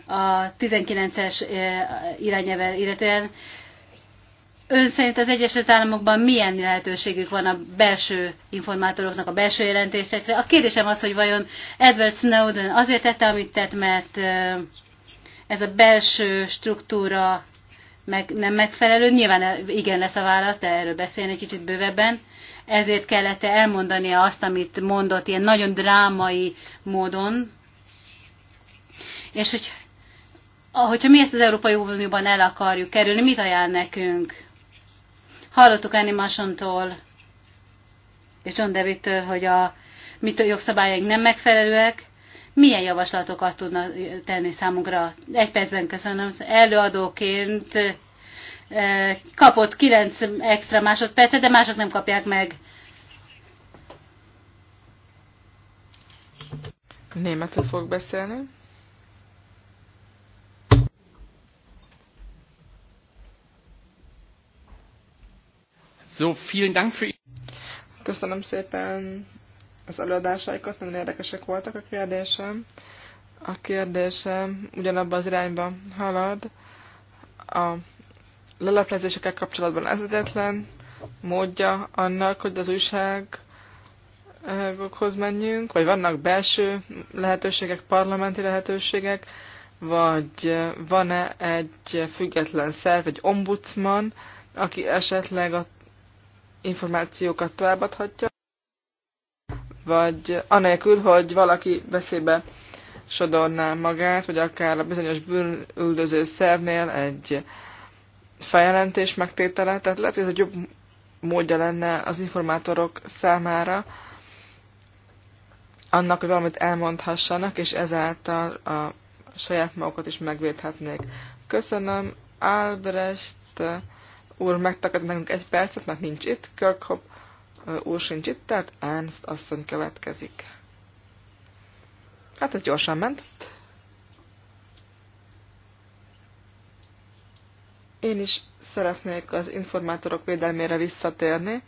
a 19-es eh, irányelvel illetően, Ön szerint az Egyesült Államokban milyen lehetőségük van a belső informátoroknak a belső jelentésekre? A kérdésem az, hogy vajon Edward Snowden azért tette, amit tett, mert ez a belső struktúra meg, nem megfelelő. Nyilván igen lesz a válasz, de erről beszélni egy kicsit bővebben. Ezért kellett -e elmondania azt, amit mondott, ilyen nagyon drámai módon. És hogy ahogyha mi ezt az Európai Unióban el akarjuk kerülni, mit ajánl nekünk? Hallottuk Annie Masontól és John Davidtől, hogy a mit a jogszabályaink nem megfelelőek, milyen javaslatokat tudna tenni számunkra. Egy percben köszönöm. Előadóként eh, kapott 9 extra másodpercet, de mások nem kapják meg. Németül fog beszélni. So, vielen Dank für Köszönöm szépen az előadásaikat, nagyon érdekesek voltak a kérdésem. A kérdésem ugyanabban az irányba halad. A leleplezésekkel kapcsolatban ez egyetlen módja annak, hogy az újságokhoz menjünk, vagy vannak belső lehetőségek, parlamenti lehetőségek, vagy van-e egy független szerv, egy ombudsman, aki esetleg a információkat továbbadhatja, vagy anélkül, hogy valaki veszélybe sodorná magát, vagy akár a bizonyos bűnüldöző szervnél egy feljelentés megtétele. Tehát lehet, hogy ez egy jobb módja lenne az informátorok számára annak, hogy valamit elmondhassanak, és ezáltal a saját magukat is megvédhetnék. Köszönöm, Albrecht úr megtakad nekünk egy percet, mert nincs itt, Kirkhop úr sincs itt, tehát Ernst asszony következik. Hát ez gyorsan ment. Én is szeretnék az informátorok védelmére visszatérni,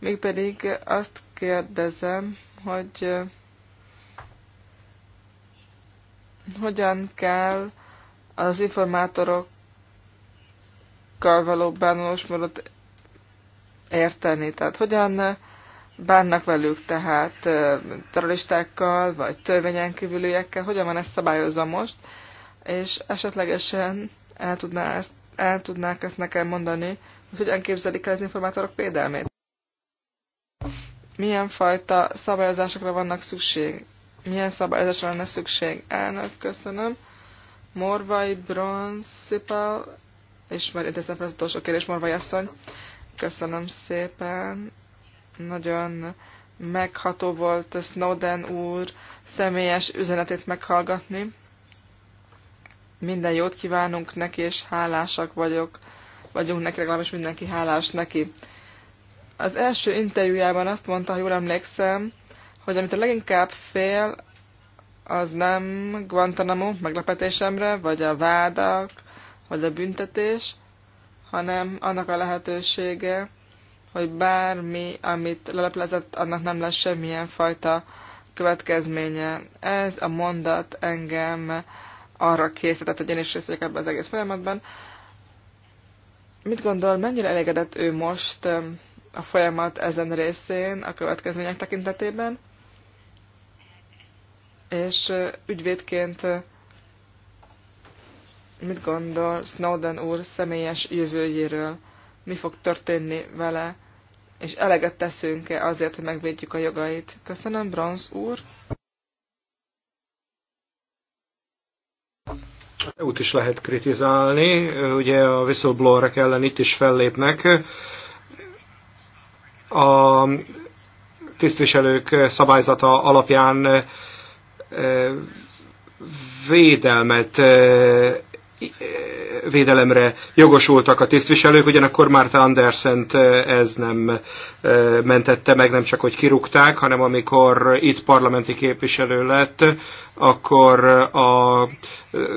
mégpedig azt kérdezem, hogy hogyan kell az informátorok másokkal való bánásmódot érteni. Tehát hogyan bánnak velük, tehát terroristákkal, vagy törvényen kívüliekkel, hogyan van ezt szabályozva most, és esetlegesen el, tudná ezt, el tudnák ezt nekem mondani, hogy hogyan képzelik el az informátorok védelmét. Milyen fajta szabályozásokra vannak szükség? Milyen szabályozásra lenne szükség? Elnök, köszönöm. Morvai, Bronzipal és már intéztem fel az utolsó kérdés, Morvai asszony. Köszönöm szépen. Nagyon megható volt Snowden úr személyes üzenetét meghallgatni. Minden jót kívánunk neki, és hálásak vagyok, vagyunk neki, legalábbis mindenki hálás neki. Az első interjújában azt mondta, ha jól emlékszem, hogy amit a leginkább fél, az nem Guantanamo meglepetésemre, vagy a vádak, vagy a büntetés, hanem annak a lehetősége, hogy bármi, amit leleplezett, annak nem lesz semmilyen fajta következménye. Ez a mondat engem arra készített, hogy én is részt vagyok ebben az egész folyamatban. Mit gondol, mennyire elégedett ő most a folyamat ezen részén, a következmények tekintetében? És ügyvédként Mit gondol Snowden úr személyes jövőjéről? Mi fog történni vele? És eleget teszünk-e azért, hogy megvédjük a jogait? Köszönöm, Bronz úr! eu is lehet kritizálni, ugye a whistleblowerek ellen itt is fellépnek. A tisztviselők szabályzata alapján eh, védelmet eh, védelemre jogosultak a tisztviselők, ugyanakkor Márta Andersent ez nem mentette meg, nem csak hogy kirúgták, hanem amikor itt parlamenti képviselő lett, akkor a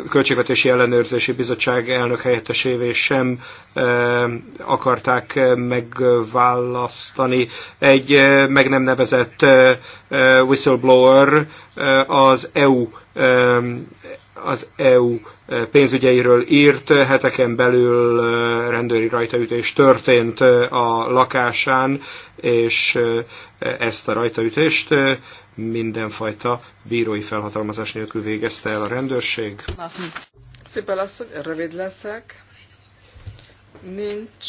Költségvetési Ellenőrzési Bizottság elnök helyettesévé sem akarták megválasztani. Egy meg nem nevezett whistleblower az EU az EU eh, pénzügyeiről írt, eh, heteken belül eh, rendőri rajtaütés történt a lakásán, és ezt a rajtaütést mindenfajta bírói felhatalmazás nélkül végezte el a rendőrség. Szépen hogy rövid leszek. Nincs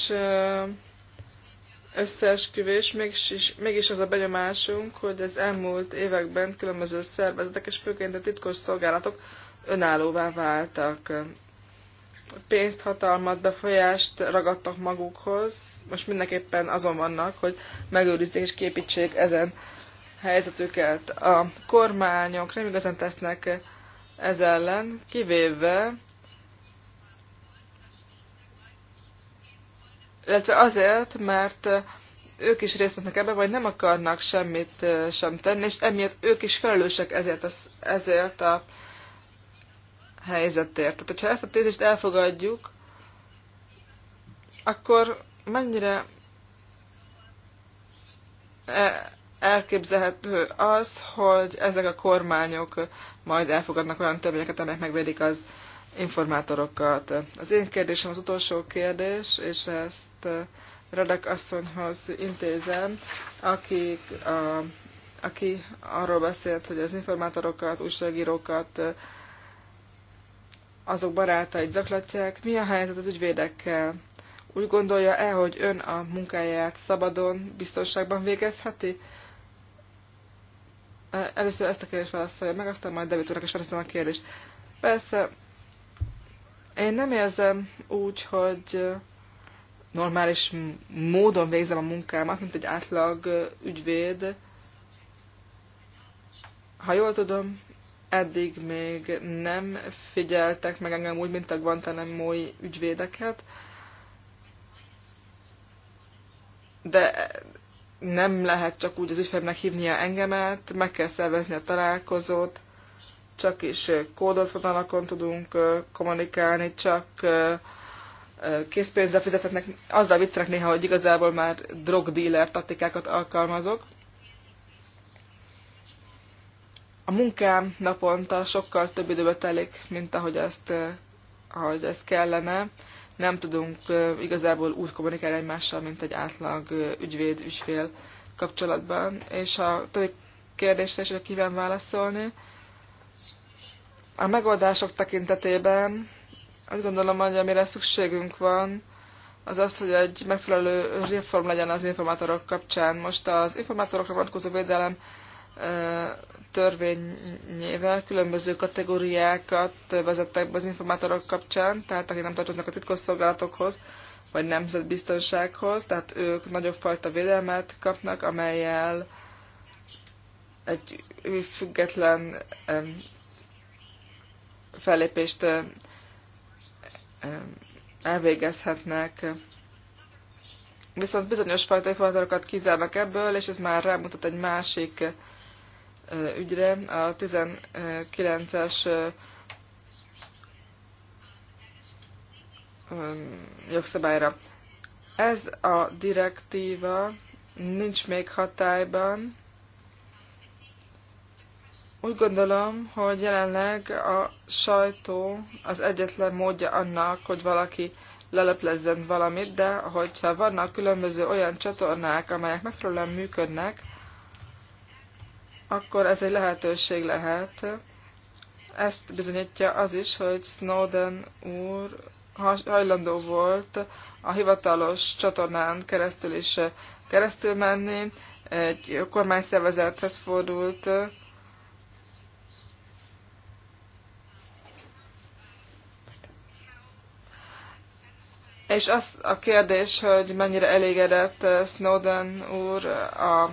összeesküvés, mégis, mégis az a benyomásunk, hogy az elmúlt években különböző szervezetek, és főként a titkos szolgálatok önállóvá váltak. Pénzt, hatalmat, befolyást ragadtak magukhoz, most mindenképpen azon vannak, hogy megőrizzék és képítsék ezen helyzetüket. A kormányok nem igazán tesznek ez ellen, kivéve, illetve azért, mert ők is részt vesznek ebbe, vagy nem akarnak semmit eh, sem tenni, és emiatt ők is felelősek ezért, ezért a, ezért a helyzetért. Tehát, hogyha ezt a tézist elfogadjuk, akkor mennyire e, elképzelhető az, hogy ezek a kormányok majd elfogadnak olyan törvényeket, amelyek megvédik az informátorokat. Az én kérdésem az utolsó kérdés, és ezt e, Radek asszonyhoz intézem, akik, a, aki arról beszélt, hogy az informátorokat, újságírókat e, azok barátait zaklatják. Mi a helyzet az ügyvédekkel? Úgy gondolja-e, hogy ön a munkáját szabadon, biztonságban végezheti? E, először ezt a kérdést válaszolja meg, aztán majd David úrnak is válaszolom a kérdést. Persze, én nem érzem úgy, hogy normális módon végzem a munkámat, mint egy átlag ügyvéd. Ha jól tudom, eddig még nem figyeltek meg engem úgy, mint a Guantanamo-i ügyvédeket, de nem lehet csak úgy az ügyfelemnek hívnia engemet, meg kell szervezni a találkozót, csak is kódolt vonalakon tudunk kommunikálni, csak készpénzzel fizetetnek. Azzal viccelek néha, hogy igazából már drogdealer taktikákat alkalmazok. a munkám naponta sokkal több időbe telik, mint ahogy ezt, eh, ahogy ezt kellene. Nem tudunk eh, igazából úgy kommunikálni egymással, mint egy átlag eh, ügyvéd-ügyfél kapcsolatban. És a többi kérdésre is kíván válaszolni. A megoldások tekintetében azt gondolom, hogy amire szükségünk van, az az, hogy egy megfelelő reform legyen az informátorok kapcsán. Most az informátorokra vonatkozó védelem törvényével különböző kategóriákat vezettek be az informátorok kapcsán, tehát akik nem tartoznak a titkosszolgálatokhoz, vagy nemzetbiztonsághoz, tehát ők nagyobb fajta védelmet kapnak, amelyel egy független fellépést elvégezhetnek. Viszont bizonyos fajta informátorokat kizárnak ebből, és ez már rámutat egy másik ügyre. A 19-es jogszabályra. Ez a direktíva nincs még hatályban. Úgy gondolom, hogy jelenleg a sajtó az egyetlen módja annak, hogy valaki leleplezzen valamit, de hogyha vannak különböző olyan csatornák, amelyek megfelelően működnek, akkor ez egy lehetőség lehet. Ezt bizonyítja az is, hogy Snowden úr hajlandó volt a hivatalos csatornán keresztül is keresztül menni, egy kormányszervezethez fordult, És az a kérdés, hogy mennyire elégedett Snowden úr a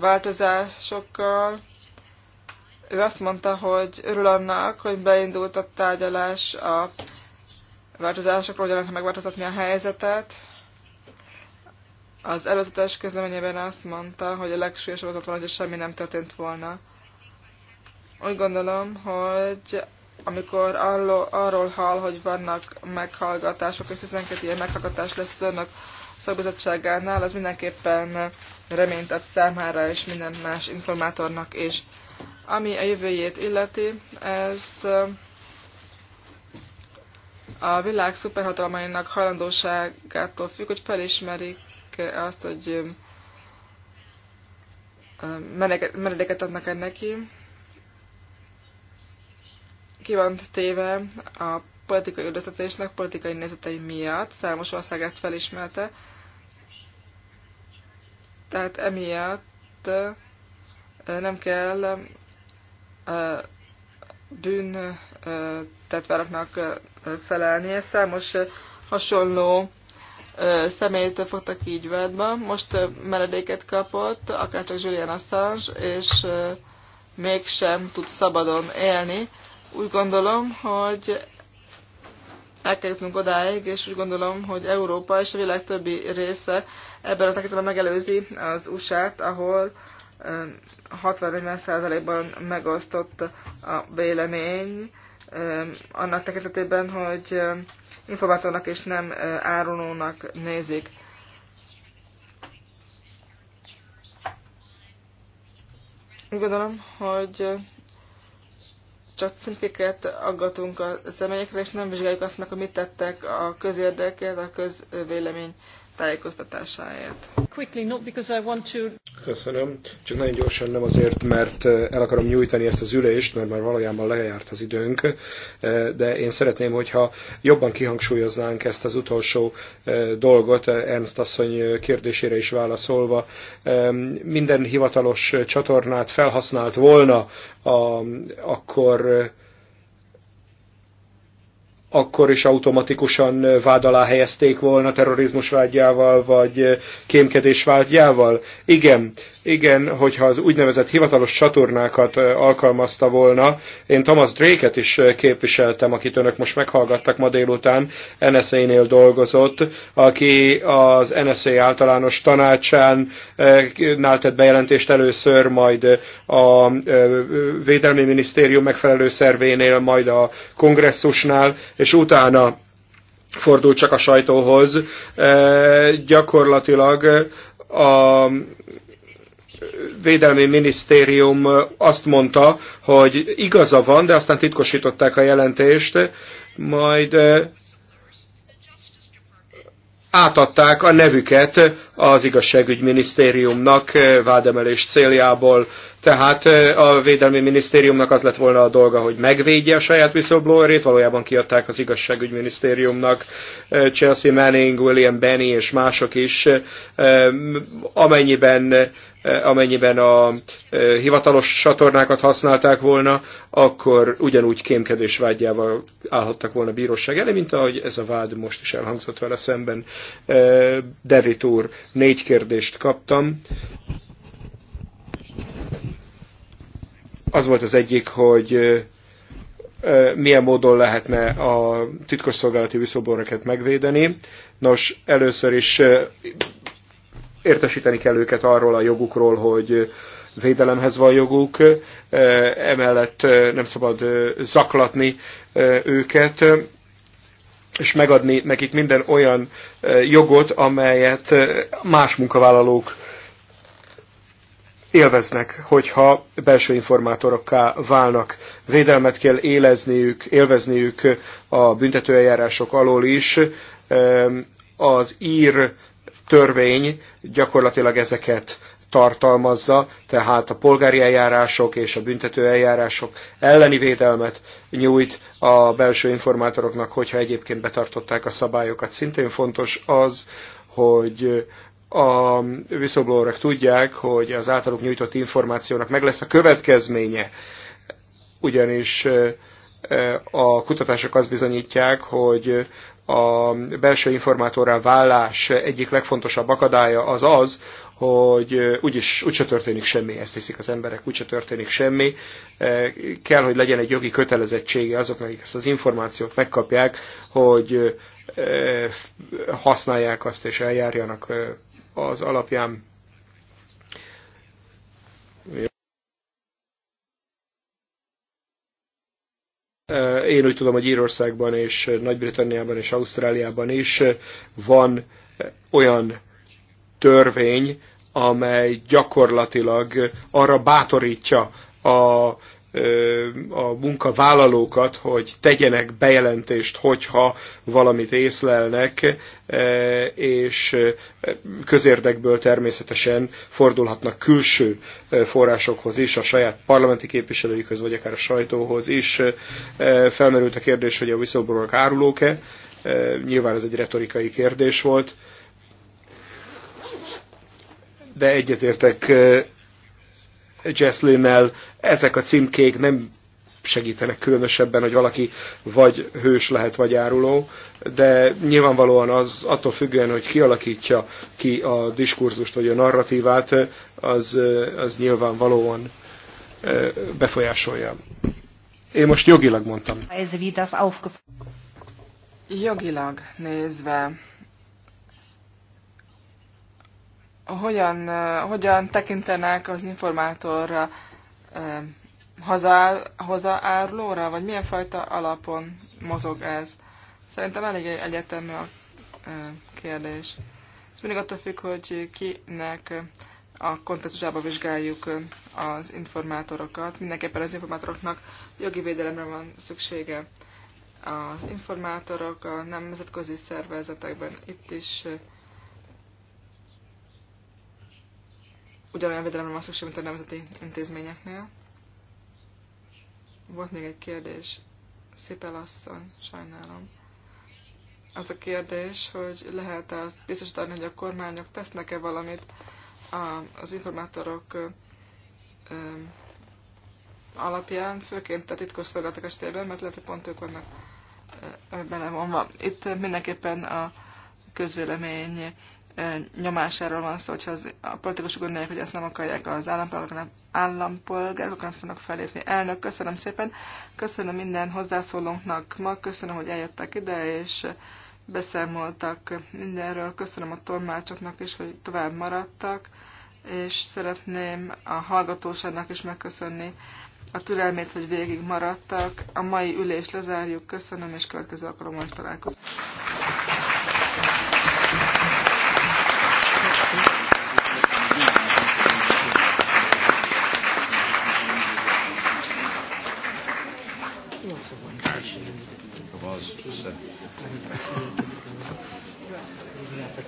változásokkal. Ő azt mondta, hogy örül annak, hogy beindult a tárgyalás a változásokról, hogy lehet megváltoztatni a helyzetet. Az előzetes közleményében azt mondta, hogy a legsúlyosabb az ott van, hogy semmi nem történt volna. Úgy gondolom, hogy amikor arról, arról hall, hogy vannak meghallgatások, és 12 ilyen meghallgatás lesz az önök szakbizottságánál, az mindenképpen reményt ad számára és minden más informátornak is. Ami a jövőjét illeti, ez a világ szuperhatalmainak hajlandóságától függ, hogy felismerik azt, hogy meredeket adnak -e neki. Ki van téve a politikai üldöztetésnek, politikai nézetei miatt. Számos ország ezt felismerte. Tehát emiatt nem kell bűn tetváraknak felelnie. Számos hasonló személyt fogtak így vádba. Most meredéket kapott, akárcsak Julian Assange, és mégsem tud szabadon élni. Úgy gondolom, hogy el kell jutnunk odáig, és úgy gondolom, hogy Európa és a világ többi része ebben a tekintetben megelőzi az USA-t, ahol 60-40%-ban megosztott a vélemény annak tekintetében, hogy informátornak és nem árulónak nézik. Úgy gondolom, hogy csak címkéket aggatunk a személyekre, és nem vizsgáljuk azt meg, hogy mit tettek a közérdeket, a közvélemény tájékoztatásáért. Quickly, not because I want to... Köszönöm. Csak nagyon gyorsan nem azért, mert eh, el akarom nyújtani ezt az ülést, mert már valójában lejárt az időnk, eh, de én szeretném, hogyha jobban kihangsúlyoznánk ezt az utolsó eh, dolgot, Ernst asszony kérdésére is válaszolva. Minden hivatalos csatornát felhasznált volna, a, akkor akkor is automatikusan vád alá helyezték volna terrorizmus vágyával, vagy kémkedés vágyával? Igen, igen, hogyha az úgynevezett hivatalos csatornákat alkalmazta volna. Én Thomas Drake-et is képviseltem, akit önök most meghallgattak ma délután, NSA-nél dolgozott, aki az NSA általános tanácsán nál tett bejelentést először, majd a Védelmi Minisztérium megfelelő szervénél, majd a kongresszusnál, és utána fordult csak a sajtóhoz, e, gyakorlatilag a Védelmi Minisztérium azt mondta, hogy igaza van, de aztán titkosították a jelentést, majd e, átadták a nevüket az igazságügyminisztériumnak eh, vádemelés céljából. Tehát eh, a Védelmi Minisztériumnak az lett volna a dolga, hogy megvédje a saját whistleblowerét, valójában kiadták az igazságügyminisztériumnak eh, Chelsea Manning, William Benny és mások is, amennyiben Eh, amennyiben a eh, hivatalos csatornákat használták volna, akkor ugyanúgy kémkedés vágyával állhattak volna a bíróság elé, mint ahogy ez a vád most is elhangzott vele szemben. Eh, David úr, négy kérdést kaptam. Az volt az egyik, hogy milyen módon lehetne a titkosszolgálati viszóborrokat megvédeni. Nos, először is értesíteni kell őket arról a jogukról, hogy védelemhez van joguk, e, emellett e, nem szabad e, zaklatni őket, és megadni nekik minden olyan jogot, amelyet más munkavállalók élveznek, hogyha belső informátorokká válnak. Védelmet kell élezniük, élvezniük a büntetőeljárások alól is. Az ír törvény gyakorlatilag ezeket tartalmazza, tehát a polgári eljárások és a büntető eljárások elleni védelmet nyújt a belső informátoroknak, hogyha egyébként betartották a szabályokat. Szintén fontos az, hogy a whistleblowerek tudják, hogy az általuk nyújtott információnak meg lesz a következménye, ugyanis a kutatások azt bizonyítják, hogy a belső informátorrá vállás egyik legfontosabb akadálya az az, hogy úgyis úgyse történik semmi, ezt hiszik az emberek, úgyse történik semmi. Kell, hogy legyen egy jogi kötelezettsége azoknak, akik ezt az információt megkapják, hogy használják azt és eljárjanak az alapján. Én úgy tudom, hogy Írországban és Nagy-Britanniában és Ausztráliában is van olyan törvény, amely gyakorlatilag arra bátorítja a a munkavállalókat, hogy tegyenek bejelentést, hogyha valamit észlelnek, és közérdekből természetesen fordulhatnak külső forrásokhoz is, a saját parlamenti képviselőikhöz, vagy akár a sajtóhoz is. Felmerült a kérdés, hogy a whistleblower árulók-e. Nyilván ez egy retorikai kérdés volt de egyetértek Jesslyn-nel, ezek a címkék nem segítenek különösebben, hogy valaki vagy hős lehet, vagy áruló, de nyilvánvalóan az attól függően, hogy kialakítja ki a diskurzust, vagy a narratívát, az, az nyilvánvalóan befolyásolja. Én most jogilag mondtam. Jogilag nézve hogyan, hogyan tekintenek az informátorra hazaáll, vagy milyen fajta alapon mozog ez? Szerintem elég egyetemű a kérdés. Ez mindig attól függ, hogy kinek a kontextusába vizsgáljuk az informátorokat. Mindenképpen az informátoroknak jogi védelemre van szüksége. Az informátorok a nemzetközi szervezetekben itt is ugyanolyan védelemre van szükség, mint a nemzeti intézményeknél. Volt még egy kérdés. Szipel asszony, sajnálom. Az a kérdés, hogy lehet-e azt biztosítani, hogy a kormányok tesznek-e valamit az informátorok alapján, főként a titkos szolgálatok esetében, mert lehet, hogy pont ők vannak bele van. Itt mindenképpen a közvélemény nyomásáról van szó, hogyha az, a politikusok gondolják, hogy ezt nem akarják az állampolgárok, nem, állampolgárok nem fognak felépni. Elnök, köszönöm szépen, köszönöm minden hozzászólónknak ma, köszönöm, hogy eljöttek ide, és beszámoltak mindenről, köszönöm a tolmácsoknak is, hogy tovább maradtak, és szeretném a hallgatóságnak is megköszönni a türelmét, hogy végig maradtak. A mai ülést lezárjuk, köszönöm, és következő alkalommal is találkozunk.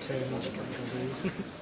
so much.